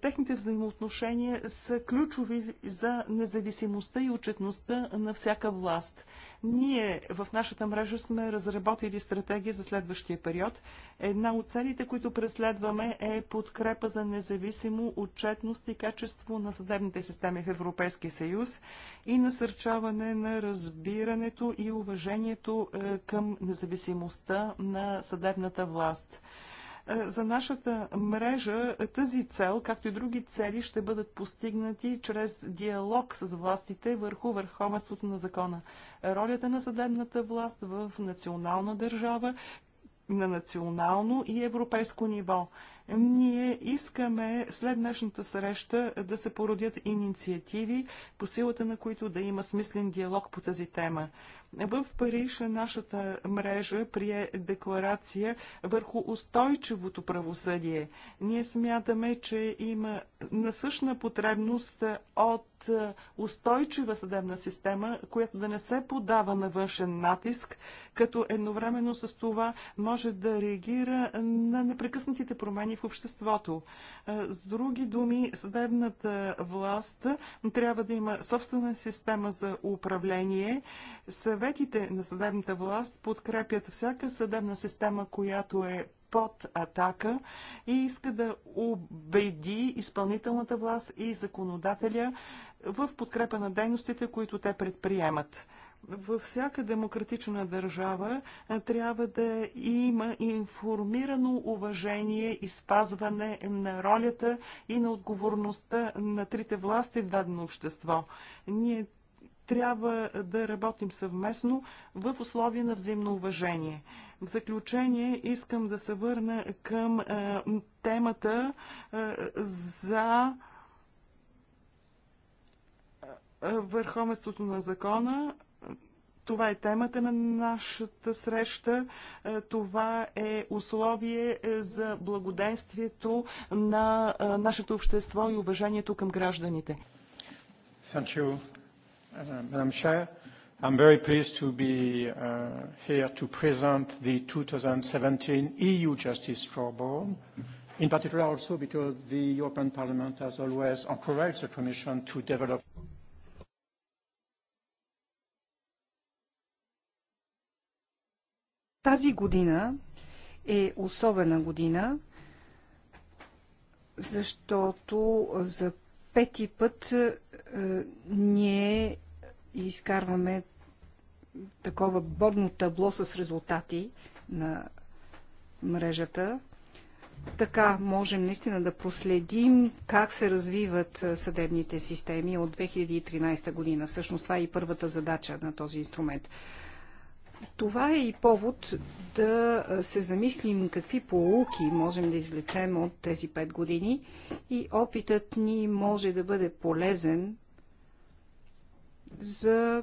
Техните взаимоотношения са ключови за независимостта и отчетността на всяка власт. Ние в нашата мрежа сме разработили стратегия за следващия период. Една от целите, които преследваме е подкрепа за независимо отчетност и качество на съдебните системи в Европейския съюз и насърчаване на разбирането и уважението е, към независимостта на съдебната власт. Е, за нашата мрежа е, тази цел, както и други цели, ще бъдат постигнати чрез диалог с властите върху върховенството на закона. Ролята на съдебната власт в национална държава, на национално и европейско ниво. Ние искаме след днешната среща да се породят инициативи, по силата на които да има смислен диалог по тази тема. В Париж нашата мрежа прие декларация върху устойчивото правосъдие. Ние смятаме, че има насъщна потребност от устойчива съдебна система, която да не се подава на външен натиск, като едновременно с това може да реагира на непрекъснатите промени в обществото. С други думи, съдебната власт трябва да има собствена система за управление. Съветите на съдебната власт подкрепят всяка съдебна система, която е под атака и иска да убеди изпълнителната власт и законодателя в подкрепа на дейностите, които те предприемат във всяка демократична държава трябва да има информирано уважение и спазване на ролята и на отговорността на трите власти в дадено общество. Ние трябва да работим съвместно в условия на взаимно уважение. В заключение искам да се върна към е, темата е, за върховенството на закона, това е темата на нашата среща. Това е условие за благоденствието на нашето общество и уважението към гражданите. Thank you, Madam Chair. I'm very pleased to be uh, here to present the 2017 EU Justice Scoreboard, in particular also because the European Parliament has always encouraged the Commission to develop Тази година е особена година, защото за пети път е, ние изкарваме такова бодно табло с резултати на мрежата. Така можем наистина да проследим как се развиват е, съдебните системи от 2013 година. Всъщност това е и първата задача на този инструмент. Това е и повод да се замислим какви полуки можем да извлечем от тези пет години и опитът ни може да бъде полезен за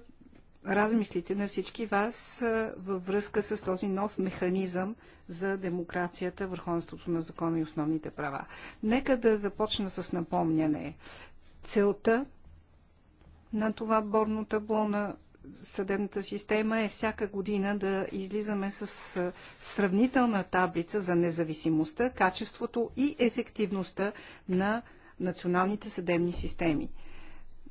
размислите на всички вас във връзка с този нов механизъм за демокрацията, върховенството на закона и основните права. Нека да започна с напомняне. Целта на това борно табло на съдебната система е всяка година да излизаме с сравнителна таблица за независимостта, качеството и ефективността на националните съдебни системи.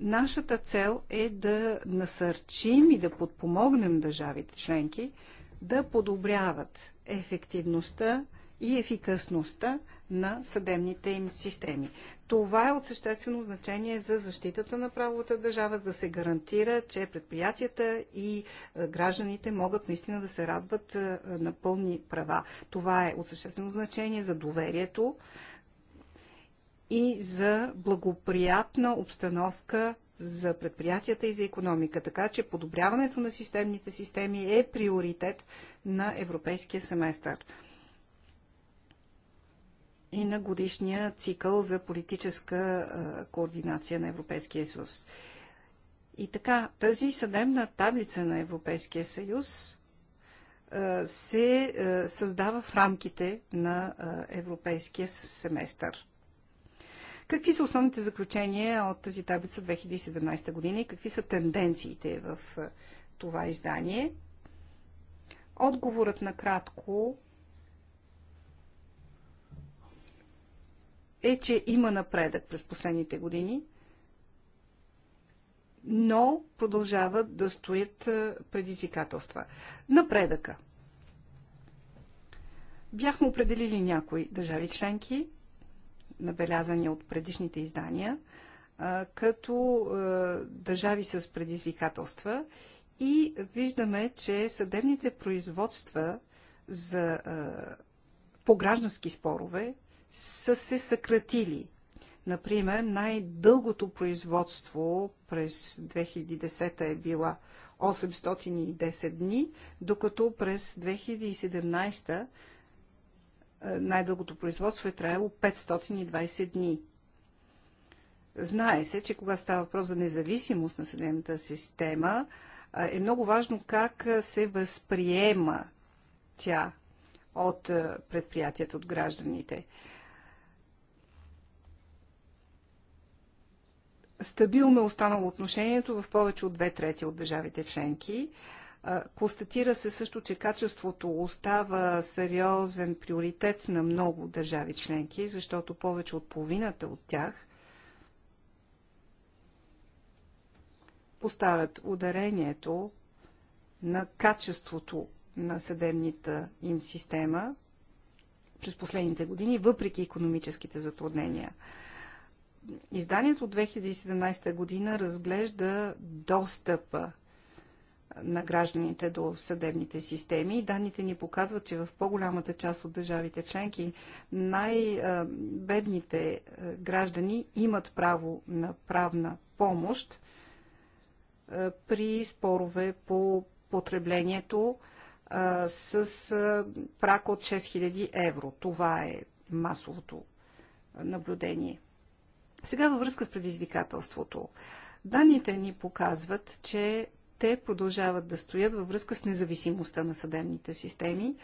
Нашата цел е да насърчим и да подпомогнем държавите членки да подобряват ефективността и ефикасността на съдебните им системи. Това е от съществено значение за защитата на правовата държава, за да се гарантира, че предприятията и е, гражданите могат наистина да се радват е, на пълни права. Това е от съществено значение за доверието и за благоприятна обстановка за предприятията и за економика. Така че подобряването на системните системи е приоритет на европейския семестър и на годишния цикъл за политическа координация на Европейския съюз. И така, тази съдебна таблица на Европейския съюз се създава в рамките на Европейския семестър. Какви са основните заключения от тази таблица 2017 година и какви са тенденциите в това издание? Отговорът на кратко е, че има напредък през последните години, но продължават да стоят е, предизвикателства. Напредъка. Бяхме определили някои държави членки, набелязани от предишните издания, е, като е, държави с предизвикателства и виждаме, че съдебните производства за, по граждански спорове са се съкратили. Например, най-дългото производство през 2010 е била 810 дни, докато през 2017 е, най-дългото производство е траяло 520 дни. Знае се, че кога става въпрос за независимост на съдебната система, е, е много важно как е, се възприема тя от предприятията, от гражданите. стабилно е останало отношението в повече от две трети от държавите членки. Констатира се също, че качеството остава сериозен приоритет на много държави членки, защото повече от половината от тях поставят ударението на качеството на съдебната им система през последните години, въпреки економическите затруднения изданието от 2017 година разглежда достъпа на гражданите до съдебните системи. Данните ни показват, че в по-голямата част от държавите членки най-бедните е, граждани имат право на правна помощ е, при спорове по потреблението е, с прак от 6000 евро. Това е масовото наблюдение. Сега във връзка с предизвикателството. Данните ни показват, че те продължават да стоят във връзка с независимостта на съдебните системи.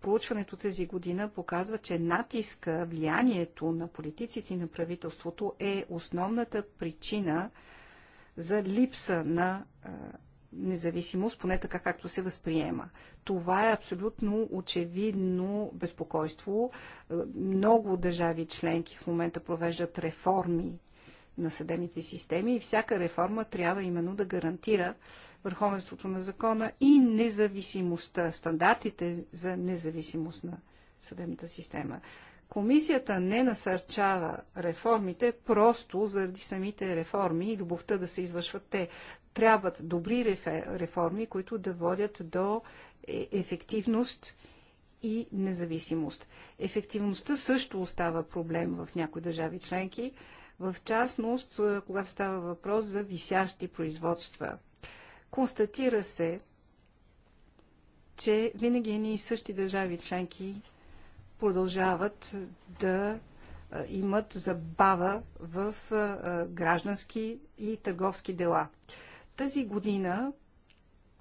Проучването тази година показва, че натиска, влиянието на политиците и на правителството е основната причина за липса на независимост, поне така както се възприема. Това е абсолютно очевидно безпокойство. Е, много държави членки в момента провеждат реформи на съдебните системи и всяка реформа трябва именно да гарантира върховенството на закона и независимостта, стандартите за независимост на съдебната система. Комисията не насърчава реформите просто заради самите реформи и любовта да се извършват те трябват добри реформи, които да водят до е, ефективност и независимост. Ефективността също остава проблем в някои държави членки, в частност, е, когато става въпрос за висящи производства. Констатира се, че винаги едни и същи държави членки продължават да е, имат забава в граждански и търговски дела. Тази година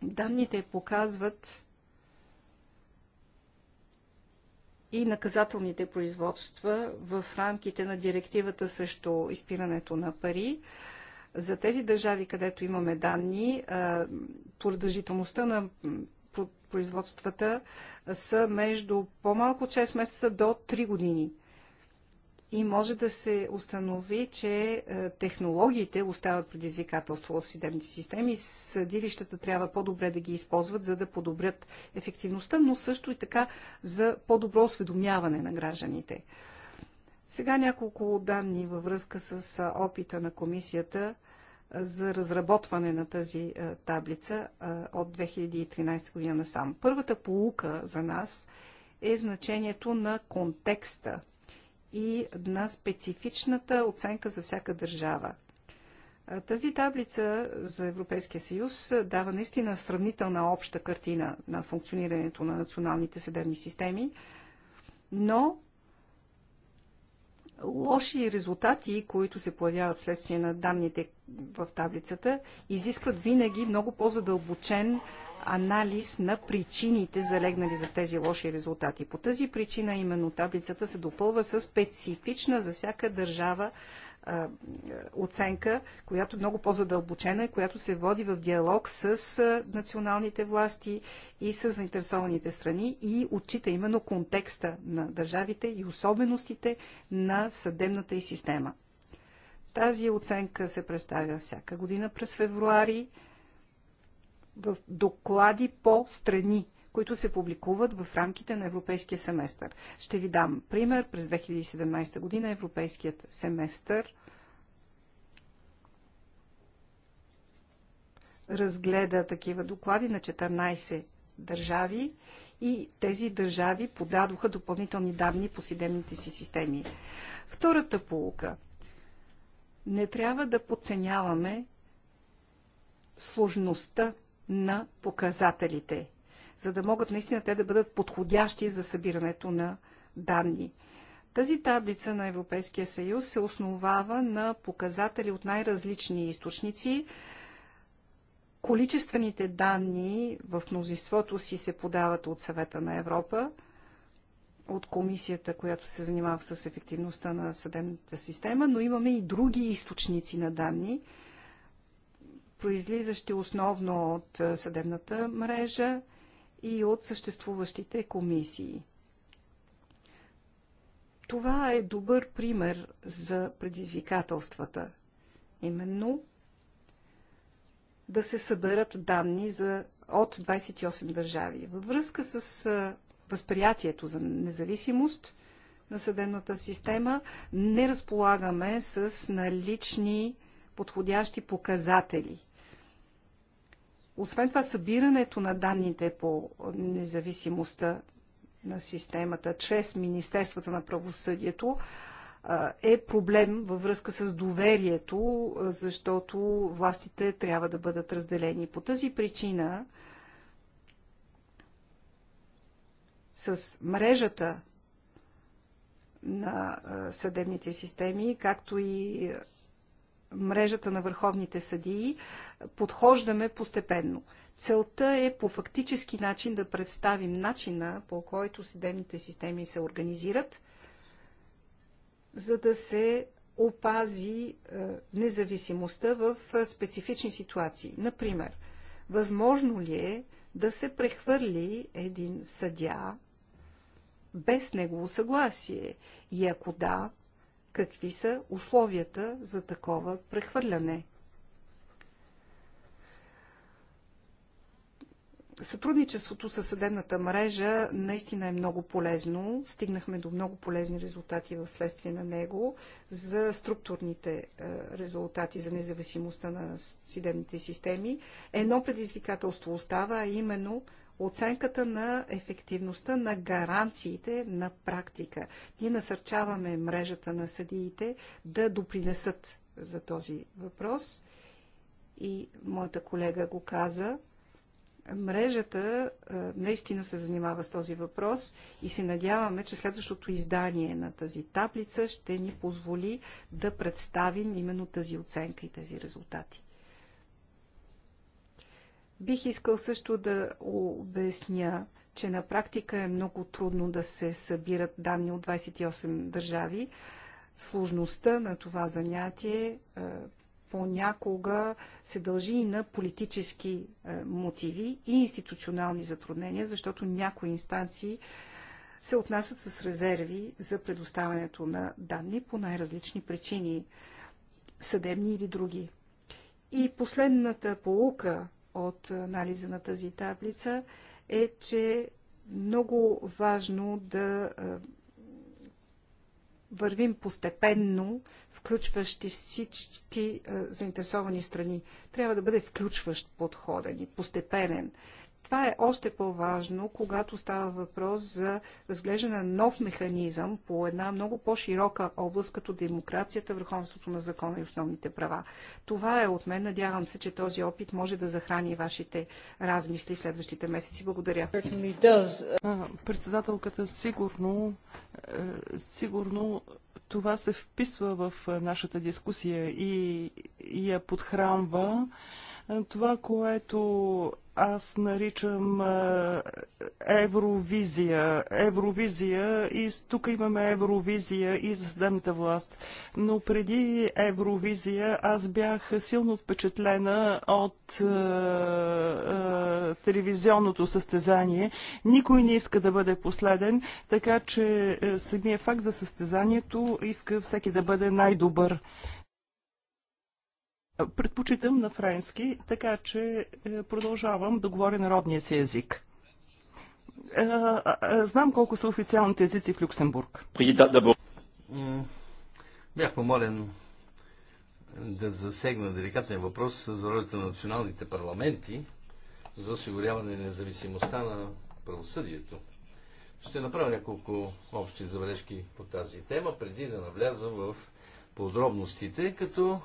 данните показват и наказателните производства в рамките на директивата срещу изпирането на пари. За тези държави, където имаме данни, продължителността на производствата са между по-малко 6 месеца до 3 години и може да се установи, че е, технологиите остават предизвикателство в съдебните системи. Съдилищата трябва по-добре да ги използват, за да подобрят ефективността, но също и така за по-добро осведомяване на гражданите. Сега няколко данни във връзка с е, опита на комисията е, за разработване на тази таблица от 2013 година насам. Първата полука за нас е значението на контекста – и на специфичната оценка за всяка държава. Тази таблица за Европейския съюз дава наистина сравнителна обща картина на функционирането на националните съдебни системи, но лоши резултати, които се появяват следствие на данните в таблицата, изискват винаги много по-задълбочен анализ на причините, залегнали за тези лоши резултати. По тази причина именно таблицата се допълва с специфична за всяка държава оценка, която е много по-задълбочена и която се води в диалог с националните власти и с заинтересованите страни и отчита именно контекста на държавите и особеностите на съдебната и система. Тази оценка се представя всяка година през февруари в доклади по страни, които се публикуват в рамките на европейския семестър. Ще ви дам пример. През 2017 година европейският семестър разгледа такива доклади на 14 държави и тези държави подадоха допълнителни данни по съдебните си системи. Втората полука. Не трябва да подценяваме сложността на показателите, за да могат наистина те да бъдат подходящи за събирането на данни. Тази таблица на Европейския съюз се основава на показатели от най-различни източници. Количествените данни в мнозинството си се подават от съвета на Европа, от комисията, която се занимава с ефективността на съдебната система, но имаме и други източници на данни – произлизащи основно от е, съдебната мрежа и от съществуващите комисии. Това е добър пример за предизвикателствата. Именно да се съберат данни за, от 28 държави. Във връзка с е, възприятието за независимост на съдебната система, не разполагаме с налични подходящи показатели освен това, събирането на данните по независимостта на системата чрез Министерствата на правосъдието е проблем във връзка с доверието, защото властите трябва да бъдат разделени. По тази причина с мрежата на съдебните системи, както и мрежата на върховните съдии, подхождаме постепенно. Целта е по фактически начин да представим начина, по който съдебните системи се организират, за да се опази е, независимостта в е, специфични ситуации. Например, възможно ли е да се прехвърли един съдя без негово съгласие? И ако да, какви са условията за такова прехвърляне? Сътрудничеството с съдебната мрежа наистина е много полезно. Стигнахме до много полезни резултати в следствие на него за структурните е, резултати за независимостта на съдебните системи. Едно предизвикателство остава, а именно оценката на ефективността на гаранциите на практика. Ние насърчаваме мрежата на съдиите да допринесат за този въпрос. И моята колега го каза, Мрежата наистина се занимава с този въпрос и се надяваме, че следващото издание на тази таблица ще ни позволи да представим именно тази оценка и тези резултати. Бих искал също да обясня, че на практика е много трудно да се събират данни от 28 държави. Сложността на това занятие понякога се дължи и на политически е, мотиви и институционални затруднения, защото някои инстанции се отнасят с резерви за предоставянето на данни по най-различни причини, съдебни или други. И последната полука от анализа на тази таблица е, че много важно да е, вървим постепенно включващи всички е, заинтересовани страни. Трябва да бъде включващ подходен и постепенен. Това е още по-важно, когато става въпрос за разглеждане на нов механизъм по една много по-широка област, като демокрацията, върховенството на закона и основните права. Това е от мен. Надявам се, че този опит може да захрани вашите размисли следващите месеци. Благодаря. Председателката сигурно, е, сигурно това се вписва в нашата дискусия и, и я подхранва. Е, това, което аз наричам Евровизия. Евровизия и тук имаме Евровизия и съдебната власт. Но преди Евровизия аз бях силно впечатлена от е, е, телевизионното състезание. Никой не иска да бъде последен, така че самия факт за състезанието иска всеки да бъде най-добър. Предпочитам на френски, така че е, продължавам да говоря народния си език. Е, е, знам колко са официалните езици в Люксембург. Бях помолен да засегна деликатен въпрос за ролята на националните парламенти за осигуряване на независимостта на правосъдието. Ще направя няколко общи забележки по тази тема, преди да навляза в подробностите, като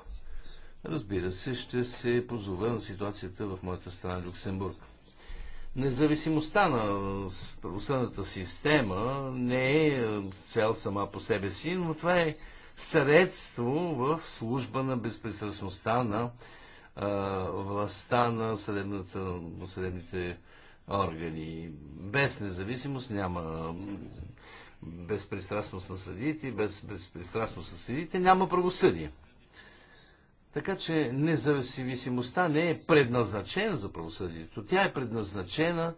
Разбира се, ще се позова на ситуацията в моята страна Люксембург. Независимостта на правосъдната система не е, е цел сама по себе си, но това е средство в служба на безпристрастността на а, властта на, съдебната, на съдебните органи. Без независимост няма безпристрастност на съдиите, без безпристрастност на съдиите няма правосъдие. Така че независимостта не е предназначена за правосъдието. Тя е предназначена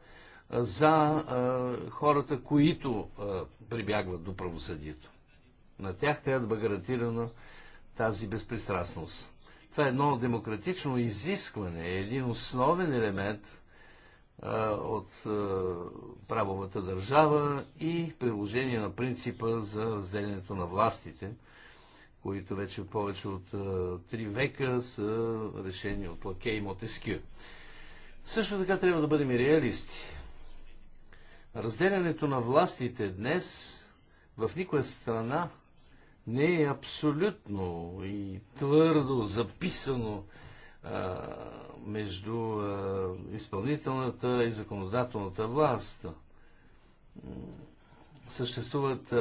за а, хората, които а, прибягват до правосъдието. На тях трябва да бъде гарантирана тази безпристрастност. Това е едно демократично изискване, е един основен елемент а, от а, правовата държава и приложение на принципа за разделянето на властите – които вече повече от три века са решени от Лаке и Мотескю. Също така трябва да бъдем и реалисти. Разделянето на властите днес в никоя страна не е абсолютно и твърдо записано а, между а, изпълнителната и законодателната власт съществуват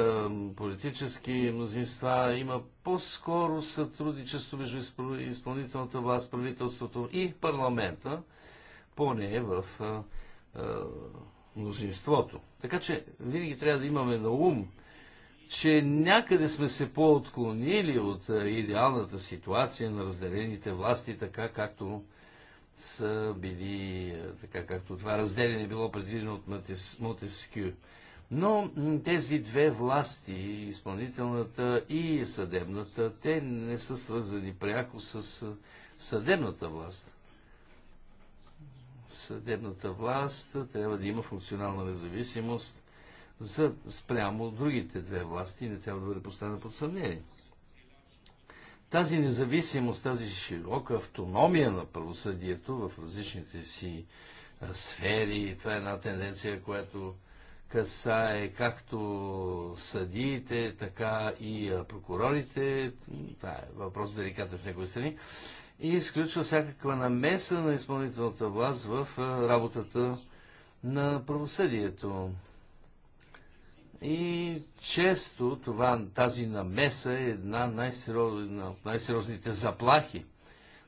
политически мнозинства, има по-скоро сътрудничество между изпълнителната власт, правителството и парламента, поне в мнозинството. Така че винаги трябва да имаме на ум, че някъде сме се по-отклонили от идеалната ситуация на разделените власти, така както са били, така както това разделение било предвидено от Монтескю. Но тези две власти, изпълнителната и съдебната, те не са свързани пряко с съдебната власт. Съдебната власт трябва да има функционална независимост за спрямо другите две власти и не трябва да бъде поставена под съмнение. Тази независимост, тази широка автономия на правосъдието в различните си сфери, това е една тенденция, която касае както съдиите, така и прокурорите. Това е въпрос деликатен в някои страни. И изключва всякаква намеса на изпълнителната власт в работата на правосъдието. И често това, тази намеса е една от най-сериозните заплахи.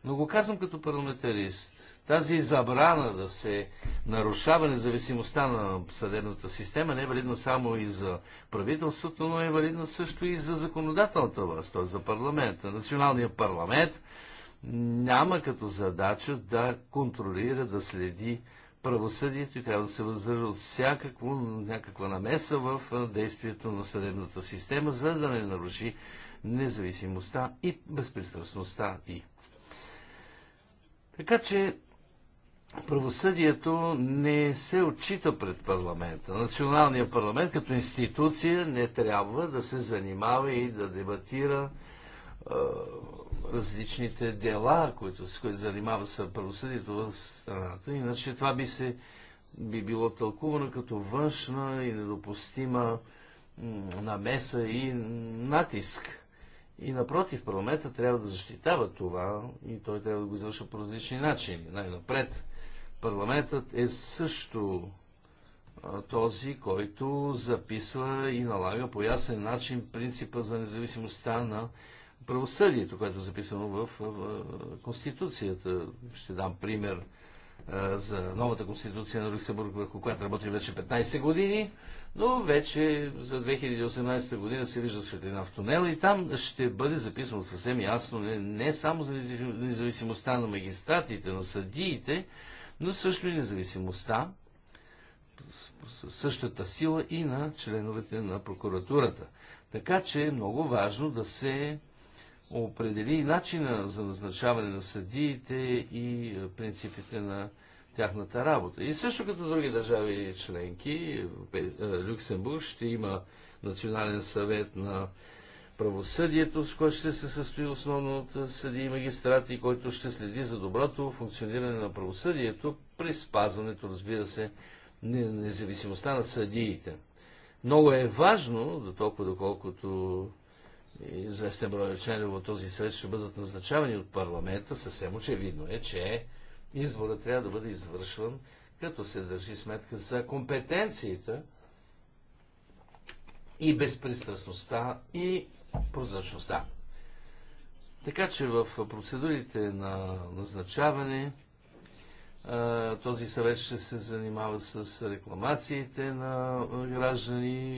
Но го казвам като парламентарист. Тази забрана да се нарушава независимостта на съдебната система не е валидна само и за правителството, но е валидна също и за законодателната власт, т.е. за парламента. Националният парламент няма като задача да контролира, да следи правосъдието и трябва да се въздържа от всякакво, някаква намеса в действието на съдебната система, за да не наруши независимостта и безпристрастността и. Така че правосъдието не се отчита пред парламента. Националният парламент като институция не трябва да се занимава и да дебатира е, различните дела, които, с които занимава се правосъдието в страната. Иначе това би, се, би било тълкувано като външна и недопустима намеса и натиск. И напротив, парламента трябва да защитава това и той трябва да го извършва по различни начини. Най-напред Парламентът е също този, който записва и налага по ясен начин принципа за независимостта на правосъдието, което е записано в Конституцията. Ще дам пример за новата конституция на Люксембург, върху която работи вече 15 години, но вече за 2018 година се вижда светлина в тунела и там ще бъде записано съвсем ясно не само за независимостта на магистратите, на съдиите, но също и независимостта същата сила и на членовете на прокуратурата. Така че е много важно да се определи и начина за назначаване на съдиите и е, принципите на тяхната работа. И също като други държави членки, е, е, Люксембург ще има Национален съвет на правосъдието, с което ще се състои основно от съди и магистрати, който ще следи за доброто функциониране на правосъдието при спазването, разбира се, на независимостта на съдиите. Много е важно, до толкова доколкото известен брой членове от този съвет ще бъдат назначавани от парламента, съвсем очевидно е, че избора трябва да бъде извършван, като се държи сметка за компетенцията и безпристрастността и прозрачността. Така че в процедурите на назначаване този съвет ще се занимава с рекламациите на граждани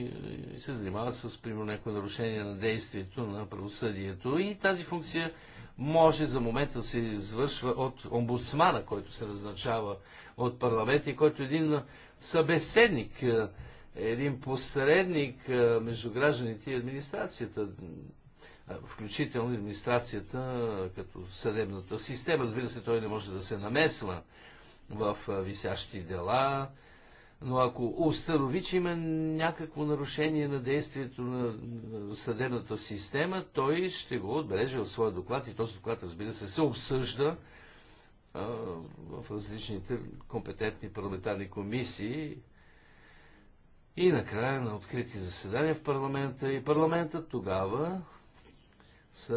и се занимава с, примерно, някои нарушение на действието на правосъдието. И тази функция може за момента да се извършва от омбудсмана, който се назначава от парламента и който е един събеседник един посредник между гражданите и администрацията, включително администрацията като съдебната система. Разбира се, той не може да се намесва в висящи дела, но ако установи, че има някакво нарушение на действието на съдебната система, той ще го отбележи в своя доклад и този доклад, разбира се, се обсъжда в различните компетентни парламентарни комисии и накрая на открити заседания в парламента и парламента тогава с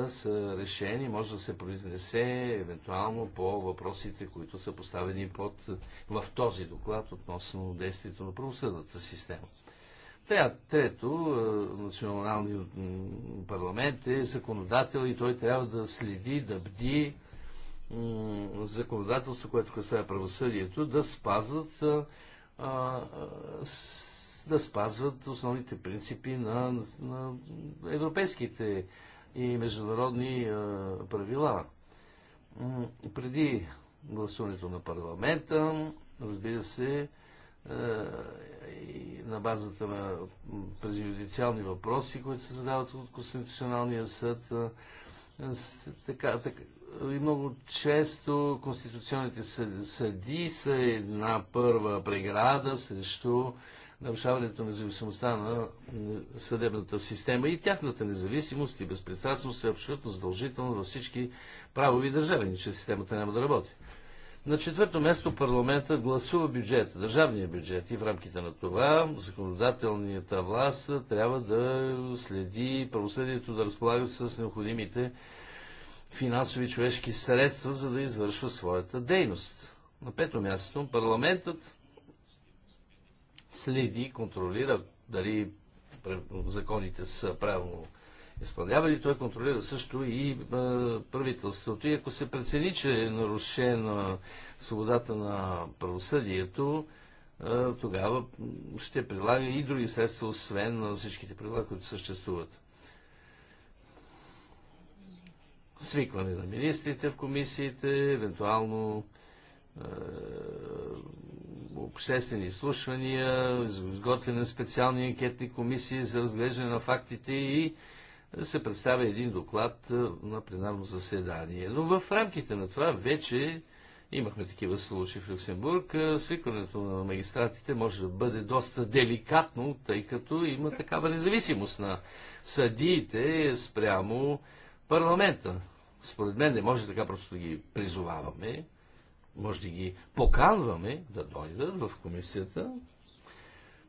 решение може да се произнесе евентуално по въпросите, които са поставени под, в този доклад относно действието на правосъдната система. Трето, националният парламент е законодател и той трябва да следи, да бди законодателство, което касае правосъдието, да спазват а, а, да спазват основните принципи на, на европейските и международни правила. Преди гласуването на парламента, разбира се, и на базата на прежудициални въпроси, които се задават от Конституционалния съд. Така, така, и много често конституционните съди са една първа преграда срещу нарушаването на независимостта на съдебната система и тяхната независимост и безпристрастност е абсолютно задължително във всички правови държави, че системата няма да работи. На четвърто място парламентът гласува бюджет, държавния бюджет и в рамките на това законодателната власт трябва да следи правосъдието да разполага с необходимите финансови човешки средства, за да извършва своята дейност. На пето място парламентът следи контролира дали законите са правилно изпълнявали. Той контролира също и е, правителството. И ако се прецени, че е нарушена свободата на правосъдието, е, тогава ще прилага и други средства, освен на всичките правила, които съществуват. Свикване на министрите в комисиите, евентуално е, обществени изслушвания, изготвяне на специални анкетни комисии за разглеждане на фактите и се представя един доклад е, на пленарно заседание. Но в рамките на това вече имахме такива случаи в Люксембург. Е, свикването на магистратите може да бъде доста деликатно, тъй като има такава независимост на съдиите спрямо парламента. Според мен не може така просто да ги призоваваме може да ги поканваме да дойдат в комисията,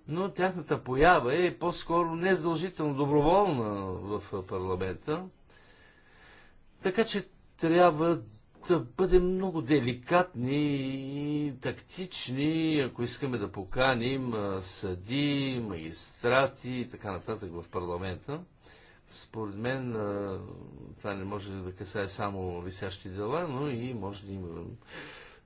но тяхната поява е по-скоро нездължително доброволна в парламента. Така че трябва да бъдем много деликатни и тактични, ако искаме да поканим съди, магистрати и така нататък в парламента. Според мен това не може да касае само висящи дела, но и може да има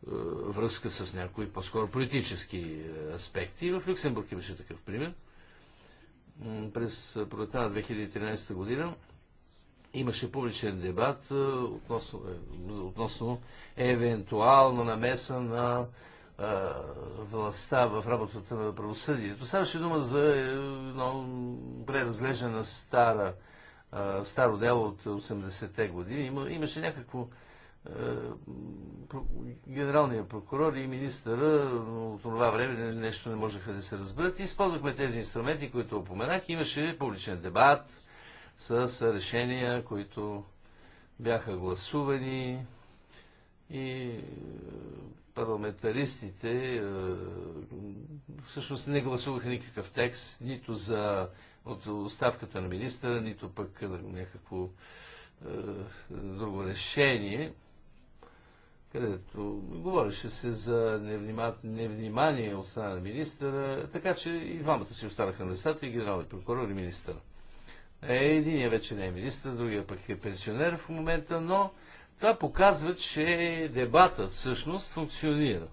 е, връзка с някои по-скоро политически е, аспекти. И в Люксембург имаше такъв пример. През пролета на 2013 година имаше публичен дебат е, относно, относно евентуално намеса на властта в работата на правосъдието. Ставаше дума за едно преразглеждане на стара, старо дело от 80-те години. Има, имаше някакво е, генералния прокурор и министъра от това време нещо не можеха да се разберат. И използвахме тези инструменти, които опоменах. Имаше публичен дебат с решения, които бяха гласувани и е, парламентаристите е, всъщност не гласуваха никакъв текст, нито за от оставката на министъра, нито пък някакво друго решение където говореше се за невнимание от страна на министъра, така че и двамата си останаха на местата, и генералният прокурор и министър. Е, единия вече не е министър, другия пък е пенсионер в момента, но това показва, че дебатът всъщност функционира.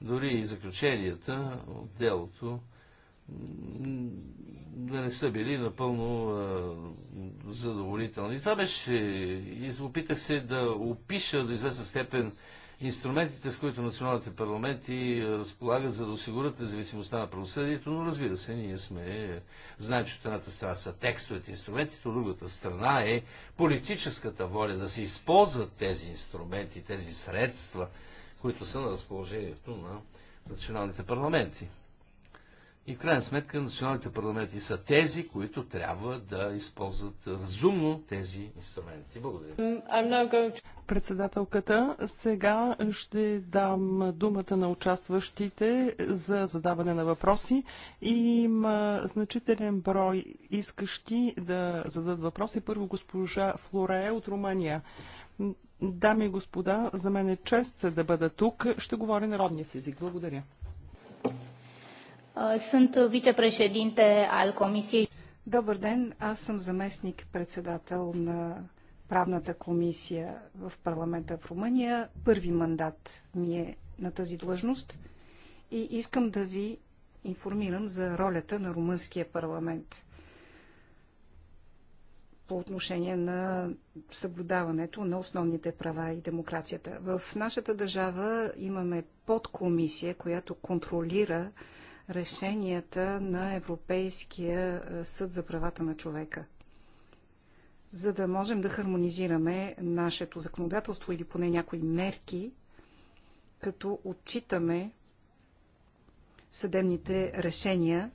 Дори и заключенията от делото да не са били напълно а, задоволителни. Това беше, изопитах се да опиша до известна степен инструментите, с които националните парламенти разполагат, за да осигурят независимостта на правосъдието, но разбира се, ние сме, знаем, че от едната страна са текстовете, инструментите, от другата страна е политическата воля да се използват тези инструменти, тези средства, които са на разположението на националните парламенти. И в крайна сметка националните парламенти са тези, които трябва да използват разумно тези инструменти. Благодаря. Председателката, сега ще дам думата на участващите за задаване на въпроси. Има значителен брой искащи да зададат въпроси. Първо госпожа Флорея от Румъния. Дами и господа, за мен е чест да бъда тук. Ще говоря народния си език. Благодаря. Sunt vicepreședinte al Comisiei. Добър ден, аз съм заместник председател на правната комисия в парламента в Румъния. Първи мандат ми е на тази длъжност и искам да ви информирам за ролята на румънския парламент по отношение на съблюдаването на основните права и демокрацията. В нашата държава имаме подкомисия, която контролира решенията на Европейския е, съд за правата на човека, за да можем да хармонизираме нашето законодателство или поне някои мерки, като отчитаме съдебните решения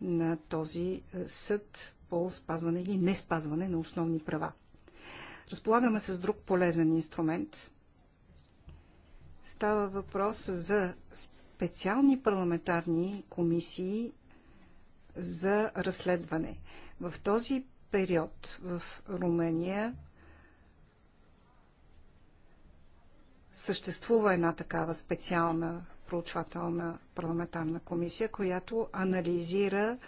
на този е, съд по спазване или не спазване на основни права. Разполагаме с друг полезен инструмент. Става въпрос за специални парламентарни комисии за разследване. В този период в Румъния съществува една такава специална проучвателна парламентарна комисия, която анализира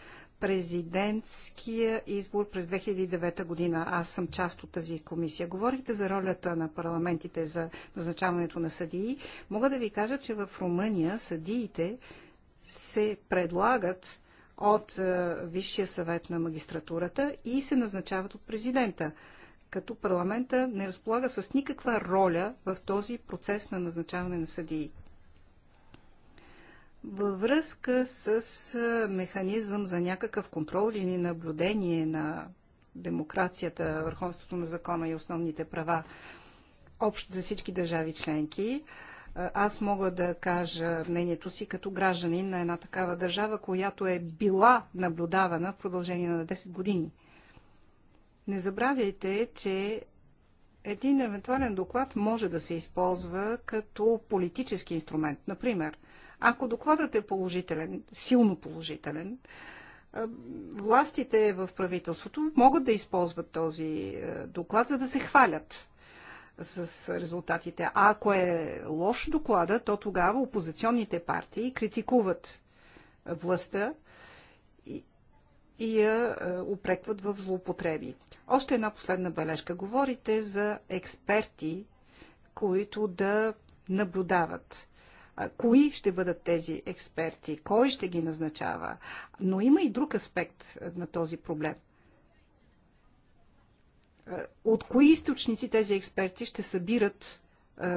президентския избор през 2009 година. Аз съм част от тази комисия. Говорихте за ролята на парламентите за назначаването на съдии. Мога да ви кажа, че в Румъния съдиите се предлагат от е, Висшия съвет на магистратурата и се назначават от президента като парламента не разполага с никаква роля в този процес на назначаване на съдии във връзка с механизъм за някакъв контрол или наблюдение на демокрацията, върховството на закона и основните права, общ за всички държави членки, аз мога да кажа мнението си като гражданин на една такава държава, която е била наблюдавана в продължение на 10 години. Не забравяйте, че един евентуален доклад може да се използва като политически инструмент. Например, ако докладът е положителен, силно положителен, е, властите в правителството могат да използват този е, доклад, за да се хвалят с резултатите. А ако е лош доклада, то тогава опозиционните партии критикуват властта и, я е, упрекват в злоупотреби. Още една последна бележка. Говорите за експерти, които да наблюдават кои ще бъдат тези експерти, кой ще ги назначава. Но има и друг аспект на този проблем. От кои източници тези експерти ще събират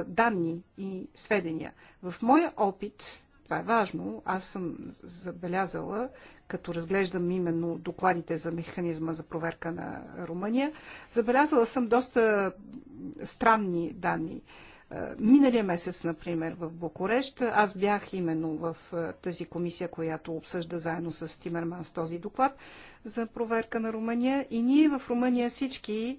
данни и сведения. В моя опит, това е важно, аз съм забелязала, като разглеждам именно докладите за механизма за проверка на Румъния, забелязала съм доста странни данни. Е, миналия месец, например, в Букурещ, аз бях именно в е, тази комисия, която обсъжда заедно с Тимерман с този доклад за проверка на Румъния. И ние в Румъния всички е,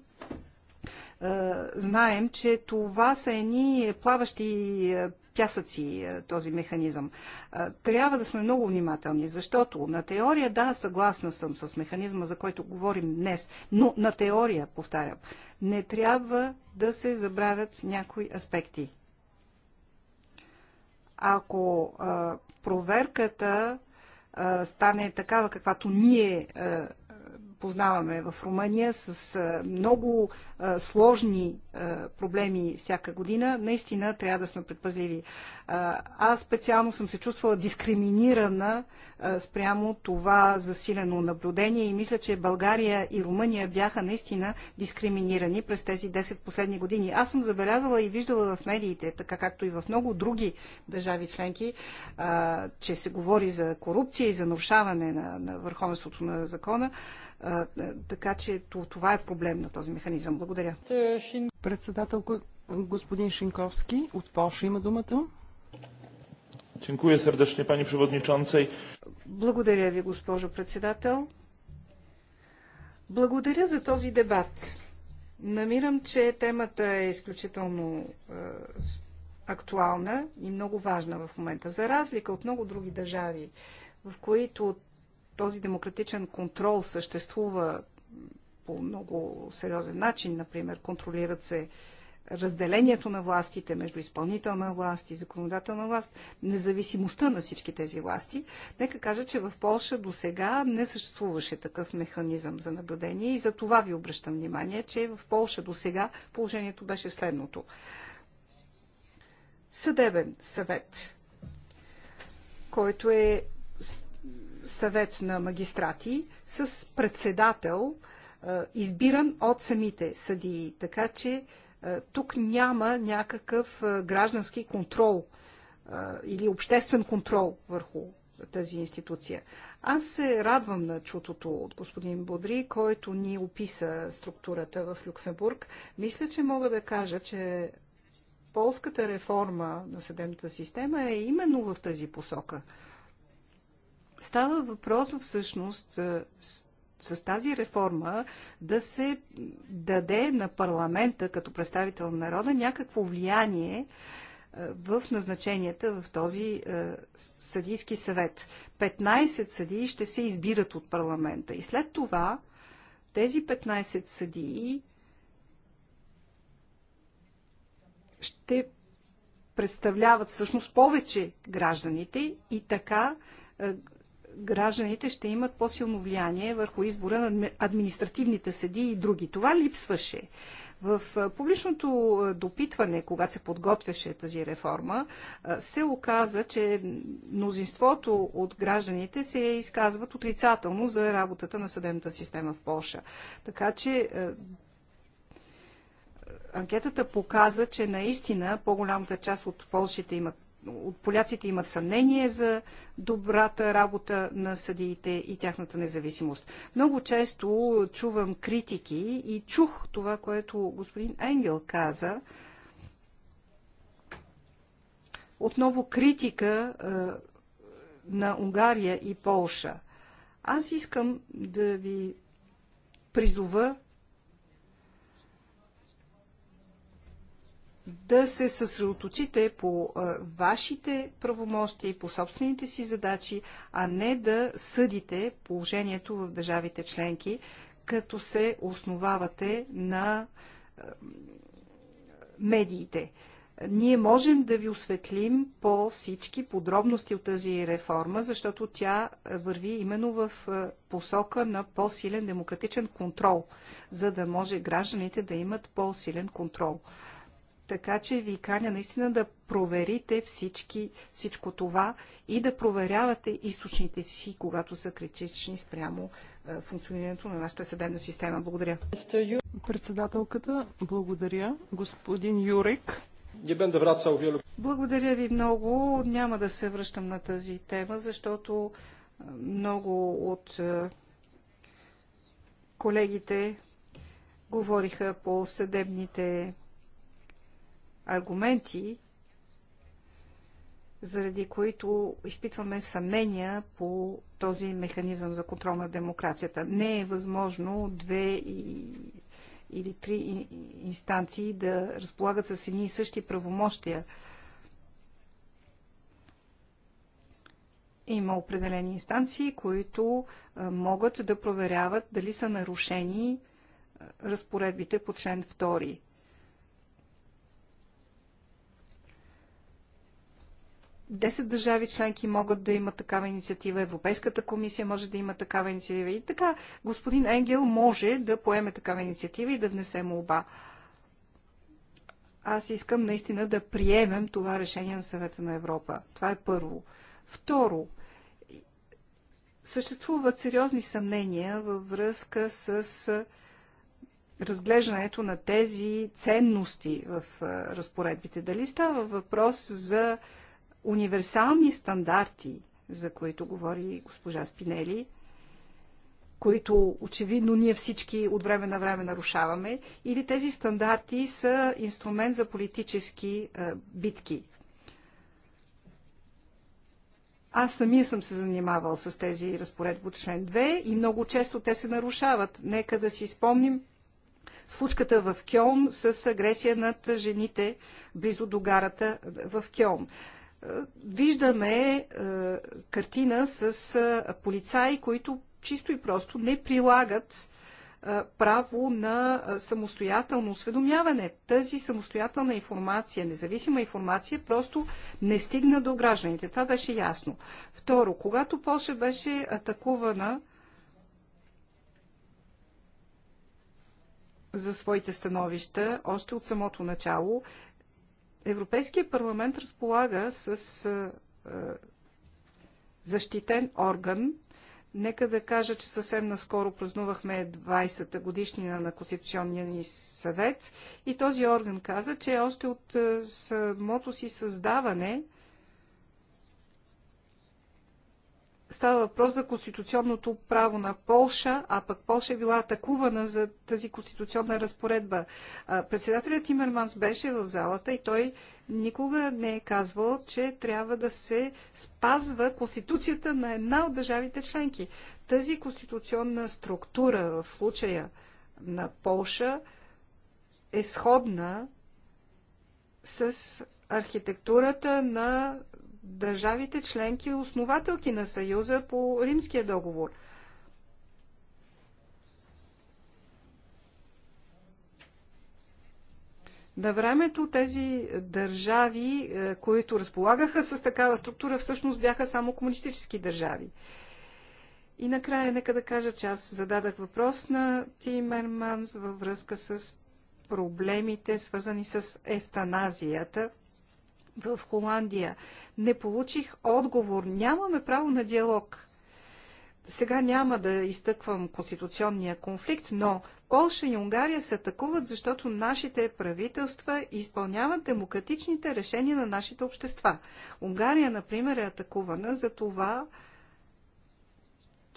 знаем, че това са едни плаващи пясъци е, този механизъм. Е, трябва да сме много внимателни, защото на теория, да, съгласна съм с механизма, за който говорим днес, но на теория, повтарям, не трябва да се забравят някои аспекти. Ако е, проверката стане такава, каквато ние познаваме в Румъния с много сложни проблеми всяка година, наистина трябва да сме предпазливи. Аз специално съм се чувствала дискриминирана спрямо това засилено наблюдение и мисля, че България и Румъния бяха наистина дискриминирани през тези 10 последни години. Аз съм забелязала и виждала в медиите, така както и в много други държави членки, че се говори за корупция и за нарушаване на, на върховенството на закона. Е, така че това е проблем на този механизъм. Благодаря. Председател господин Шинковски от Польша има думата. Благодаря Ви, госпожо председател. Благодаря за този дебат. Намирам, че темата е изключително е, актуална и много важна в момента. За разлика от много други държави, в които от този демократичен контрол съществува по много сериозен начин. Например, контролират се разделението на властите между изпълнителна власт и законодателна власт, независимостта на всички тези власти. Нека кажа, че в Польша до сега не съществуваше такъв механизъм за наблюдение и за това ви обръщам внимание, че в Польша до сега положението беше следното. Съдебен съвет, който е съвет на магистрати с председател, е, избиран от самите съдии. Така че е, тук няма някакъв е, граждански контрол или обществен контрол върху тази институция. Аз се радвам на чутото от господин Бодри, който ни описа структурата в Люксембург. Мисля, че мога да кажа, че полската реформа на съдебната система е именно в тази посока – Става въпрос всъщност е, с тази реформа да се даде на парламента като представител на народа някакво влияние е, в назначенията в този е, съдийски съвет. 15 съдии ще се избират от парламента и след това тези 15 съдии ще представляват всъщност повече гражданите и така гражданите ще имат по-силно влияние върху избора на административните съди и други. Това липсваше. В публичното допитване, когато се подготвяше тази реформа, се оказа, че мнозинството от гражданите се изказват отрицателно за работата на съдебната система в Польша. Така че анкетата показа, че наистина по-голямата част от полшите имат от поляците имат съмнение за добрата работа на съдиите и тяхната независимост. Много често чувам критики и чух това, което господин Енгел каза. Отново критика е, на Унгария и Полша. Аз искам да ви призова да се съсредоточите по вашите правомощи и по собствените си задачи, а не да съдите положението в държавите членки, като се основавате на медиите. Ние можем да ви осветлим по всички подробности от тази реформа, защото тя върви именно в посока на по-силен демократичен контрол, за да може гражданите да имат по-силен контрол. Така че ви каня наистина да проверите всички, всичко това и да проверявате източните си, когато са критични спрямо е, функционирането на нашата съдебна система. Благодаря. Председателката, благодаря. Господин Юрик. Благодаря ви много. Няма да се връщам на тази тема, защото е, много от е, колегите говориха по съдебните аргументи, заради които изпитваме съмнения по този механизъм за контрол на демокрацията. Не е възможно две и, или три инстанции да разполагат с едни и същи правомощия. Има определени инстанции, които могат да проверяват дали са нарушени разпоредбите по член 2. Десет държави членки могат да имат такава инициатива, Европейската комисия може да има такава инициатива и така господин Енгел може да поеме такава инициатива и да внесе молба. Аз искам наистина да приемем това решение на съвета на Европа. Това е първо. Второ, съществуват сериозни съмнения във връзка с разглеждането на тези ценности в разпоредбите. Дали става въпрос за универсални стандарти, за които говори госпожа Спинели, които очевидно ние всички от време на време нарушаваме, или тези стандарти са инструмент за политически е, битки. Аз самия съм се занимавал с тези разпоредби от член 2 и много често те се нарушават. Нека да си спомним случката в Кьон с агресия над жените близо до гарата е, в Кьон виждаме е, картина с е, полицаи, които чисто и просто не прилагат е, право на самостоятелно осведомяване. Тази самостоятелна информация, независима информация, просто не стигна до гражданите. Това беше ясно. Второ, когато Польша беше атакувана за своите становища, още от самото начало, Европейския парламент разполага с защитен орган. Нека да кажа, че съвсем наскоро празнувахме 20-та годишнина на Конституционния ни съвет и този орган каза, че е още от самото си създаване – става въпрос за конституционното право на Полша, а пък Полша е била атакувана за тази конституционна разпоредба. Председателят Тимерманс беше в залата и той никога не е казвал, че трябва да се спазва конституцията на една от държавите членки. Тази конституционна структура в случая на Полша е сходна с архитектурата на държавите членки, основателки на Съюза по Римския договор. На времето тези държави, е, които разполагаха с такава структура, всъщност бяха само комунистически държави. И накрая нека да кажа, че аз зададах въпрос на Тимерманс във връзка с проблемите, свързани с ефтаназията – в Холандия. Не получих отговор. Нямаме право на диалог. Сега няма да изтъквам конституционния конфликт, но Полша и Унгария се атакуват, защото нашите правителства изпълняват демократичните решения на нашите общества. Унгария, например, е атакувана за това,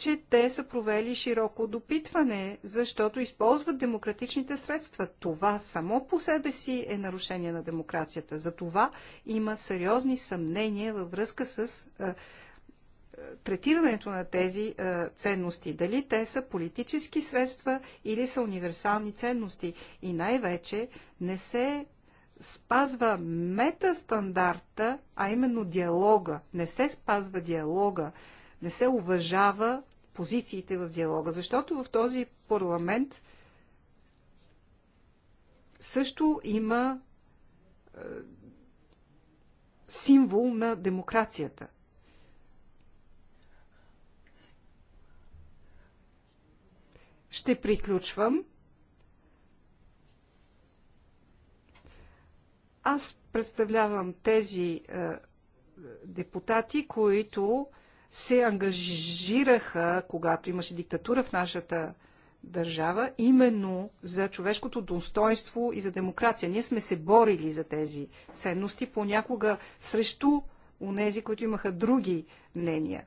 че те са провели широко допитване, защото използват демократичните средства. Това само по себе си е нарушение на демокрацията. За това има сериозни съмнения във връзка с е, е, третирането на тези е, ценности. Дали те са политически средства или са универсални ценности. И най-вече не се спазва метастандарта, а именно диалога. Не се спазва диалога не се уважава позициите в диалога, защото в този парламент също има е, символ на демокрацията. Ще приключвам. Аз представлявам тези е, депутати, които е, се ангажираха, когато имаше диктатура в нашата държава, именно за човешкото достоинство и за демокрация. Ние сме се борили за тези ценности, понякога срещу унези, които имаха други мнения.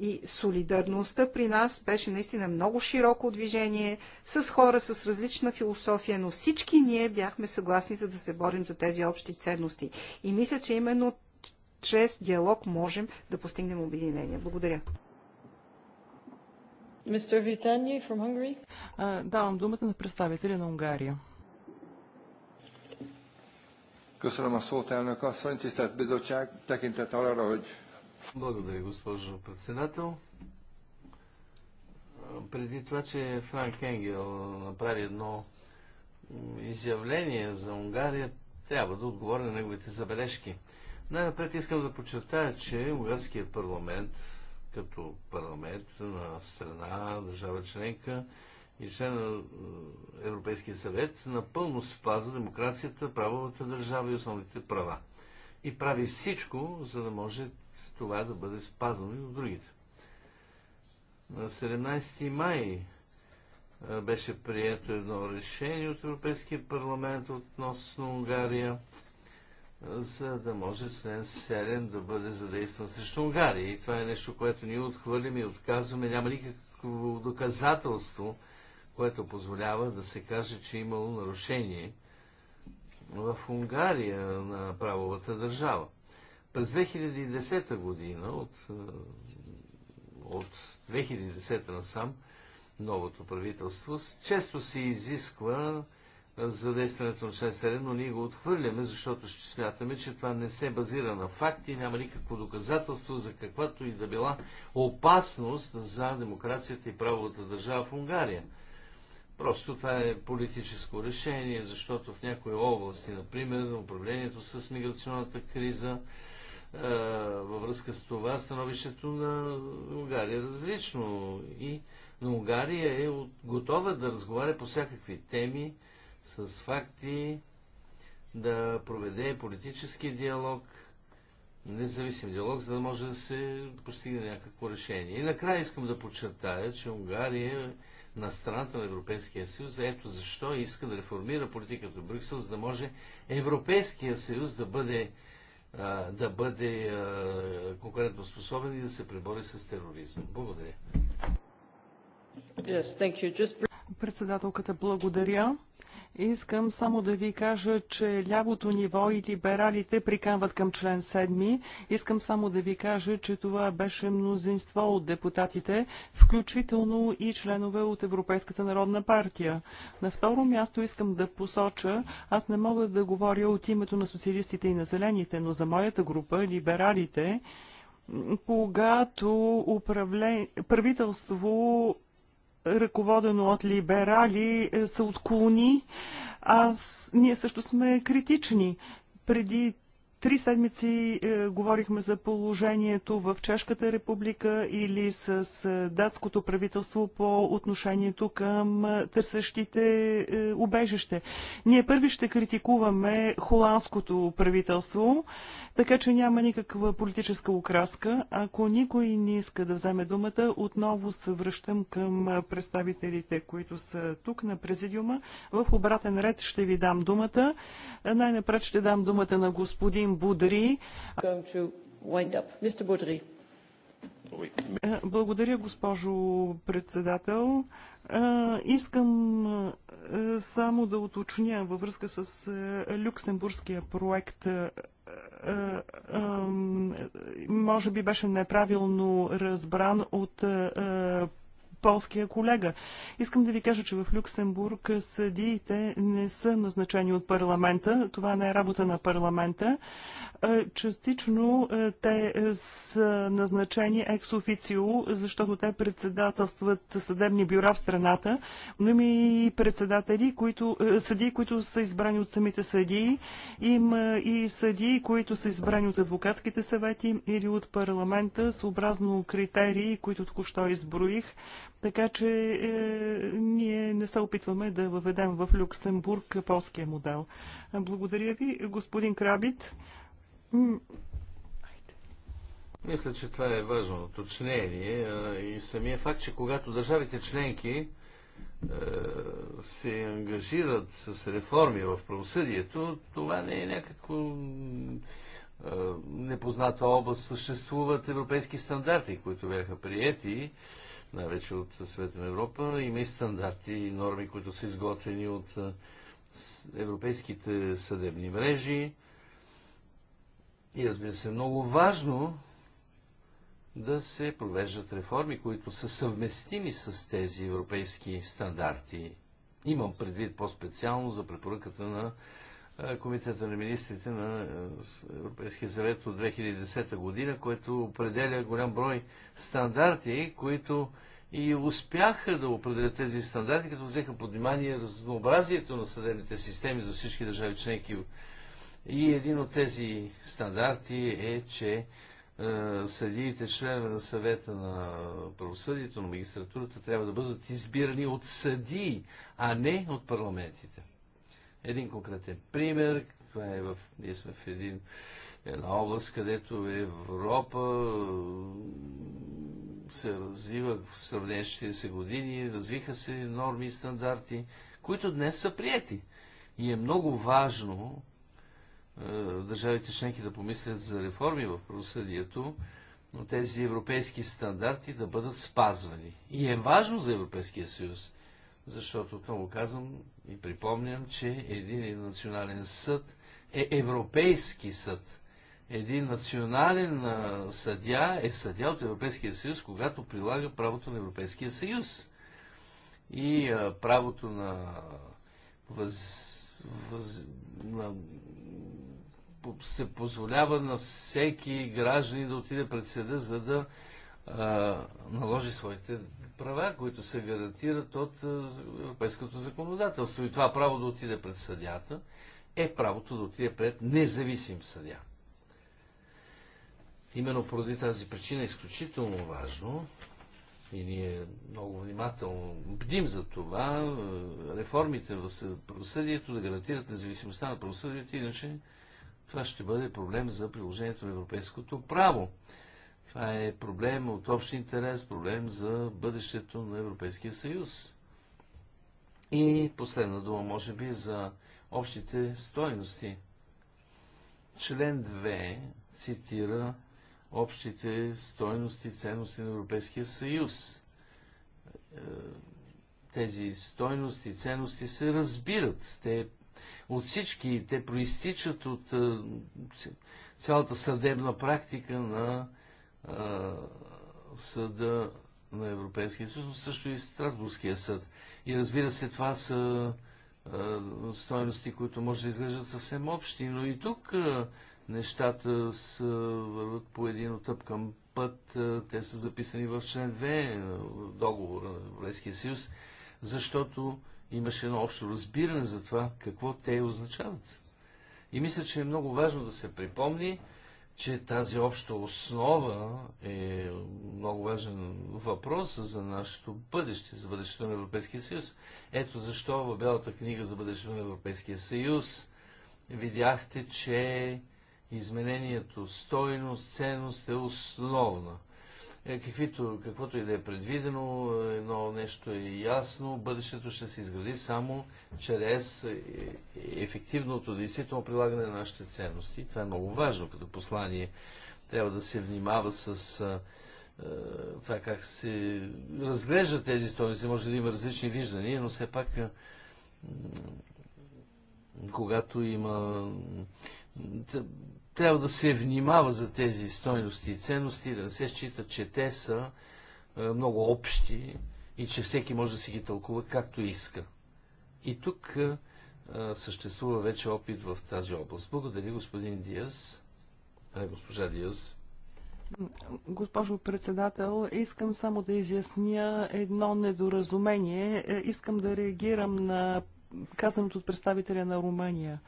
И солидарността при нас беше наистина много широко движение, с хора с различна философия, но всички ние бяхме съгласни за да се борим за тези общи ценности. И мисля, че именно чрез диалог можем да постигнем обединение. Благодаря. Mr. Vitani from Hungary. Uh, давам думата на представителя на Унгария. Köszönöm a szót, elnök asszony, tisztelt bizottság, arra, hogy... Благодаря, госпожо председател. Преди това, че Франк Енгел направи едно изявление за Унгария, трябва да отговоря на неговите забележки. Най-напред искам да подчертая, че Угарският парламент, като парламент на страна, държава членка и член на е, Европейския съвет, напълно спазва демокрацията, правовата държава и основните права. И прави всичко, за да може това да бъде спазвано и от другите. На 17 май е, беше прието едно решение от Европейския парламент относно Унгария – за да може член 7 да бъде задействан срещу Унгария. И това е нещо, което ние отхвърлим и отказваме. Няма никакво доказателство, което позволява да се каже, че е имало нарушение в Унгария на правовата държава. През 2010 година, от, е, от 2010 насам, новото правителство често се изисква за действането на член 7, но ние го отхвърляме, защото ще смятаме, че това не се базира на факти, няма никакво доказателство за каквато и да била опасност за демокрацията и правовата държава в Унгария. Просто това е политическо решение, защото в някои области, например, управлението с миграционната криза, е, във връзка с това становището на Унгария е различно. И на Унгария е готова да разговаря по всякакви теми, с факти, да проведе политически диалог, независим диалог, за да може да се постигне някакво решение. И накрая искам да подчертая, че Унгария на страната на Европейския съюз. Ето защо иска да реформира политиката в Брюксел, за да може Европейския съюз да бъде, да бъде конкурентоспособен и да се пребори с тероризма. Благодаря. Yes, thank you. Just... Председателката, благодаря. Искам само да ви кажа, че лявото ниво и либералите приканват към член 7. Искам само да ви кажа, че това беше мнозинство от депутатите, включително и членове от Европейската народна партия. На второ място искам да посоча, аз не мога да говоря от името на социалистите и на зелените, но за моята група, либералите, когато управлен... правителство ръководено от либерали, е, се отклони. Аз, ние също сме критични. Преди Три седмици е, говорихме за положението в Чешката република или с, е, датското правителство по отношението към е, търсещите е, убежище. Ние първи ще критикуваме холандското правителство, така че няма никаква политическа окраска. Ако никой не иска да вземе думата, отново се връщам към представителите, които са тук на президиума. В обратен ред ще ви дам думата. Най-напред ще дам думата на господин Будри. Благодаря, госпожо председател. Искам само да уточня във връзка с люксембургския проект е, може би беше неправилно разбран от е, полския колега. Искам да ви кажа, че в Люксембург съдиите не са назначени от парламента. Това не е работа на парламента. Е, частично е, те е, са назначени екс-официо, защото те председателстват съдебни бюра в страната, но има и председатели, които, съдии, които са избрани от самите съдии. Има и съдии, които са избрани от адвокатските съвети или от парламента, съобразно критерии, които току-що изброих. Така че е, ние не се опитваме да въведем в Люксембург полския модел. Благодаря ви, господин Крабит. Мисля, че това е важно уточнение и самия факт, че когато държавите членки е, се ангажират с реформи в правосъдието, това не е някакво е, непозната област. Съществуват европейски стандарти, които бяха приети най-вече от Света на Европа. Има и стандарти и норми, които са изготвени от европейските съдебни мрежи. И разбира се, е много важно да се провеждат реформи, които са съвместими с тези европейски стандарти. Имам предвид по-специално за препоръката на е, Комитета на министрите на е, Европейския съвет от 2010 година, което определя голям брой стандарти, които и успяха да определят тези стандарти, като взеха под внимание разнообразието на съдебните системи за всички държави членки. И един от тези стандарти е, че е, съдиите, членове на съвета на правосъдието, на магистратурата, трябва да бъдат избирани от съдии, а не от парламентите. Един конкретен пример, това е в, ние сме в един, една област, където Европа се развива в сравнение 40 години, развиха се норми и стандарти, които днес са прияти. И е много важно е, държавите членки да помислят за реформи в правосъдието, но тези европейски стандарти да бъдат спазвани. И е важно за Европейския съюз защото отново казвам и припомням, че един национален съд е Европейски съд. Един национален съдя е съдя от Европейския съюз, когато прилага правото на Европейския съюз. И а, правото на, въз, въз, на се позволява на всеки гражданин да отиде пред съда, за да а, наложи своите права, които се гарантират от е, европейското законодателство. И това право да отиде пред съдята е правото да отиде пред независим съдя. Именно поради тази причина е изключително важно и ние много внимателно бдим за това, е, реформите в правосъдието да гарантират независимостта на правосъдието, иначе това ще бъде проблем за приложението на европейското право. Това е проблем от общ интерес, проблем за бъдещето на Европейския съюз. И последна дума, може би, за общите стойности. Член 2 цитира общите стойности, ценности на Европейския съюз. Е, тези стойности, ценности се разбират. Те от всички, те проистичат от е, цялата съдебна практика на а, съда на Европейския съюз, но също и Страсбургския съд. И разбира се, това са а, стоености, които може да изглеждат съвсем общи, но и тук а, нещата са, върват по един отъпкан към път. Те са записани в член 2 договора на Европейския съюз, защото имаше едно общо разбиране за това какво те означават. И мисля, че е много важно да се припомни, че тази обща основа е много важен въпрос за нашето бъдеще, за бъдещето на Европейския съюз. Ето защо в Бялата книга за бъдещето на Европейския съюз видяхте, че изменението стойност, ценност е основна – е, каквито, каквото и да е предвидено, едно нещо е ясно, бъдещето ще се изгради само чрез е, ефективното действително прилагане на нашите ценности. Това е много важно като послание. Трябва да се внимава с а, това как се разглеждат тези стойности. Може да има различни виждания, но все пак когато има трябва да се внимава за тези стойности и ценности, да не се счита, че те са е, много общи и че всеки може да си ги тълкува както иска. И тук е, е, съществува вече опит в тази област. Благодаря, господин Диас. Ай, госпожа Диас. Госпожо председател, искам само да изясня едно недоразумение. Искам да реагирам на казаното от представителя на Румъния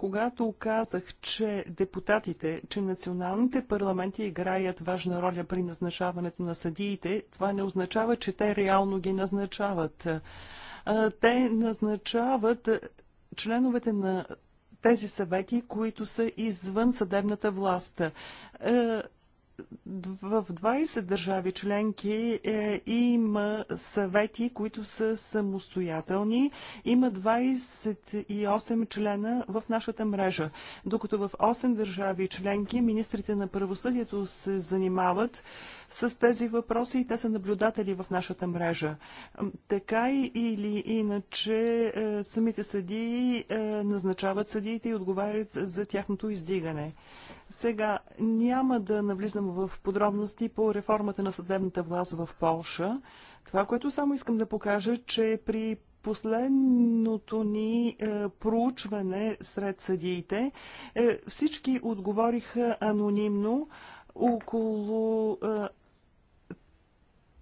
когато казах, че депутатите, че националните парламенти играят важна роля при назначаването на съдиите, това не означава, че те реално ги назначават. Те назначават членовете на тези съвети, които са извън съдебната власт в 20 държави членки е, има съвети, които са самостоятелни. Има 28 члена в нашата мрежа, докато в 8 държави членки министрите на правосъдието се занимават с тези въпроси и те са наблюдатели в нашата мрежа. Така или иначе е, самите съдии е, назначават съдиите и отговарят за тяхното издигане. Сега няма да навлизам в подробности по реформата на съдебната власт в Полша. Това, което само искам да покажа, че при последното ни е, проучване сред съдиите, е, всички отговориха анонимно. Около е,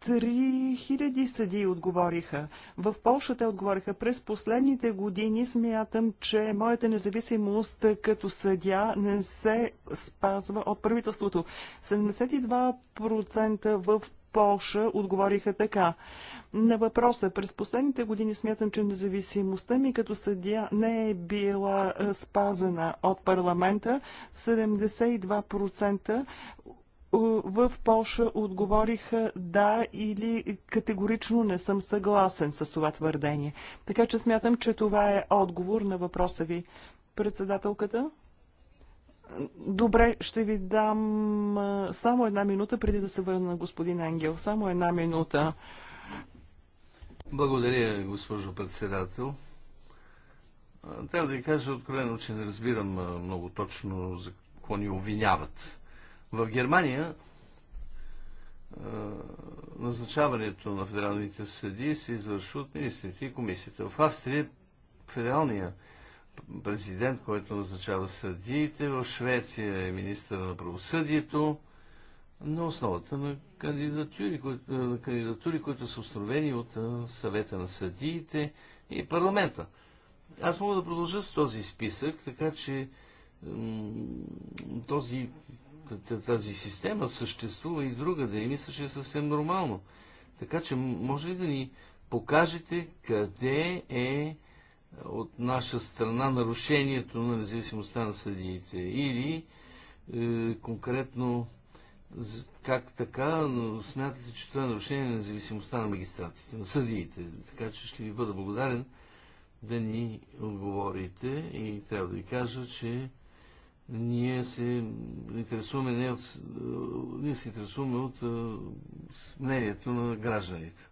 3000 съдии отговориха. В Польша те отговориха. През последните години смятам, че моята независимост като съдя не се спазва от правителството. 72% в Полша отговориха така. На въпроса през последните години смятам, че независимостта ми като съдия не е била спазена от парламента. 72% е, в Польша отговориха да или категорично не съм съгласен с това твърдение. Така че смятам, че това е отговор на въпроса ви. Председателката? Добре, ще ви дам е, само една минута, преди да се върна на господин Ангел. Само една минута. Благодаря, госпожо председател. Е, трябва да ви кажа откровено, че не разбирам много точно за какво ни обвиняват. В Германия назначаването на федералните съди се извършва от министрите и комисията. В Австрия федералния президент, който назначава съдиите, в Швеция е министър на правосъдието, на основата на кандидатури, които, на кандидатури, които са установени от съвета на съдиите и парламента. Аз мога да продължа с този списък, така че този тази система съществува и да и мисля, че е съвсем нормално. Така че може ли да ни покажете къде е, е от наша страна нарушението на независимостта на съдиите или е, конкретно как така смятате, че това е нарушение на независимостта на магистратите, на съдиите. Така че ще ви бъда благодарен да ни отговорите и трябва да ви кажа, че ние се интересуваме не от, е, ние се интересуваме от е, мнението на гражданите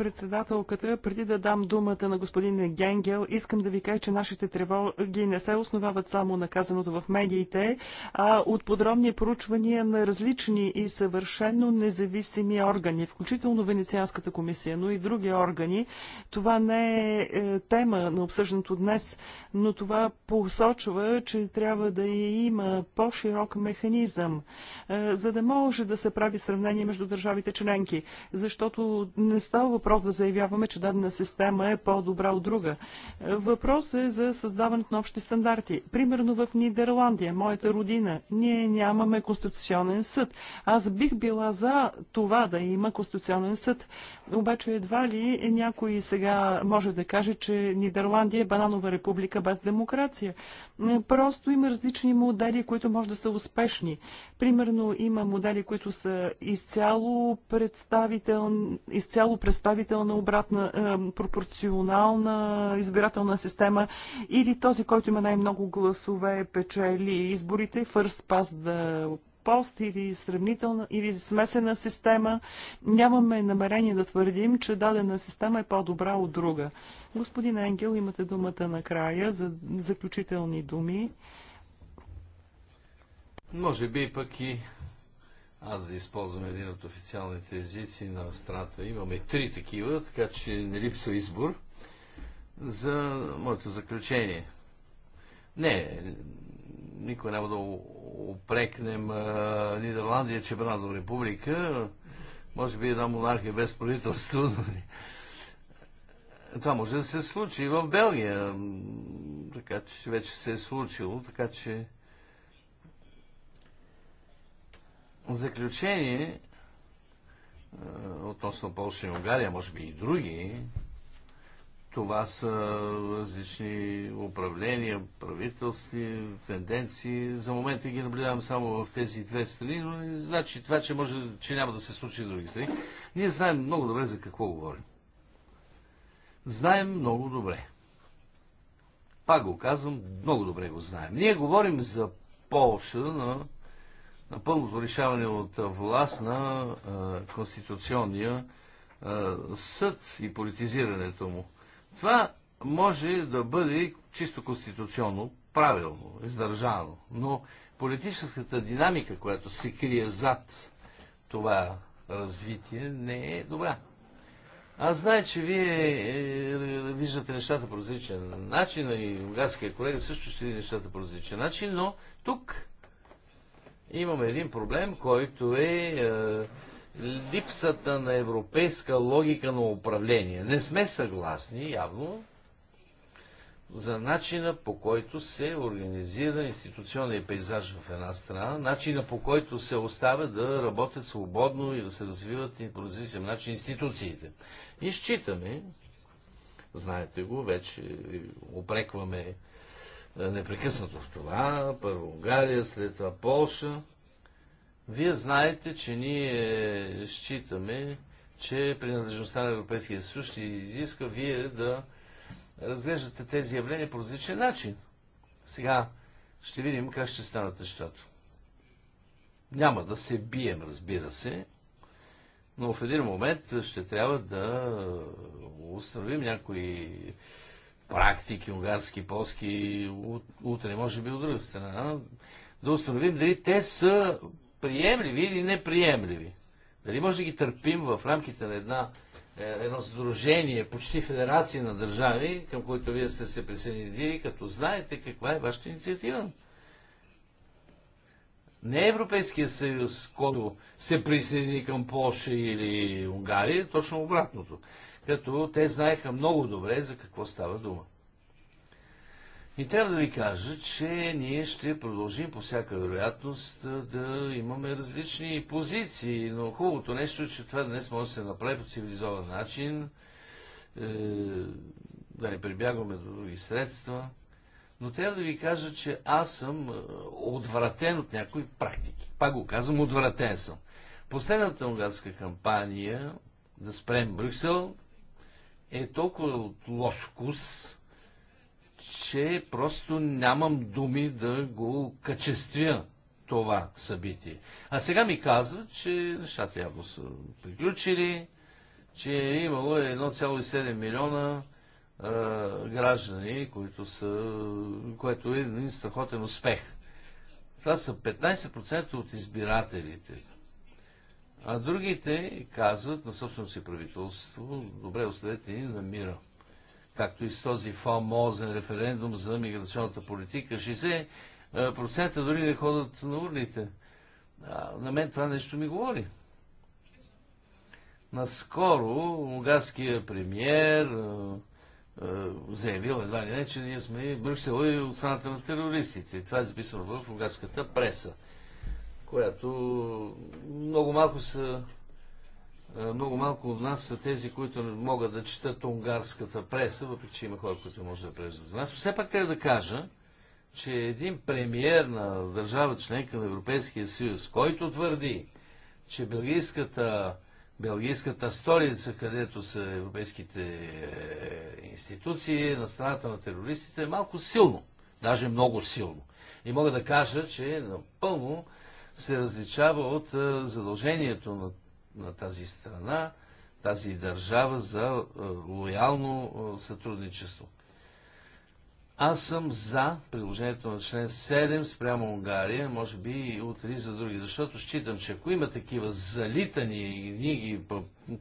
председателката, преди да дам думата на господин Генгел, искам да ви кажа, че нашите тревоги не се основават само на казаното в медиите, а от подробни проучвания на различни и съвършенно независими органи, включително Венецианската комисия, но и други органи. Това не е, е тема на обсъждането днес, но това посочва, че трябва да има по-широк механизъм, е, за да може да се прави сравнение между държавите членки, защото не става въпрос въпрос да заявяваме, че дадена система е по-добра от друга. Е, въпрос е за създаването на общи стандарти. Примерно в Нидерландия, моята родина, ние нямаме конституционен съд. Аз бих била за това да има конституционен съд, обаче едва ли някой сега може да каже, че Нидерландия е бананова република без демокрация. Просто има различни модели, които може да са успешни. Примерно има модели, които са изцяло, представител, изцяло представителна, обратна, е, пропорционална избирателна система или този, който има най-много гласове, печели изборите, first past the пост или сравнителна или смесена система. Нямаме намерение да твърдим, че дадена система е по-добра от друга. Господин Енгел, имате думата накрая за заключителни думи. Може би пък и аз да използвам един от официалните езици на страната. Имаме три такива, така че не липсва избор за моето заключение. Не, никой няма да опрекнем Нидерландия, че е бранна република. Може би една монархия е без правителство. Това може да се случи и в Белгия. Така че вече се е случило. Така че в заключение относно Польша и Унгария, може би и други, това са различни управления, правителства, тенденции. За момента ги наблюдавам само в тези две страни, но не значи това, че, може, че няма да се случи в други страни. Ние знаем много добре за какво говорим. Знаем много добре. Пак го казвам, много добре го знаем. Ние говорим за Полша на, на пълното решаване от власт на а, Конституционния съд и политизирането му. Това може да бъде чисто конституционно, правилно, издържано, но политическата динамика, която се крие зад това развитие, не е добра. Аз знае, че вие е, е, виждате нещата по различен начин, и унгарския колега също ще види нещата по различен начин, но тук имаме един проблем, който е, е липсата на европейска логика на управление. Не сме съгласни, явно, за начина по който се организира институционния пейзаж в една страна, начина по който се оставя да работят свободно и да се развиват и по различен начин институциите. И считаме, знаете го, вече опрекваме е, непрекъснато в това, първо Унгария, след това Полша, вие знаете, че ние считаме, че принадлежността на Европейския съюз ще изиска вие да разглеждате тези явления по различен начин. Сега ще видим как ще станат нещата. Няма да се бием, разбира се, но в един момент ще трябва да установим някои практики, унгарски, полски, утре може би от друга страна, да установим дали те са приемливи или неприемливи. Дали може да ги търпим в рамките на една, е, едно сдружение, почти федерация на държави, към които вие сте се присъединили, като знаете каква е вашата инициатива? Не Европейския съюз, който се присъедини към Польша или Унгария, точно обратното. Като те знаеха много добре за какво става дума. И трябва да ви кажа, че ние ще продължим по всяка вероятност да имаме различни позиции, но хубавото нещо е, че това днес може да се направи по цивилизован начин, е, да не прибягваме до други средства, но трябва да ви кажа, че аз съм е, отвратен от някои практики. Пак го казвам, отвратен съм. Последната унгарска кампания да спрем Брюксел е толкова от лош вкус, че просто нямам думи да го качествя това събитие. А сега ми казват, че нещата явно са приключили, че е имало 1,7 милиона а, граждани, които са, което е един страхотен успех. Това са 15% от избирателите. А другите казват на собственото си правителство, добре, оставете ни на мира както и с този фамозен референдум за миграционната политика. 60% дори не ходят на урните. А, на мен това нещо ми говори. Наскоро унгарския премьер заявил едва ли не, че ние сме Брюксел и от страната на терористите. Това е записано в унгарската преса, която много малко са е, много малко от нас са тези, които могат да четат унгарската преса, въпреки че има хора, които може да преждат за нас. Все пак трябва да кажа, че един премиер на държава членка на Европейския съюз, който твърди, че белгийската, белгийската столица, където са европейските е, институции на страната на терористите, е малко силно, даже много силно. И мога да кажа, че напълно се различава от е, задължението на на тази страна, тази държава за е, лоялно е, сътрудничество. Аз съм за приложението на член 7 спрямо Унгария, може би и утре за други, защото считам, че ако има такива залитани и ние ги е,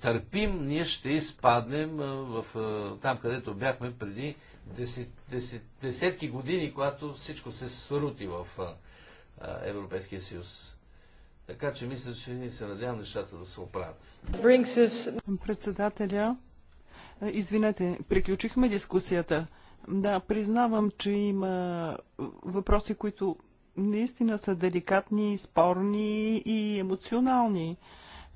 търпим, ние ще изпаднем в, там, където бяхме преди десет, десет, десетки години, когато всичко се свърути в Европейския съюз. Така че мисля, че ние се надявам нещата да се оправят. Председателя, извинете, приключихме дискусията. Да, признавам, че има въпроси, които наистина са деликатни, спорни и емоционални.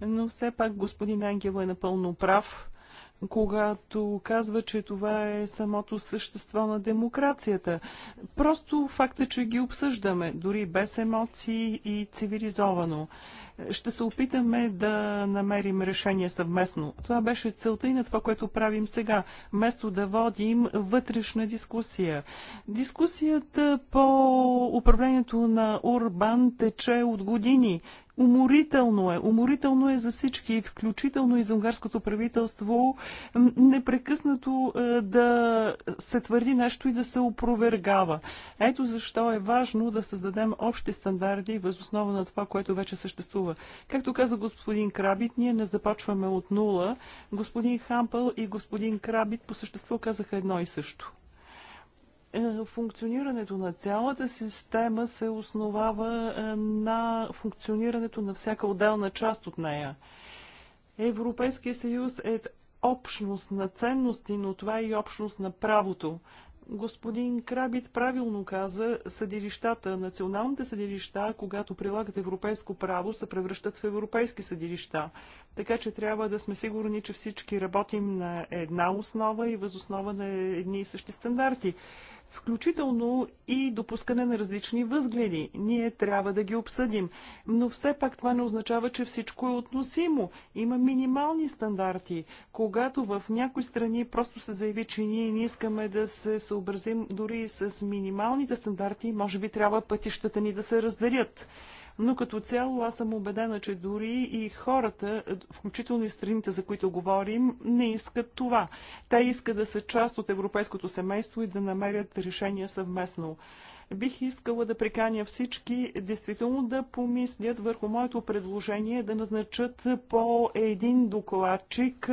Но все пак господин Ангел е напълно прав когато казва, че това е самото същество на демокрацията. Просто факта, е, че ги обсъждаме, дори без емоции и цивилизовано. Ще се опитаме да намерим решение съвместно. Това беше целта и на това, което правим сега, вместо да водим вътрешна дискусия. Дискусията по управлението на Урбан тече от години. Уморително е. Уморително е за всички, включително и за унгарското правителство, непрекъснато е, да се твърди нещо и да се опровергава. Ето защо е важно да създадем общи стандарти въз основа на това, което вече съществува. Както каза господин Крабит, ние не започваме от нула. Господин Хампъл и господин Крабит по същество казаха едно и също. Е, функционирането на цялата система се основава е, на функционирането на всяка отделна част от нея. Европейския съюз е общност на ценности, но това е и общност на правото. Господин Крабит правилно каза, съдилищата, националните съдилища, когато прилагат европейско право, се превръщат в европейски съдилища. Така че трябва да сме сигурни, че всички работим на една основа и възоснова на едни и същи стандарти включително и допускане на различни възгледи. Ние трябва да ги обсъдим, но все пак това не означава, че всичко е относимо. Има минимални стандарти. Когато в някои страни просто се заяви, че ние не искаме да се съобразим дори с минималните стандарти, може би трябва пътищата ни да се раздарят но като цяло аз съм убедена, че дори и хората, включително и страните, за които говорим, не искат това. Те искат да са част от европейското семейство и да намерят решения съвместно бих искала да приканя всички действително да помислят върху моето предложение да назначат по един докладчик.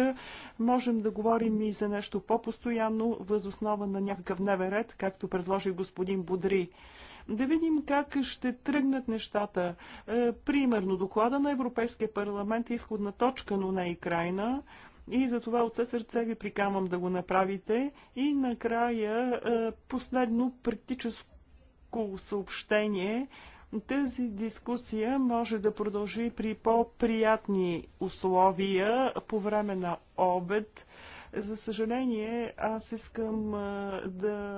Можем да говорим и за нещо по-постоянно, възоснова на някакъв дневен ред, както предложи господин Бодри. Да видим как ще тръгнат нещата. Е, примерно, доклада на Европейския парламент е изходна точка, но не и крайна. И за това от все сърце ви прикамвам да го направите. И накрая е, последно практическо съобщение. Тази дискусия може да продължи при по-приятни условия по време на обед. За съжаление, аз искам е, да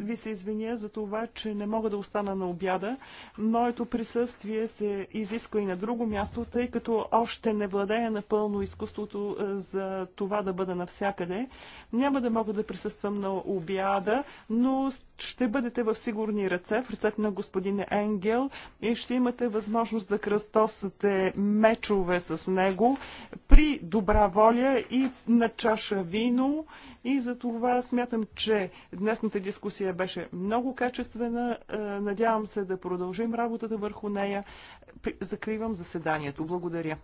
ви се извиня за това, че не мога да остана на обяда. Моето присъствие се изисква и на друго място, тъй като още не владея напълно изкуството е, за това да бъда навсякъде. Няма да мога да присъствам на обяда, но ще бъдете в сигурни ръце, в ръцете на господин Енгел и ще имате възможност да кръстосате мечове с него при добра воля и на чаша вино. И за това смятам, че днесната дискусия Дискусия беше много качествена. Е, надявам се да продължим работата върху нея. Закривам заседанието. Благодаря.